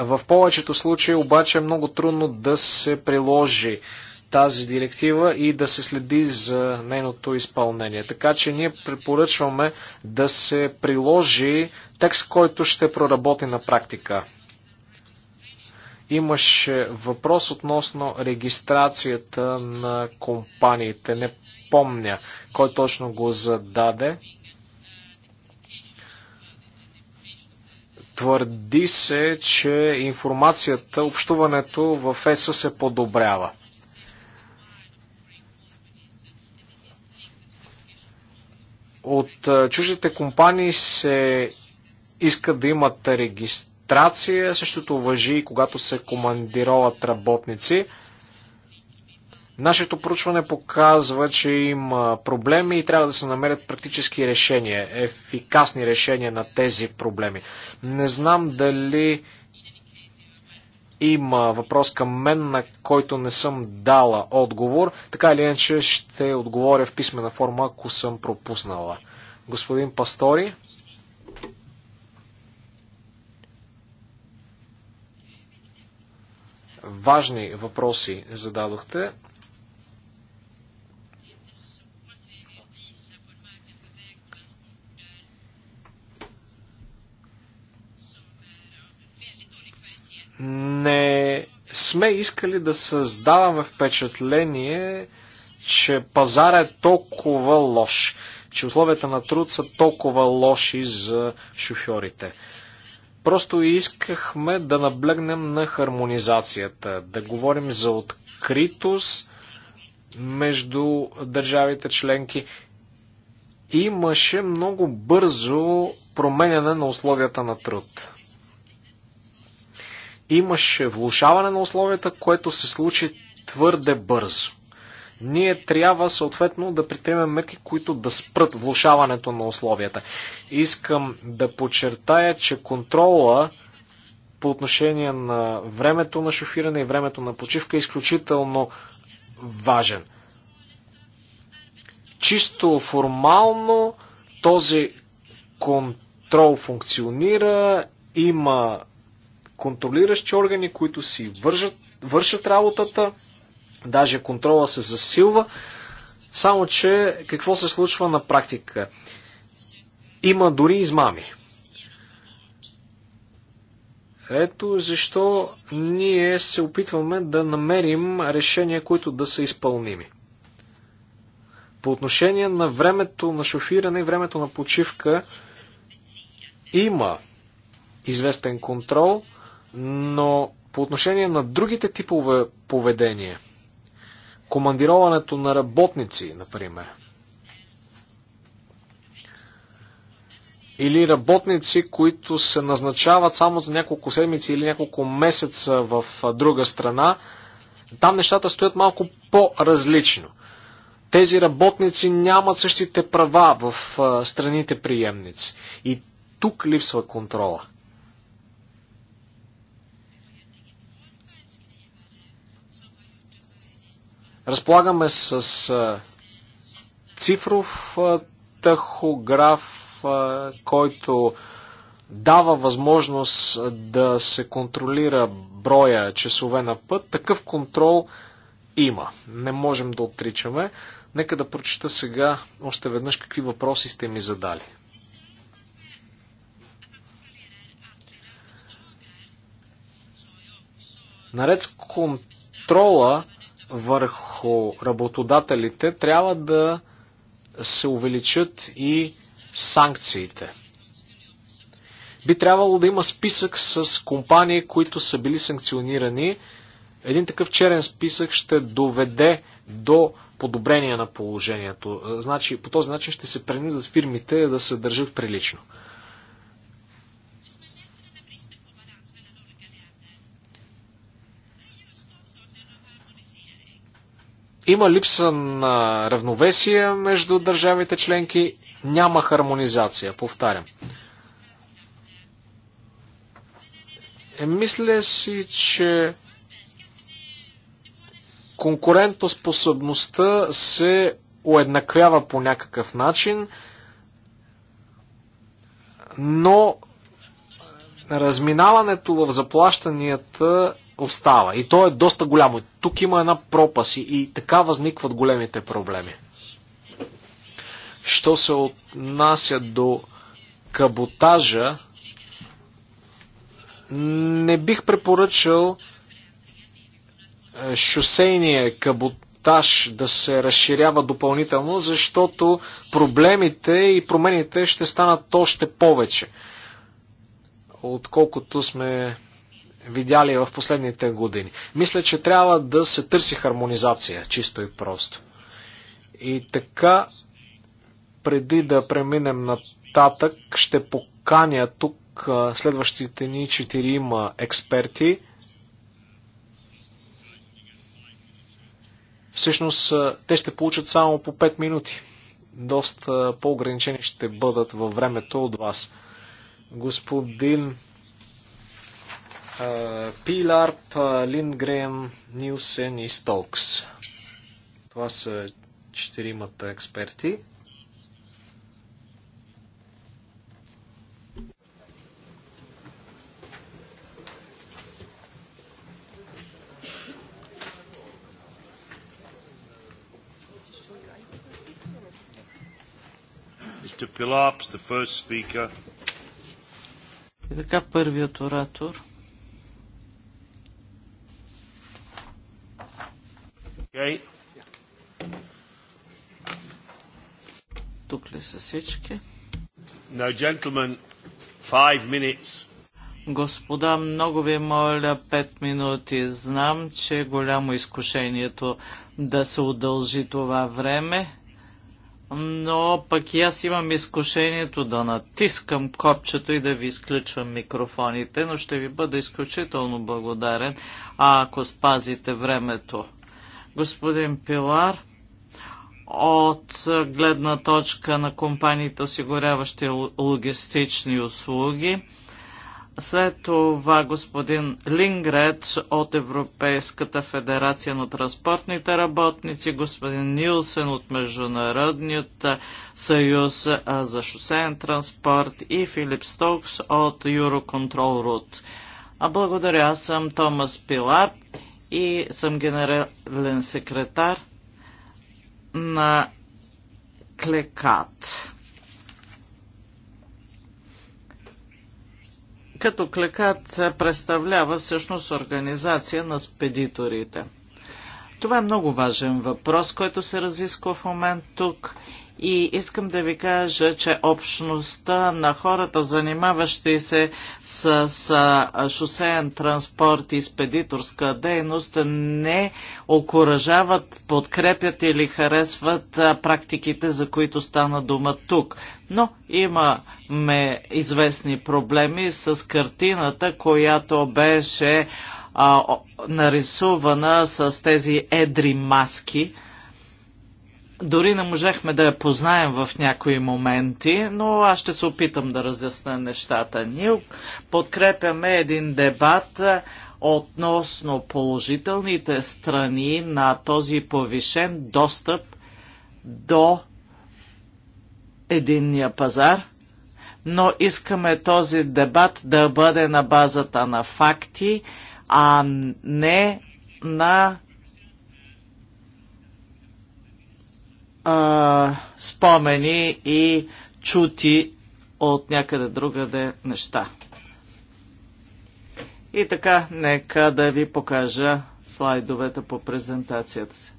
В повечето случаи обаче е много трудно да се приложи тази директива и да се следи за нейното изпълнение. Така че ние препоръчваме да се приложи текст, който ще проработи на практика Имаше въпрос относно регистрацията на компаниите. Не помня кой точно го зададе. Твърди се, че информацията, общуването в ЕСА се подобрява. От чуждите компании се искат да имат регистрация регистрация. Същото въжи и когато се командироват работници. Нашето проучване показва, че има проблеми и трябва да се намерят практически решения, ефикасни решения на тези проблеми. Не знам дали има въпрос към мен, на който не съм дала отговор. Така или иначе ще отговоря в писмена форма, ако съм пропуснала. Господин Пастори. важни въпроси зададохте. Не сме искали да създаваме впечатление, че пазара е толкова лош, че условията на труд са толкова лоши за шофьорите. Просто искахме да наблегнем на хармонизацията, да говорим за откритост между държавите членки. Имаше много бързо променяне на условията на труд. Имаше влушаване на условията, което се случи твърде бързо ние трябва съответно да предприемем мерки, които да спрат влушаването на условията. Искам да подчертая, че контрола по отношение на времето на шофиране и времето на почивка е изключително важен. Чисто формално този контрол функционира, има контролиращи органи, които си вършат работата, Даже контрола се засилва. Само, че какво се случва на практика? Има дори измами. Ето защо ние се опитваме да намерим решения, които да са изпълними. По отношение на времето на шофиране и времето на почивка има известен контрол, но по отношение на другите типове поведения командироването на работници, например. Или работници, които се назначават само за няколко седмици или няколко месеца в друга страна, там нещата стоят малко по-различно. Тези работници нямат същите права в страните приемници. И тук липсва контрола. Разполагаме с цифров тахограф, който дава възможност да се контролира броя часове на път. Такъв контрол има. Не можем да отричаме. Нека да прочета сега още веднъж какви въпроси сте ми задали. Наред с контрола, върху работодателите, трябва да се увеличат и санкциите. Би трябвало да има списък с компании, които са били санкционирани. Един такъв черен списък ще доведе до подобрение на положението. Значи, по този начин ще се принудят фирмите да се държат прилично. Има липса на равновесие между държавите членки, няма хармонизация, повтарям. Е, мисля си, че конкурентоспособността се уеднаквява по някакъв начин, но разминаването в заплащанията остава. И то е доста голямо. Тук има една пропаст и така възникват големите проблеми. Що се отнася до каботажа, не бих препоръчал е, шосейния каботаж да се разширява допълнително, защото проблемите и промените ще станат още повече, отколкото сме видяли в последните години. Мисля, че трябва да се търси хармонизация, чисто и просто. И така, преди да преминем нататък, ще поканя тук следващите ни четирима експерти. Всъщност, те ще получат само по 5 минути. Доста по-ограничени ще бъдат във времето от вас. Господин Пиларп, Линдгрем, Нилсен и Столкс. Това са четиримата експерти. Mr. Pilarps, the first speaker. И така първият оратор – Okay. Тук ли са всички? Now, gentlemen, five minutes. Господа, много ви моля, пет минути. Знам, че е голямо изкушението да се удължи това време, но пък и аз имам изкушението да натискам копчето и да ви изключвам микрофоните, но ще ви бъда изключително благодарен, ако спазите времето господин Пилар от гледна точка на компаниите, осигуряващи логистични услуги. След това господин Лингрет от Европейската федерация на транспортните работници, господин Нилсен от Международният съюз за шосеен транспорт и Филип Стокс от Юроконтрол Рут. А благодаря, аз съм Томас Пилар и съм генерален секретар на Клекат. Като Клекат представлява всъщност организация на спедиторите. Това е много важен въпрос, който се разисква в момент тук и искам да ви кажа, че общността на хората, занимаващи се с, с шосеен транспорт и спедиторска дейност, не окоръжават, подкрепят или харесват практиките, за които стана дума тук. Но имаме известни проблеми с картината, която беше а, нарисувана с тези едри маски – дори не можехме да я познаем в някои моменти, но аз ще се опитам да разясна нещата. Ние подкрепяме един дебат относно положителните страни на този повишен достъп до единния пазар, но искаме този дебат да бъде на базата на факти, а не на а, спомени и чути от някъде другаде неща. И така, нека да ви покажа слайдовете по презентацията си.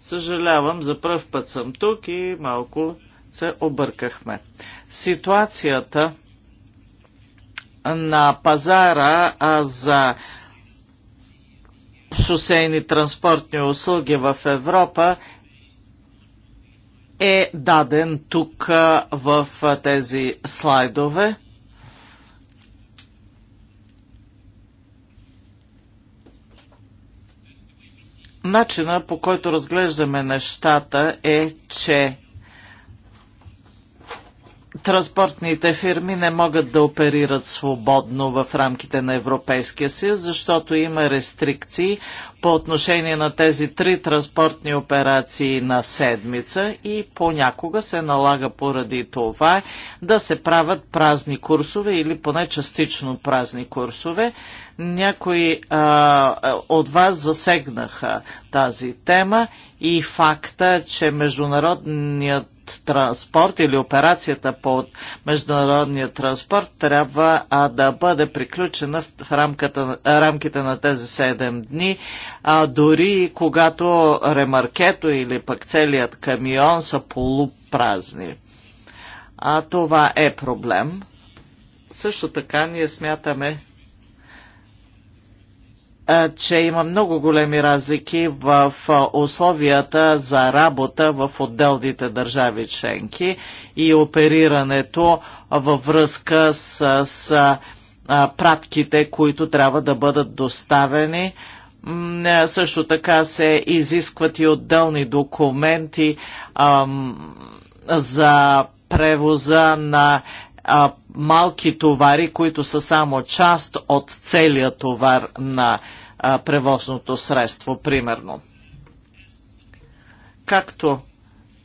Съжалявам, за пръв път съм тук и малко се объркахме. Ситуацията на пазара за шосейни транспортни услуги в Европа е даден тук в тези слайдове. Начина по който разглеждаме нещата е, че транспортните фирми не могат да оперират свободно в рамките на Европейския съюз, защото има рестрикции по отношение на тези три транспортни операции на седмица и понякога се налага поради това да се правят празни курсове или поне частично празни курсове. Някои а, от вас засегнаха тази тема и факта, че Международният транспорт или операцията по международния транспорт трябва а, да бъде приключена в рамката, рамките на тези 7 дни, а, дори когато ремаркето или пък целият камион са полупразни. А това е проблем. Също така ние смятаме, че има много големи разлики в условията за работа в отделните държави членки и оперирането във връзка с, с пратките, които трябва да бъдат доставени. Също така се изискват и отделни документи ам, за превоза на а, малки товари, които са само част от целия товар на а, превозното средство, примерно. Както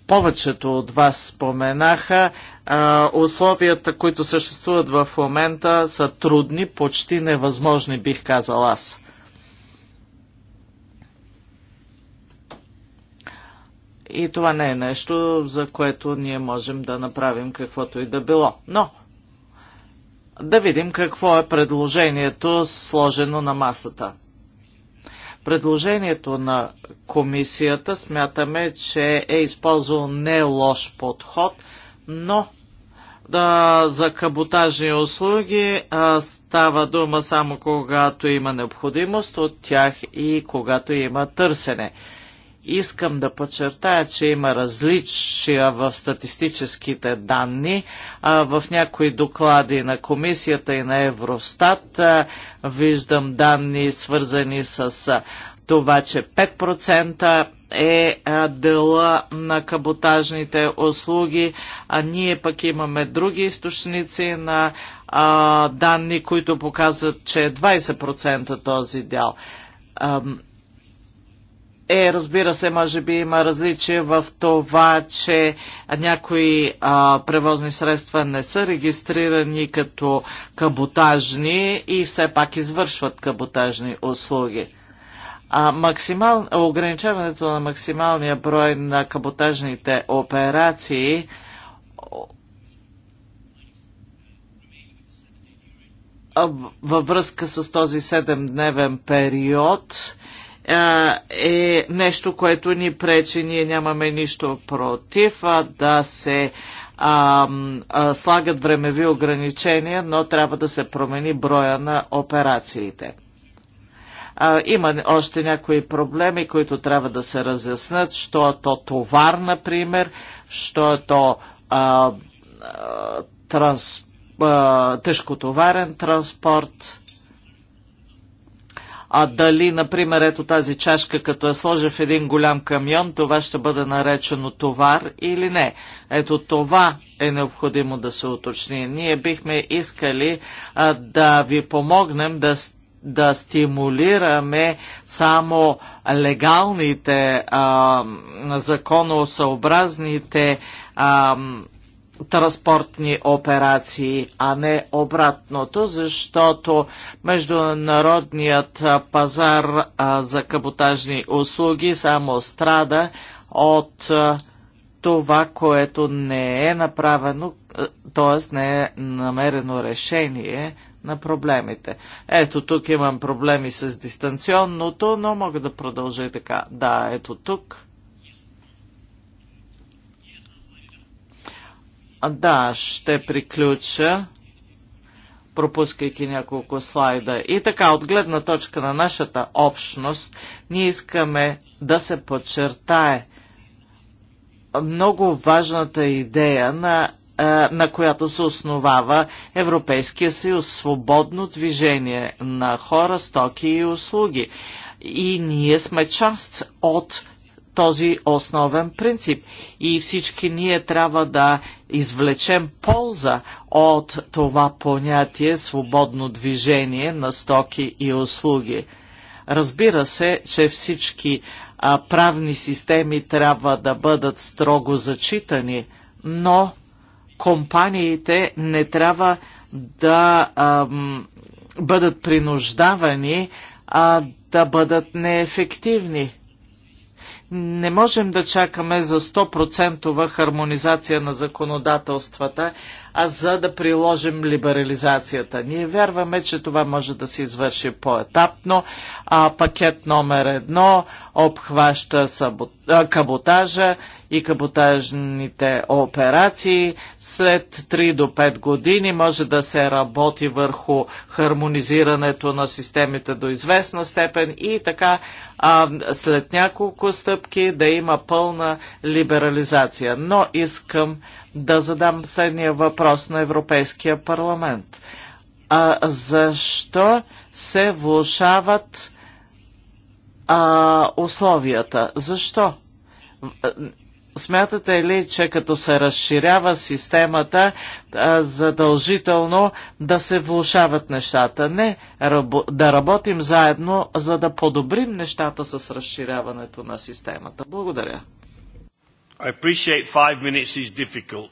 повечето от вас споменаха, а, условията, които съществуват в момента, са трудни, почти невъзможни, бих казал аз. И това не е нещо, за което ние можем да направим каквото и да било. Но да видим какво е предложението сложено на масата. Предложението на комисията смятаме, че е използвал не лош подход, но да, за каботажни услуги а, става дума само когато има необходимост от тях и когато има търсене. Искам да подчертая, че има различия в статистическите данни. В някои доклади на комисията и на Евростат виждам данни свързани с това, че 5% е дела на каботажните услуги, а ние пък имаме други източници на а, данни, които показват, че е 20% този дял е, разбира се, може би има различие в това, че някои а, превозни средства не са регистрирани като каботажни и все пак извършват каботажни услуги. А, максимал, ограничаването на максималния брой на каботажните операции във връзка с този 7-дневен период е нещо, което ни пречи. Ние нямаме нищо против да се а, а, слагат времеви ограничения, но трябва да се промени броя на операциите. А, има още някои проблеми, които трябва да се разяснат, що е то товар, например, що е то а, а, транс, а, тежкотоварен транспорт. А дали, например, ето тази чашка, като я сложа в един голям камион, това ще бъде наречено товар или не? Ето това е необходимо да се уточни. Ние бихме искали а, да ви помогнем да да стимулираме само легалните, а, законосъобразните а, транспортни операции, а не обратното, защото международният пазар за каботажни услуги само страда от това, което не е направено, т.е. не е намерено решение на проблемите. Ето тук имам проблеми с дистанционното, но мога да продължа и така. Да, ето тук Да, ще приключа, пропускайки няколко слайда. И така, от гледна точка на нашата общност, ние искаме да се подчертае много важната идея на е, на която се основава Европейския съюз свободно движение на хора, стоки и услуги. И ние сме част от този основен принцип. И всички ние трябва да извлечем полза от това понятие свободно движение на стоки и услуги. Разбира се, че всички а, правни системи трябва да бъдат строго зачитани, но компаниите не трябва да а, бъдат принуждавани а, да бъдат неефективни не можем да чакаме за 100% хармонизация на законодателствата, а за да приложим либерализацията. Ние вярваме, че това може да се извърши по-етапно, а пакет номер едно обхваща каботажа и каботажните операции. След 3 до 5 години може да се работи върху хармонизирането на системите до известна степен и така а, след няколко стъпки да има пълна либерализация. Но искам да задам следния въпрос на Европейския парламент. А, защо се влушават а, условията? Защо? Смятате ли, че като се разширява системата, а, задължително да се влушават нещата? Не, рабо, да работим заедно, за да подобрим нещата с разширяването на системата. Благодаря. I appreciate five minutes is difficult.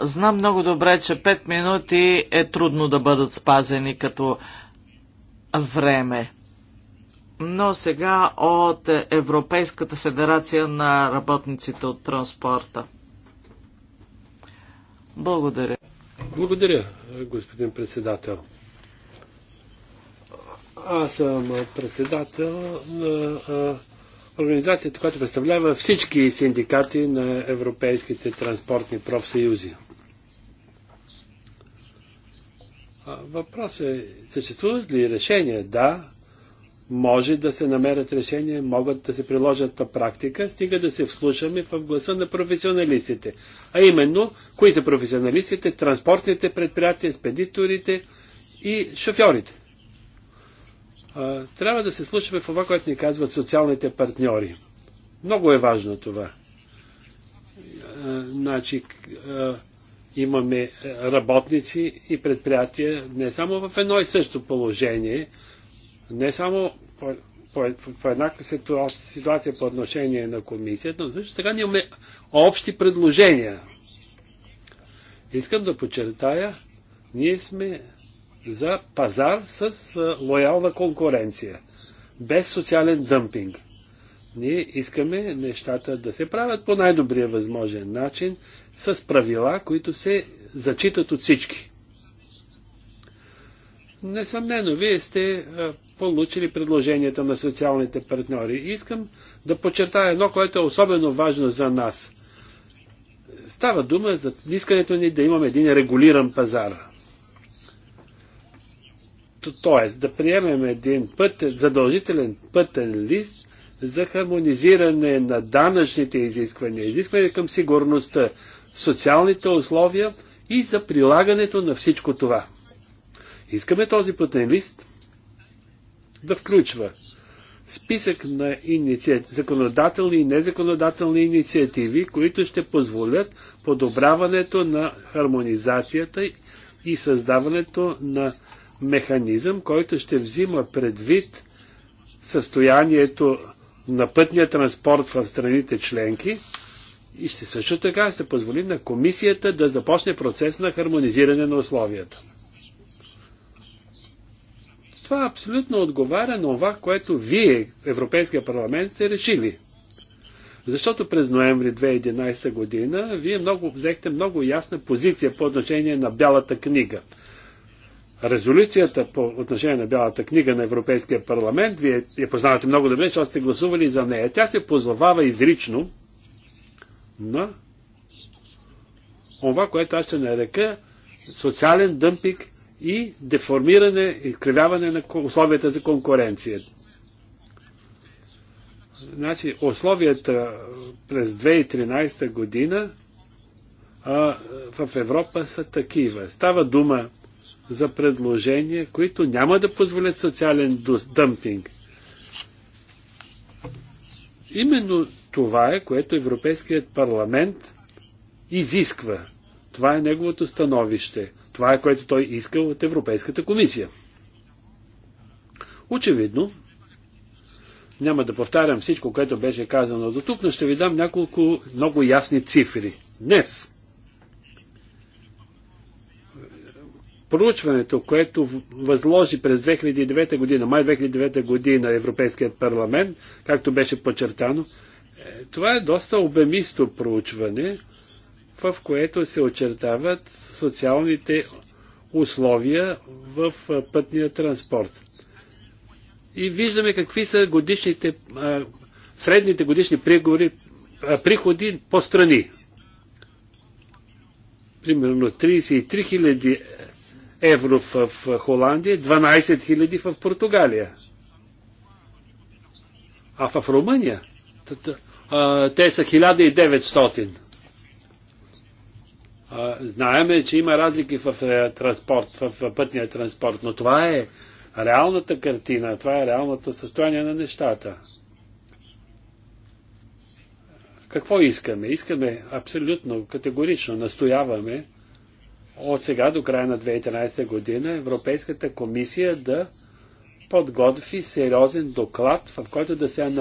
Знам много добре, че 5 минути е трудно да бъдат спазени като време. Но сега от Европейската федерация на работниците от транспорта. Благодаря. Благодаря, господин председател. Аз съм председател на организацията, която представлява всички синдикати на европейските транспортни профсъюзи. Въпрос е, съществуват ли решения? Да, може да се намерят решения, могат да се приложат на практика, стига да се вслушаме в гласа на професионалистите. А именно, кои са професионалистите? Транспортните предприятия, спедиторите и шофьорите трябва да се слушаме в това, което ни казват социалните партньори. Много е важно това. Значи, имаме работници и предприятия не само в едно и също положение, не само по, по, по еднаква ситуация, ситуация по отношение на комисията, но също така ние имаме общи предложения. Искам да подчертая, ние сме за пазар с лоялна конкуренция, без социален дъмпинг. Ние искаме нещата да се правят по най-добрия възможен начин, с правила, които се зачитат от всички. Несъмнено, вие сте получили предложенията на социалните партньори. Искам да подчертая едно, което е особено важно за нас. Става дума за искането ни да имаме един регулиран пазар. Тоест, да приемем един пътен, задължителен пътен лист за хармонизиране на данъчните изисквания, изисквания към сигурността, социалните условия и за прилагането на всичко това. Искаме този пътен лист да включва списък на иници... законодателни и незаконодателни инициативи, които ще позволят подобряването на хармонизацията и създаването на механизъм, който ще взима предвид състоянието на пътния транспорт в страните членки и ще също така се позволи на комисията да започне процес на хармонизиране на условията. Това абсолютно отговаря на това, което вие, Европейския парламент, сте решили. Защото през ноември 2011 година вие много, взехте много ясна позиция по отношение на Бялата книга – резолюцията по отношение на Бялата книга на Европейския парламент, вие я познавате много добре, защото сте гласували за нея. Тя се позовава изрично на това, което аз ще нарека социален дъмпик и деформиране, изкривяване на условията за конкуренция. Значи, условията през 2013 година а, в Европа са такива. Става дума за предложения, които няма да позволят социален дъмпинг. Именно това е, което Европейският парламент изисква. Това е неговото становище. Това е, което той иска от Европейската комисия. Очевидно, няма да повтарям всичко, което беше казано до тук, но ще ви дам няколко много ясни цифри. Днес проучването, което възложи през 2009 година, май 2009 година Европейският парламент, както беше подчертано, е, това е доста обемисто проучване, в което се очертават социалните условия в пътния транспорт. И виждаме какви са годишните, средните годишни приговори, приходи по страни. Примерно 33 000 евро в Холандия, 12 000 в Португалия. А в Румъния те са 1900. Знаеме, че има разлики в е, транспорт, в пътния транспорт, но това е реалната картина, това е реалното състояние на нещата. Какво искаме? Искаме абсолютно, категорично, настояваме от сега до края на 2013 година Европейската комисия да подготви сериозен доклад, в който да се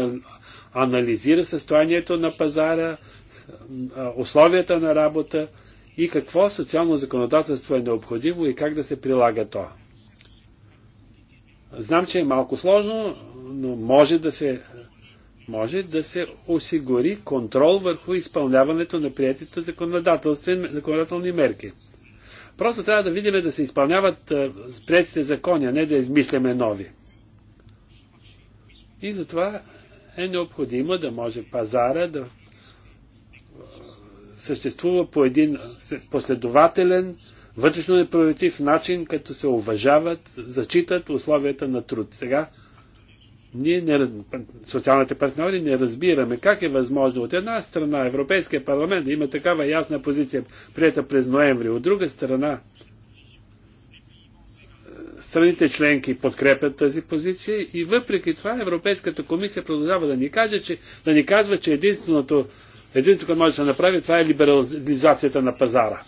анализира състоянието на пазара, условията на работа и какво социално законодателство е необходимо и как да се прилага то. Знам, че е малко сложно, но може да се, може да се осигури контрол върху изпълняването на приятите законодателни мерки. Просто трябва да видим да се изпълняват е, приятите закони, а не да измисляме нови. И затова е необходимо да може пазара да е, съществува по един последователен, вътрешно непролетив начин, като се уважават, зачитат условията на труд. Сега ние не, социалните партньори не разбираме как е възможно от една страна Европейския парламент да има такава ясна позиция, прията през ноември, от друга страна е, страните членки подкрепят тази позиция и въпреки това Европейската комисия продължава да ни каже, че, да ни казва, че единственото, единственото, което може да се направи, това е либерализацията на пазара.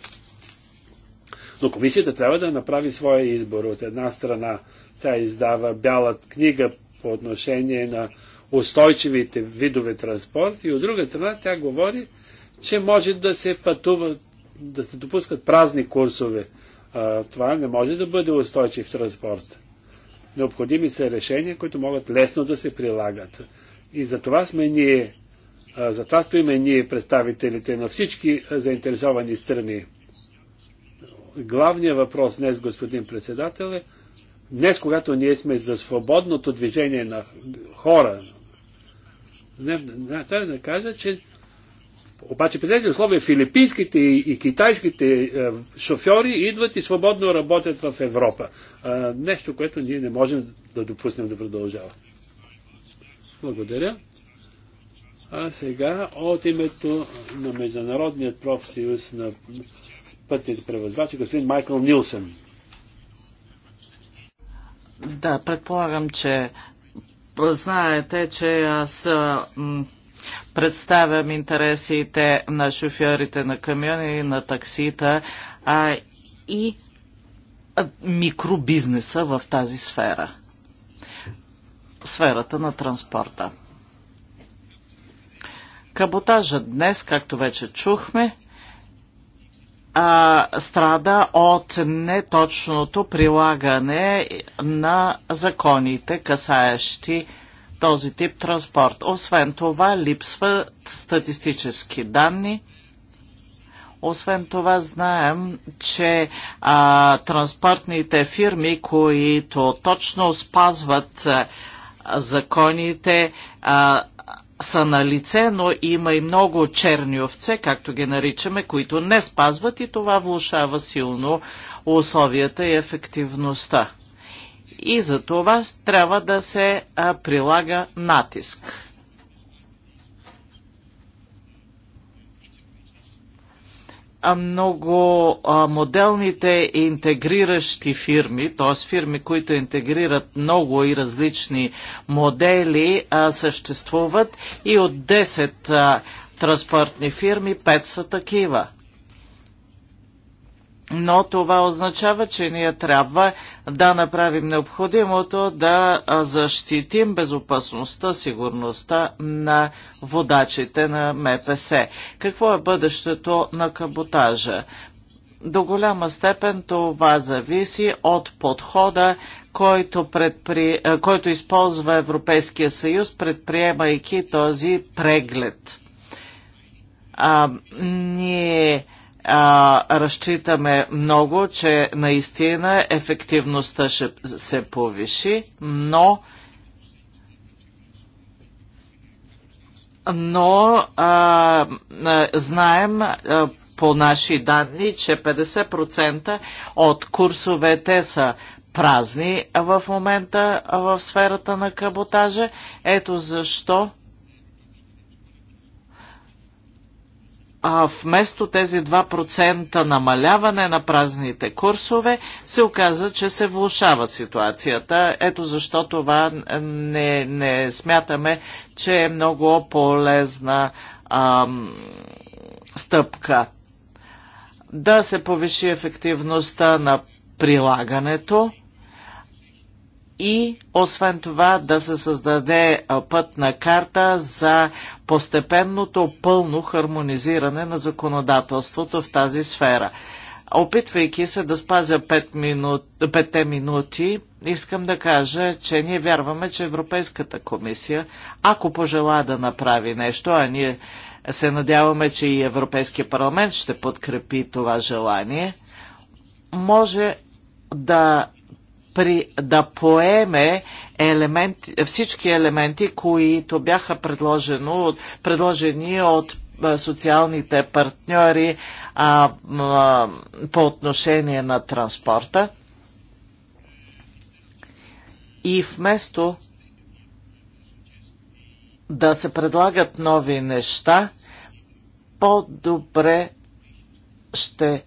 Но комисията трябва да направи своя избор. От една страна тя издава бяла книга по отношение на устойчивите видове транспорт и от друга страна тя говори, че може да се пътува, да се допускат празни курсове. А, това не може да бъде устойчив транспорт. Необходими са решения, които могат лесно да се прилагат. И за това сме ние, за това стоиме ние представителите на всички заинтересовани страни. Главният въпрос днес, господин председател, е Днес, когато ние сме за свободното движение на хора, не, не, трябва да кажа, че обаче при тези условия филипинските и китайските е, шофьори идват и свободно работят в Европа. Нещо, което ние не можем да допуснем да продължава. Благодаря. А сега от името на Международният профсъюз на пътните превозвачи, господин Майкъл Нилсън. Да, предполагам, че знаете, че аз представям интересите на шофьорите на камиони, на таксита а, и микробизнеса в тази сфера. Сферата на транспорта. Каботажа днес, както вече чухме, а, страда от неточното прилагане на законите, касаещи този тип транспорт. Освен това, липсват статистически данни. Освен това, знаем, че а, транспортните фирми, които точно спазват а, законите, а, са на лице, но има и много черни овце, както ги наричаме, които не спазват и това влушава силно условията и ефективността. И за това трябва да се прилага натиск. много моделните интегриращи фирми, т.е. фирми, които интегрират много и различни модели, съществуват и от 10 транспортни фирми 5 са такива но това означава, че ние трябва да направим необходимото да защитим безопасността, сигурността на водачите на МПС. Какво е бъдещето на каботажа? До голяма степен това зависи от подхода, който, предпри... който използва Европейския съюз, предприемайки този преглед. А, ние а, разчитаме много, че наистина ефективността ще се повиши, но но а, а, знаем а, по наши данни, че 50% от курсовете са празни в момента в сферата на каботажа. Ето защо а, вместо тези 2% намаляване на празните курсове, се оказа, че се влушава ситуацията. Ето защо това не, не смятаме, че е много полезна ам, стъпка. Да се повиши ефективността на прилагането и освен това да се създаде пътна карта за постепенното пълно хармонизиране на законодателството в тази сфера. Опитвайки се да спазя 5 минут, 5 минути, искам да кажа, че ние вярваме, че Европейската комисия, ако пожела да направи нещо, а ние се надяваме, че и Европейския парламент ще подкрепи това желание, може да при, да поеме елемент, всички елементи, които бяха предложено, предложени от социалните партньори а, а, по отношение на транспорта. И вместо да се предлагат нови неща, по-добре ще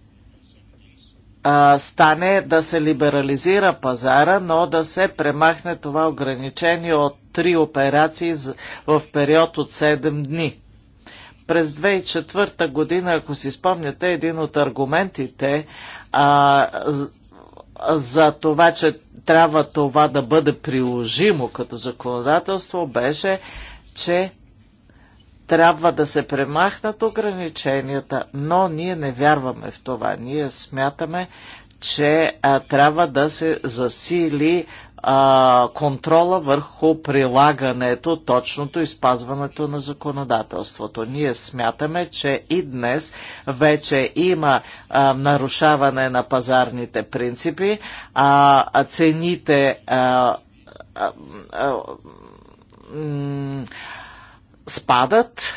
стане да се либерализира пазара, но да се премахне това ограничение от три операции в период от 7 дни. През 2004 година, ако си спомняте, един от аргументите а, за това, че трябва това да бъде приложимо като законодателство, беше, че трябва да се премахнат ограниченията, но ние не вярваме в това. Ние смятаме, че а, трябва да се засили а, контрола върху прилагането, точното изпазването на законодателството. Ние смятаме, че и днес вече има а, нарушаване на пазарните принципи, а, а цените. А, а, а, спадат,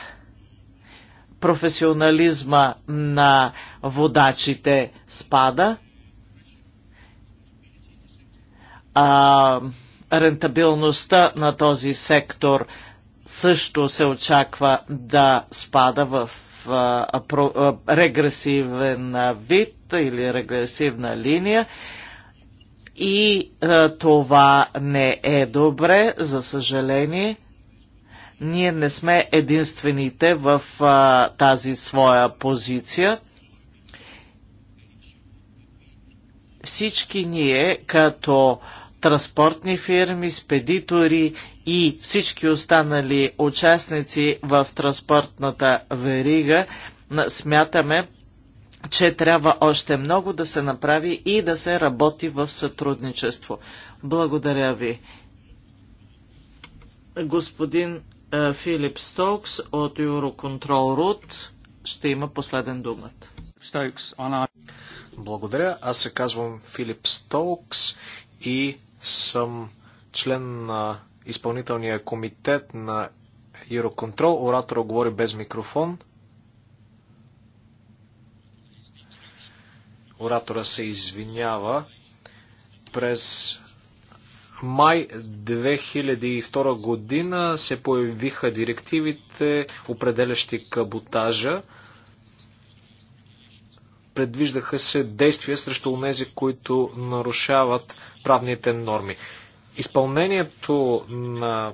професионализма на водачите спада, а, рентабилността на този сектор също се очаква да спада в а, про, а, регресивен вид или регресивна линия. И а, това не е добре, за съжаление ние не сме единствените в а, тази своя позиция. Всички ние, като транспортни фирми, спедитори и всички останали участници в транспортната верига, смятаме, че трябва още много да се направи и да се работи в сътрудничество. Благодаря ви. Господин е, Филип Стокс от Eurocontrol Root ще има последен думат. Благодаря. Аз се казвам Филип Стоукс и съм член на изпълнителния комитет на Eurocontrol. Оратора говори без микрофон. Оратора се извинява. През май 2002 година се появиха директивите, определящи каботажа. Предвиждаха се действия срещу тези, които нарушават правните норми. Изпълнението на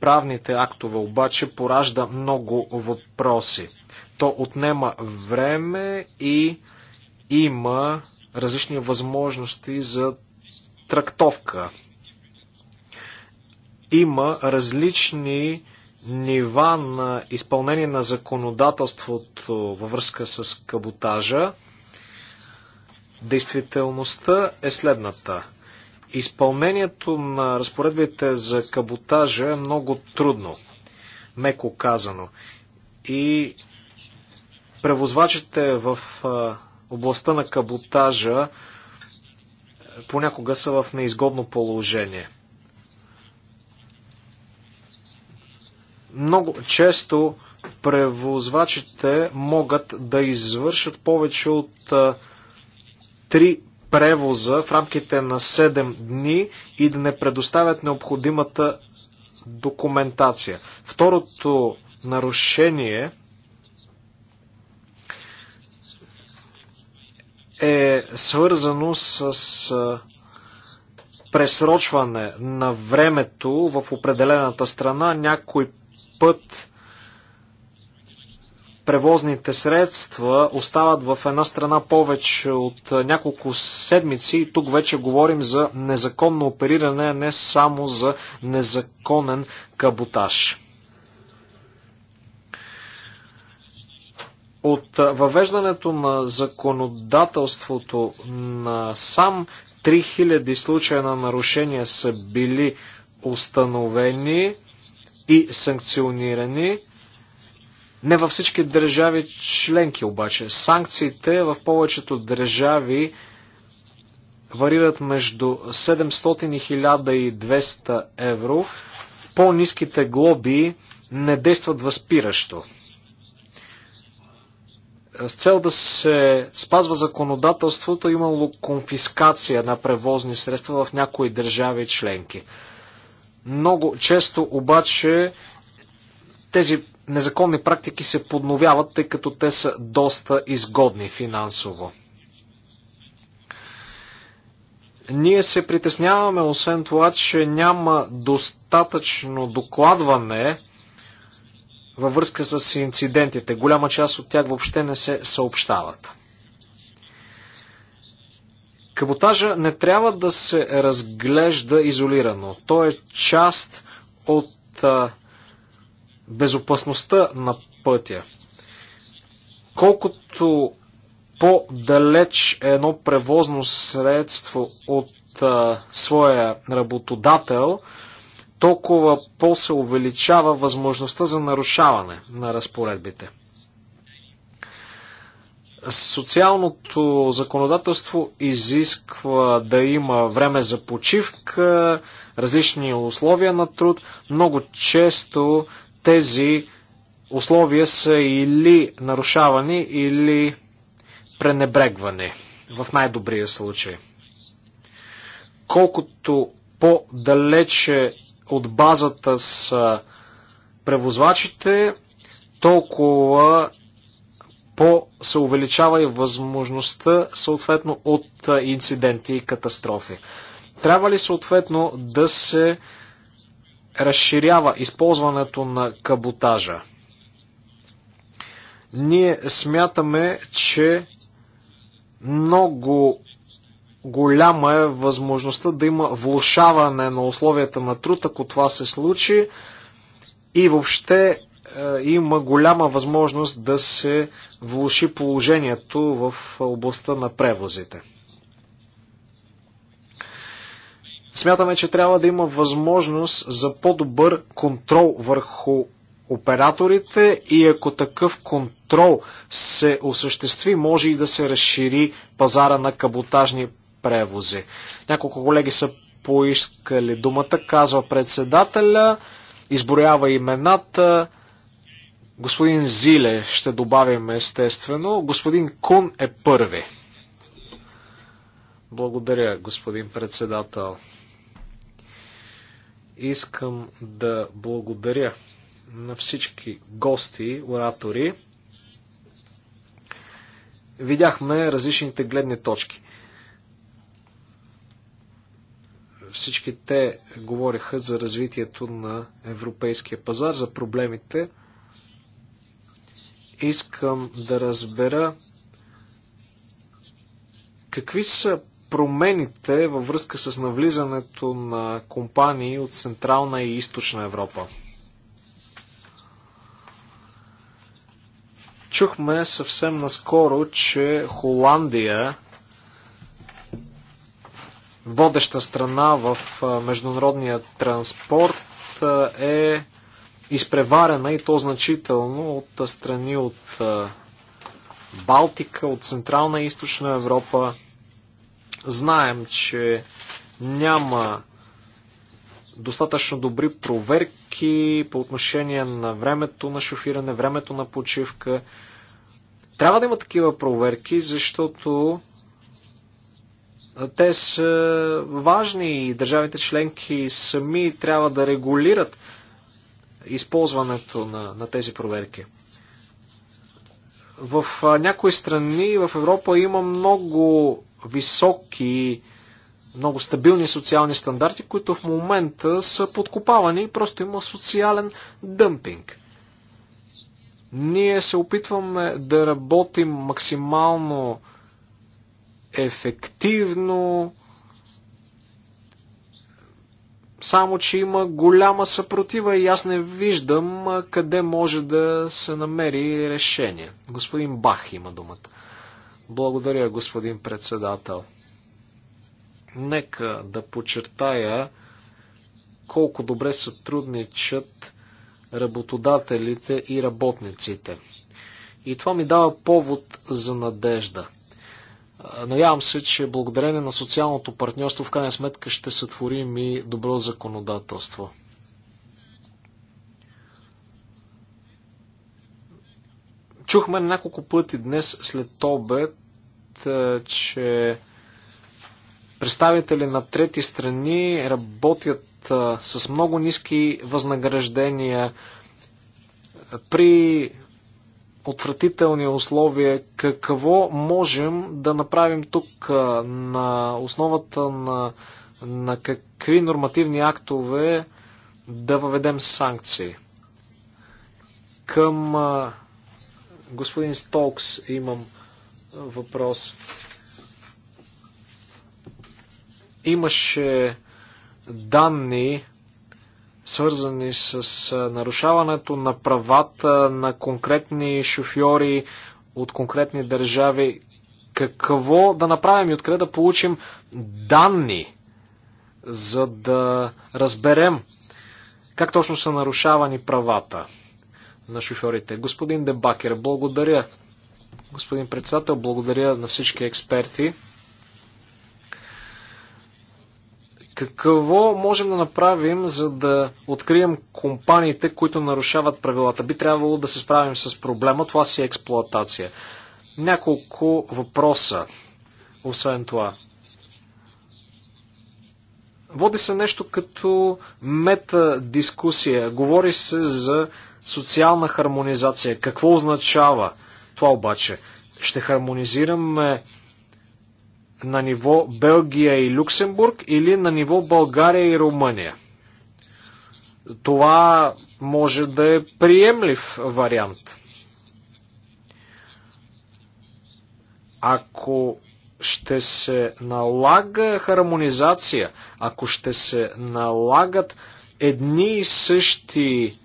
правните актове обаче поражда много въпроси. То отнема време и има различни възможности за трактовка има различни нива на изпълнение на законодателството във връзка с каботажа. Действителността е следната. Изпълнението на разпоредбите за каботажа е много трудно, меко казано. И превозвачите в областта на каботажа е, понякога са в неизгодно положение. Много често превозвачите могат да извършат повече от 3 превоза в рамките на 7 дни и да не предоставят необходимата документация. Второто нарушение е свързано с пресрочване на времето в определената страна. Някой път превозните средства остават в една страна повече от няколко седмици и тук вече говорим за незаконно опериране, а не само за незаконен каботаж. От въвеждането на законодателството на сам 3000 случая на нарушения са били установени и санкционирани. Не във всички държави членки обаче. Санкциите в повечето държави варират между 700 и 1200 евро. По-низките глоби не действат възпиращо. С цел да се спазва законодателството, имало конфискация на превозни средства в някои държави членки. Много често обаче тези незаконни практики се подновяват, тъй като те са доста изгодни финансово. Ние се притесняваме, освен това, че няма достатъчно докладване във връзка с инцидентите. Голяма част от тях въобще не се съобщават. Каботажа не трябва да се разглежда изолирано. Той е част от а, безопасността на пътя. Колкото по-далеч е едно превозно средство от а, своя работодател, толкова по-се увеличава възможността за нарушаване на разпоредбите. Социалното законодателство изисква да има време за почивка, различни условия на труд. Много често тези условия са или нарушавани, или пренебрегвани в най-добрия случай. Колкото по-далече от базата са превозвачите, толкова по се увеличава и възможността съответно от инциденти и катастрофи. Трябва ли съответно да се разширява използването на каботажа? Ние смятаме, че много голяма е възможността да има влушаване на условията на труд, ако това се случи и въобще е, има голяма възможност да се влуши положението в областта на превозите. Смятаме, че трябва да има възможност за по-добър контрол върху операторите и ако такъв контрол се осъществи, може и да се разшири пазара на каботажни превози. Няколко колеги са поискали думата, казва председателя, изброява имената, Господин Зиле ще добавим естествено. Господин Кун е първи. Благодаря, господин председател. Искам да благодаря на всички гости, оратори. Видяхме различните гледни точки. Всички те говориха за развитието на европейския пазар, за проблемите, Искам да разбера какви са промените във връзка с навлизането на компании от Централна и Източна Европа. Чухме съвсем наскоро, че Холандия, водеща страна в международния транспорт, е изпреварена и то значително от страни от Балтика, от Централна и Източна Европа. Знаем, че няма достатъчно добри проверки по отношение на времето на шофиране, времето на почивка. Трябва да има такива проверки, защото те са важни и държавите членки сами трябва да регулират използването на, на тези проверки. В някои страни в Европа има много високи, много стабилни социални стандарти, които в момента са подкопавани и просто има социален дъмпинг. Ние се опитваме да работим максимално ефективно, само, че има голяма съпротива и аз не виждам къде може да се намери решение. Господин Бах има думата. Благодаря, господин председател. Нека да подчертая колко добре сътрудничат работодателите и работниците. И това ми дава повод за надежда. Надявам се, че благодарение на социалното партньорство в крайна сметка ще сътворим и добро законодателство. Чухме няколко пъти днес след обед, че представители на трети страни работят с много ниски възнаграждения при отвратителни условия, какво можем да направим тук на основата на, на какви нормативни актове да въведем санкции? Към господин Столкс имам въпрос. Имаше данни свързани с нарушаването на правата на конкретни шофьори от конкретни държави. Какво да направим и откъде да получим данни, за да разберем как точно са нарушавани правата на шофьорите. Господин Дебакер, благодаря. Господин председател, благодаря на всички експерти. Какво можем да направим, за да открием компаниите, които нарушават правилата? Би трябвало да се справим с проблема, това си е експлоатация. Няколко въпроса, освен това. Води се нещо като мета-дискусия. Говори се за социална хармонизация. Какво означава това обаче? Ще хармонизираме на ниво Белгия и Люксембург или на ниво България и Румъния. Това може да е приемлив вариант. Ако ще се налага хармонизация, ако ще се налагат едни и същи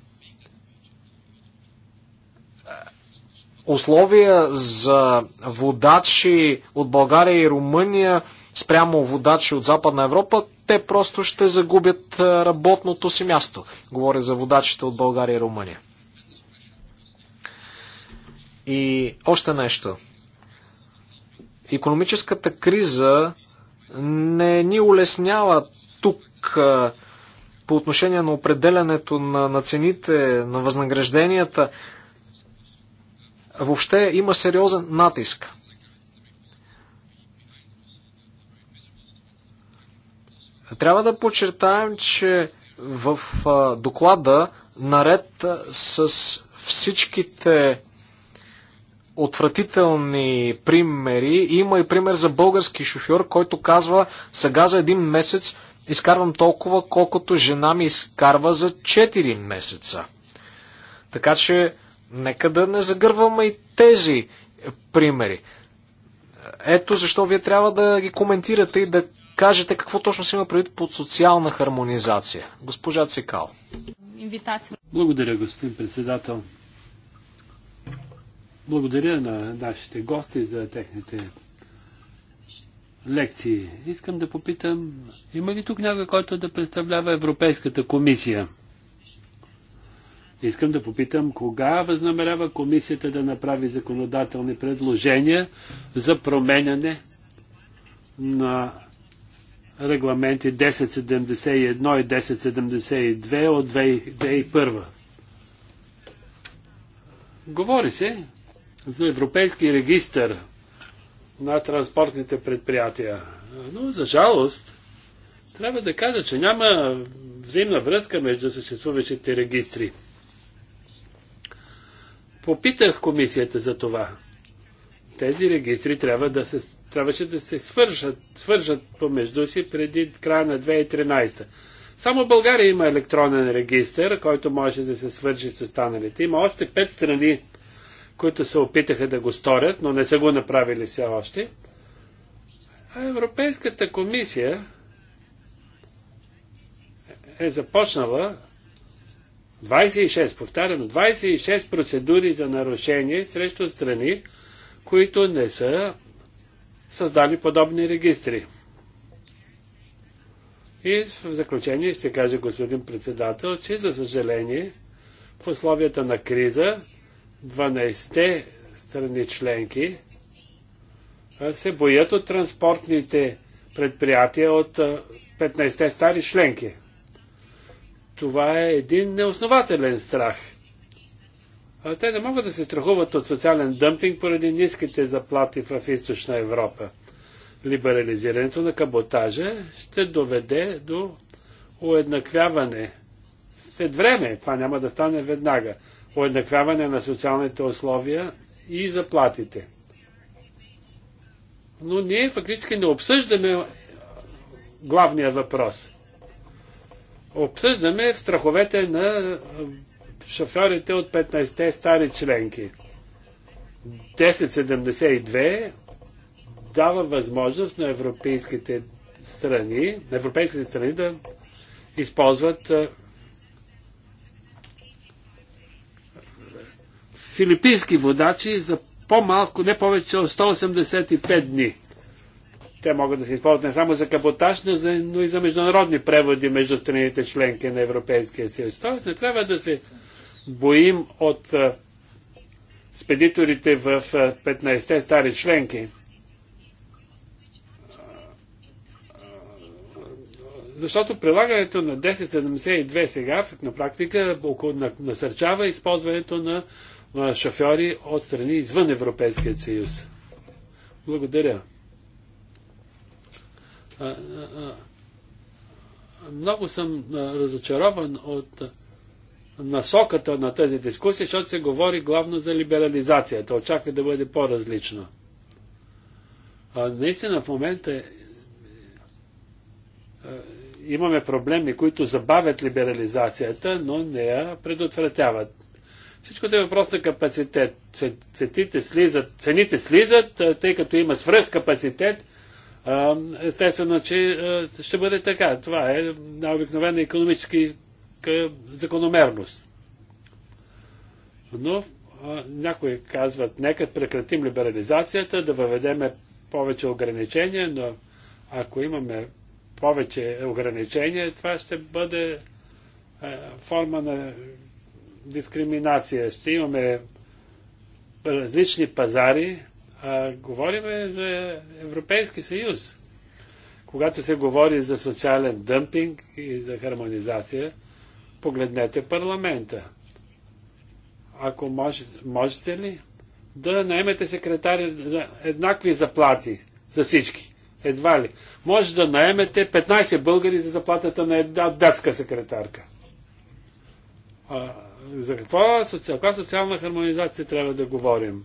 условия за водачи от България и Румъния спрямо водачи от Западна Европа, те просто ще загубят е, работното си място. Говоря за водачите от България и Румъния. И още нещо. Економическата криза не ни улеснява тук е, по отношение на определенето на, на цените, на възнагражденията. Въобще има сериозен натиск. Трябва да подчертаем, че в доклада, наред с всичките отвратителни примери, има и пример за български шофьор, който казва сега за един месец изкарвам толкова, колкото жена ми изкарва за 4 месеца. Така че Нека да не загърваме и тези примери. Ето защо вие трябва да ги коментирате и да кажете какво точно се има предвид под социална хармонизация. Госпожа Цикал. Благодаря, господин председател. Благодаря на нашите гости за техните лекции. Искам да попитам, има ли тук някой, който да представлява Европейската комисия? Искам да попитам кога възнамерява комисията да направи законодателни предложения за променяне на регламенти 1071 и 1072 от 2001. Говори се за Европейски регистър на транспортните предприятия. Но за жалост, трябва да кажа, че няма взаимна връзка между съществуващите регистри. Попитах комисията за това. Тези регистри трябва да се, трябваше да се свържат, свържат помежду си преди края на 2013. Само България има електронен регистр, който може да се свържи с останалите. Има още пет страни, които се опитаха да го сторят, но не са го направили все още. А Европейската комисия е започнала 26, повтарям, 26 процедури за нарушение срещу страни, които не са създали подобни регистри. И в заключение ще каже господин председател, че за съжаление в условията на криза 12-те страни членки се боят от транспортните предприятия от 15-те стари членки това е един неоснователен страх. А те не могат да се страхуват от социален дъмпинг поради ниските заплати в източна Европа. Либерализирането на каботажа ще доведе до уеднаквяване. След време, това няма да стане веднага, уеднаквяване на социалните условия и заплатите. Но ние фактически не обсъждаме главния въпрос – обсъждаме в страховете на шофьорите от 15-те стари членки. 1072 дава възможност на европейските страни, на европейските страни да използват филипински водачи за по-малко, не повече от 185 дни. Те могат да се използват не само за каботаж, но, за, но и за международни преводи между страните членки на Европейския съюз. Тоест не трябва да се боим от а, спедиторите в 15-те стари членки. Защото прилагането на 1072 сега на практика насърчава използването на шофьори от страни извън Европейския съюз. Благодаря. Много съм разочарован от насоката на тази дискусия, защото се говори главно за либерализацията. Очаква да бъде по-различно. Наистина в момента е, имаме проблеми, които забавят либерализацията, но не я предотвратяват. Всичко е въпрос на капацитет. Цените слизат, цените слизат, тъй като има капацитет – Естествено, че ще бъде така. Това е на обикновена економически закономерност. Но някои казват, нека прекратим либерализацията, да въведеме повече ограничения, но ако имаме повече ограничения, това ще бъде форма на дискриминация. Ще имаме различни пазари, а, говориме за Европейски съюз. Когато се говори за социален дъмпинг и за хармонизация, погледнете парламента. Ако може, можете ли да наемете секретари за еднакви заплати за всички? Едва ли. Може да наемете 15 българи за заплатата на една датска секретарка. А, за какво, каква социална хармонизация трябва да говорим?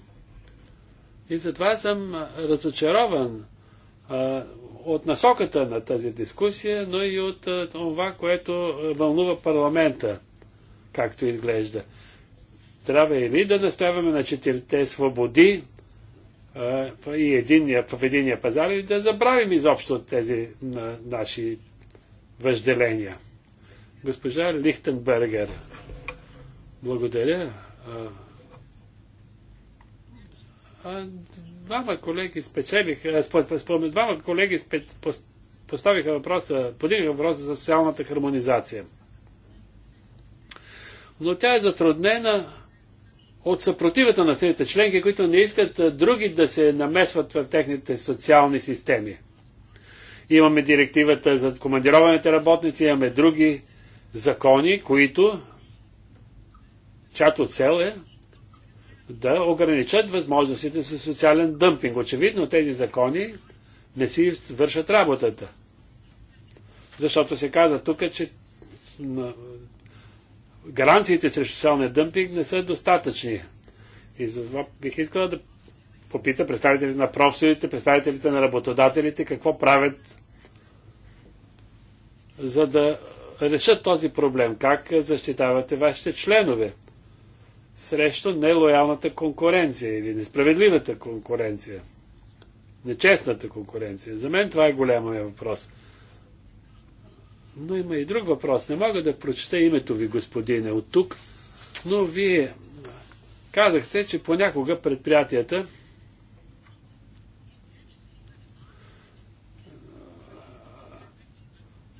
И затова съм разочарован от насоката на тази дискусия, но и от това, което вълнува парламента, както изглежда. Трябва или да настояваме на четирите свободи и единия, в единия пазар, и да забравим изобщо тези на, наши въжделения. Госпожа Лихтенбергер. Благодаря. Двама колеги спечелиха, спомен, двама колеги спе, поставиха въпроса, подигнаха въпроса за социалната хармонизация. Но тя е затруднена от съпротивата на страните членки, които не искат други да се намесват в техните социални системи. Имаме директивата за командированите работници, имаме други закони, които чато цел е да ограничат възможностите за социален дъмпинг. Очевидно тези закони не си вършат работата. Защото се каза тук, че гаранциите срещу социалния дъмпинг не са достатъчни. И за това бих искала да попита представителите на профсъдите, представителите на работодателите какво правят, за да решат този проблем. Как защитавате вашите членове? срещу нелоялната конкуренция или несправедливата конкуренция, нечестната конкуренция. За мен това е голямия въпрос. Но има и друг въпрос. Не мога да прочета името ви, господине, от тук, но вие казахте, че понякога предприятията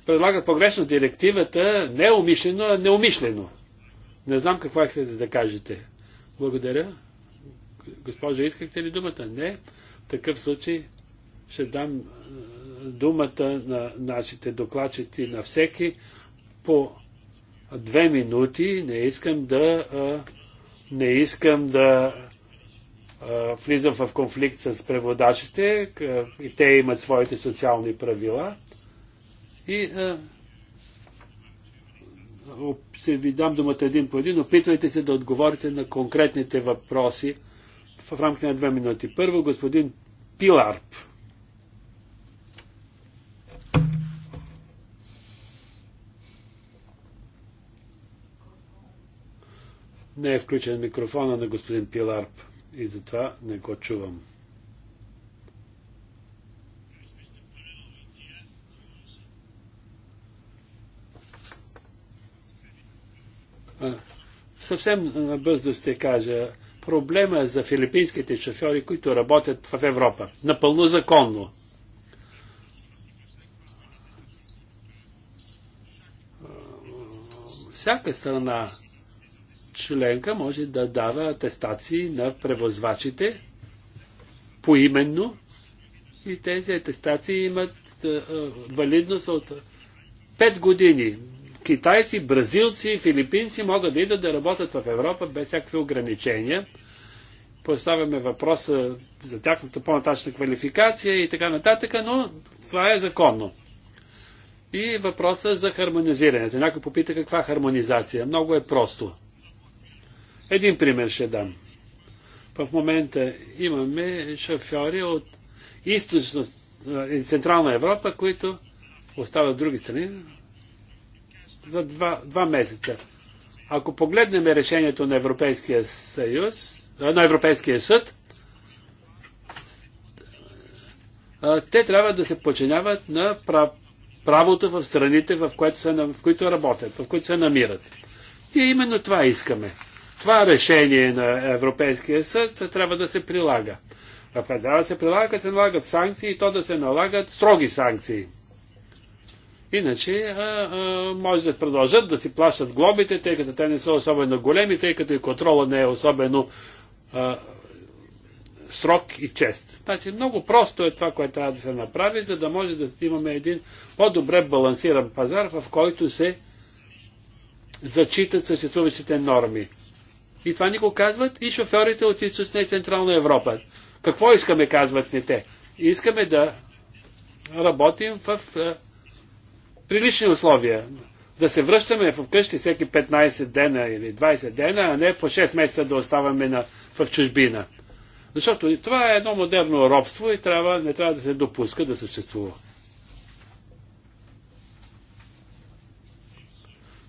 предлагат погрешно директивата неумишлено, а неумишлено. Не знам какво искате да кажете. Благодаря. Госпожа, искахте ли думата? Не. В такъв случай ще дам думата на нашите докладчици на всеки по две минути. Не искам да не искам да влизам в конфликт с преводачите. И те имат своите социални правила. И се ви дам думата един по един. Опитвайте се да отговорите на конкретните въпроси в рамките на две минути. Първо, господин Пиларп. Не е включен микрофона на господин Пиларп и затова не го чувам. Съвсем бързо ще кажа, проблема е за филипинските шофьори, които работят в Европа, напълно законно. Всяка страна членка може да дава атестации на превозвачите поименно и тези атестации имат валидност от 5 години китайци, бразилци, филипинци могат да идат да работят в Европа без всякакви ограничения. Поставяме въпроса за тяхната по натачна квалификация и така нататък, но това е законно. И въпроса за хармонизирането. Някой попита каква хармонизация. Много е просто. Един пример ще дам. В момента имаме шофьори от източно, и Централна Европа, които остават други страни, за два, два месеца. Ако погледнем решението на Европейския съюз, на Европейския съд, те трябва да се подчиняват на правото в страните, в, които, се, в които работят, в които се намират. И именно това искаме. Това решение на Европейския съд трябва да се прилага. Трябва да се прилага, се налагат санкции и то да се налагат строги санкции. Иначе а, а, може да продължат да си плащат глобите, тъй като те не са особено големи, тъй като и контрола не е особено а, срок и чест. Значи много просто е това, което трябва да се направи, за да може да имаме един по-добре балансиран пазар, в който се зачитат съществуващите норми. И това ни го казват и шофьорите от източна и централна Европа. Какво искаме, казват ни те? Искаме да работим в прилични условия. Да се връщаме вкъщи всеки 15 дена или 20 дена, а не по 6 месеца да оставаме на, в чужбина. Защото това е едно модерно робство и трябва, не трябва да се допуска да съществува.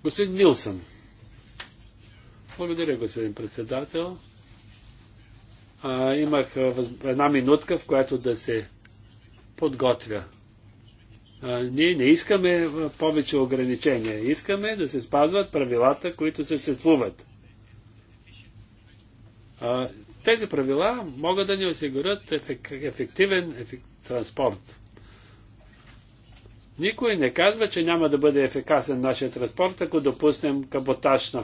Господин Нилсън. Благодаря, господин председател. А, имах въз... една минутка, в която да се подготвя. Ние не искаме повече ограничения. Искаме да се спазват правилата, които съществуват. Тези правила могат да ни осигурят ефективен транспорт. Никой не казва, че няма да бъде ефикасен нашия транспорт, ако допуснем каботаж на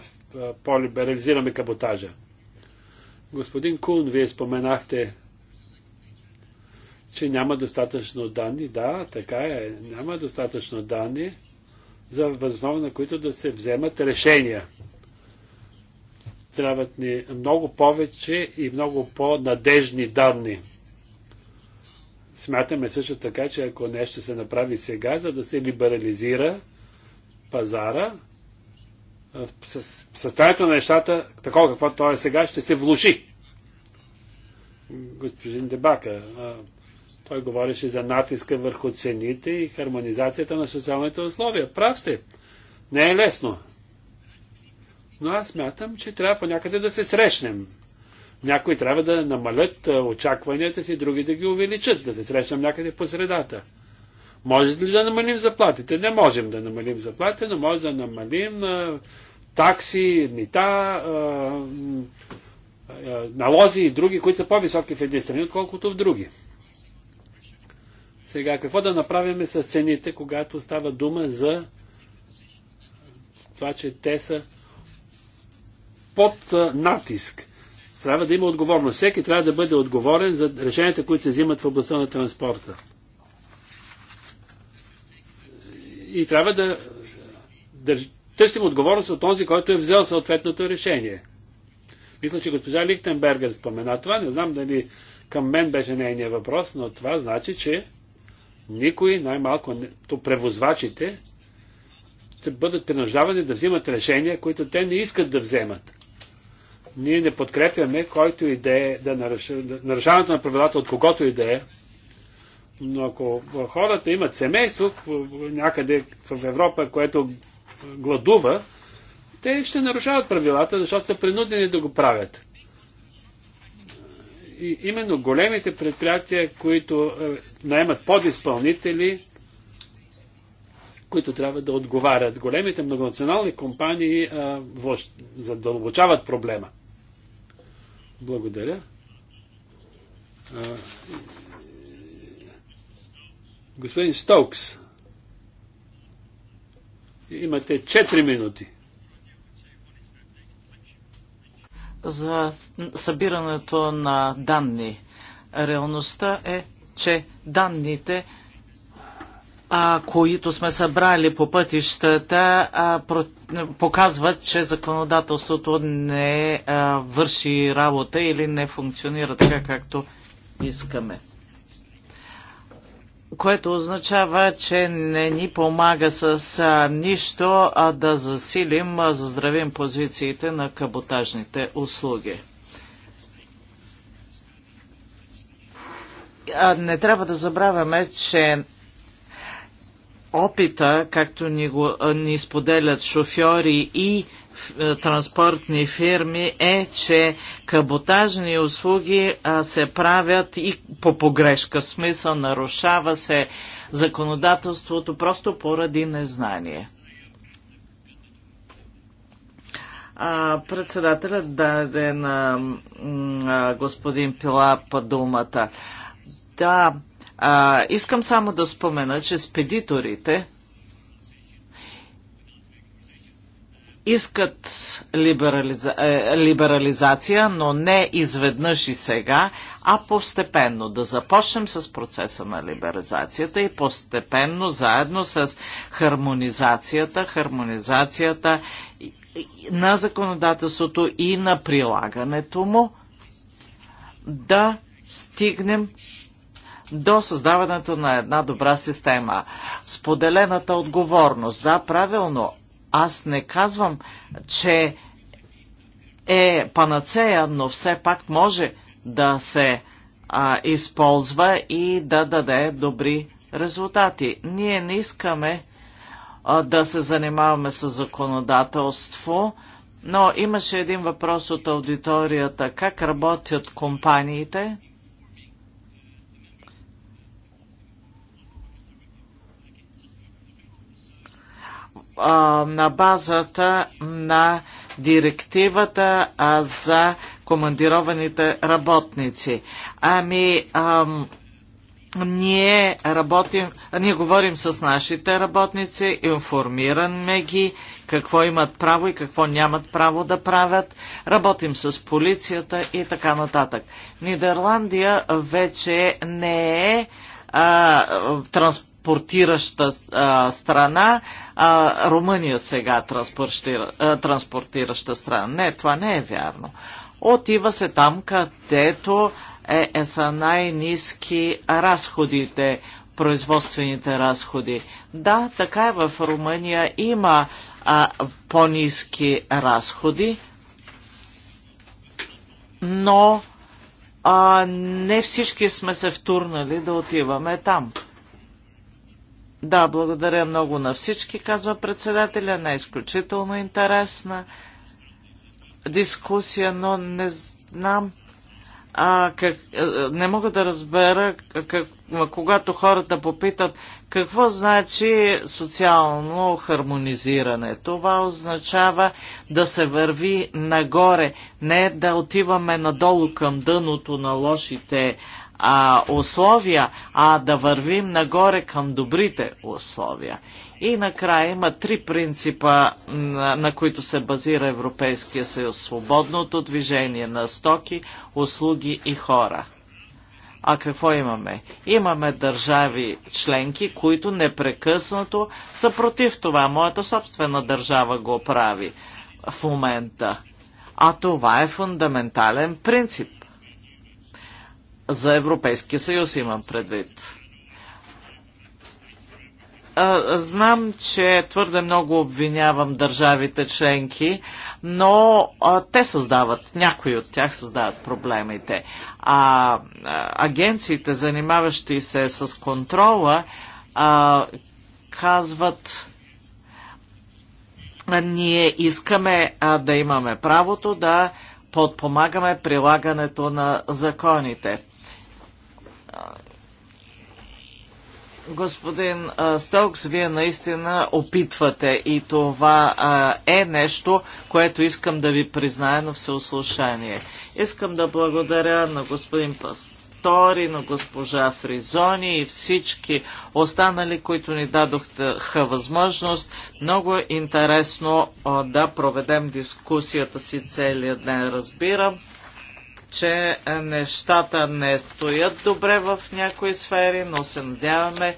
полиберализираме каботажа. Господин Кун, вие споменахте че няма достатъчно данни. Да, така е. Няма достатъчно данни, за възнове, на които да се вземат решения. Трябват ни много повече и много по-надежни данни. Смятаме също така, че ако нещо се направи сега, за да се либерализира пазара, състоянието на нещата, такова каквото е сега, ще се влуши. Господин Дебака, той говореше за натиска върху цените и хармонизацията на социалните условия. Прав сте. Не е лесно. Но аз мятам, че трябва понякъде да се срещнем. Някои трябва да намалят очакванията си, други да ги увеличат, да се срещнем някъде по средата. Може ли да намалим заплатите? Не можем да намалим заплатите, но може да намалим а, такси, мита, а, а, налози и други, които са по-високи в едни страни, отколкото в други. Сега, какво да направим с цените, когато става дума за това, че те са под натиск? Трябва да има отговорност. Всеки трябва да бъде отговорен за решенията, които се взимат в областта на транспорта. И трябва да, да търсим отговорност от този, който е взел съответното решение. Мисля, че госпожа Лихтенбергер спомена това. Не знам дали към мен беше нейният въпрос, но това значи, че никой, най-малко превозвачите, ще бъдат принуждавани да взимат решения, които те не искат да вземат. Ние не подкрепяме който и да е да нарушаването на правилата от когото и да е. Но ако хората имат семейство някъде в Европа, което гладува, те ще нарушават правилата, защото са принудени да го правят. И именно големите предприятия, които е, наемат подизпълнители, които трябва да отговарят. Големите многонационални компании а, е, въз, задълбочават проблема. Благодаря. А, е, господин Стокс, имате 4 минути. за събирането на данни. Реалността е, че данните, а, които сме събрали по пътищата, а, про, показват, че законодателството не а, върши работа или не функционира така, както искаме което означава, че не ни помага с а, нищо, а да засилим, а, заздравим позициите на каботажните услуги. А, не трябва да забравяме, че опита, както ни, го, ни споделят шофьори и е, транспортни фирми е, че каботажни услуги а, се правят и по погрешка. смисъл нарушава се законодателството просто поради незнание. А, председателят даде на а, господин Пилап думата. Да, а, искам само да спомена, че спедиторите искат либерализа... Е, либерализация, но не изведнъж и сега, а постепенно. Да започнем с процеса на либерализацията и постепенно, заедно с хармонизацията, хармонизацията на законодателството и на прилагането му, да стигнем до създаването на една добра система. Споделената отговорност, да, правилно, аз не казвам, че е панацея, но все пак може да се а, използва и да даде добри резултати. Ние не искаме а, да се занимаваме с законодателство, но имаше един въпрос от аудиторията. Как работят компаниите? на базата на директивата а, за командированите работници. Ами, ам, ние работим, ние говорим с нашите работници, информираме ги какво имат право и какво нямат право да правят, работим с полицията и така нататък. Нидерландия вече не е а, транспорт транспортираща а, страна, а, Румъния сега транспортира, а, транспортираща страна. Не, това не е вярно. Отива се там, където е, е са най-низки разходите, производствените разходи. Да, така е в Румъния има а, по-низки разходи, но а, не всички сме се втурнали да отиваме там. Да, благодаря много на всички, казва председателя, на е изключително интересна дискусия, но не знам а, как, не мога да разбера, как, когато хората попитат какво значи социално хармонизиране. Това означава да се върви нагоре, не да отиваме надолу към дъното на лошите а, условия, а да вървим нагоре към добрите условия. И накрая има три принципа, на, на които се базира Европейския съюз. Свободното движение на стоки, услуги и хора. А какво имаме? Имаме държави членки, които непрекъснато са против това. Моята собствена държава го прави в момента. А това е фундаментален принцип за Европейския съюз имам предвид. знам, че твърде много обвинявам държавите членки, но а, те създават, някои от тях създават проблемите. А, а агенциите, занимаващи се с контрола, а, казват, ние искаме а, да имаме правото да подпомагаме прилагането на законите. Господин Стокс, вие наистина опитвате и това а, е нещо, което искам да ви призная на всеослушание. Искам да благодаря на господин Пастори, на госпожа Фризони и всички останали, които ни дадоха възможност. Много е интересно а, да проведем дискусията си целия ден, разбирам че е, нещата не стоят добре в някои сфери, но се надяваме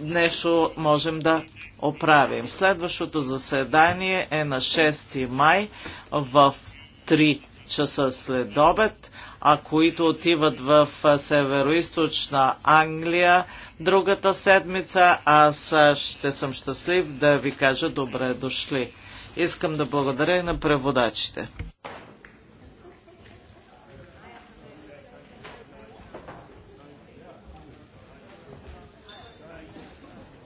нещо можем да оправим. Следващото заседание е на 6 май в 3 часа след обед, а които отиват в е, северо Англия другата седмица, аз е, ще съм щастлив да ви кажа добре дошли. Искам да благодаря и на преводачите.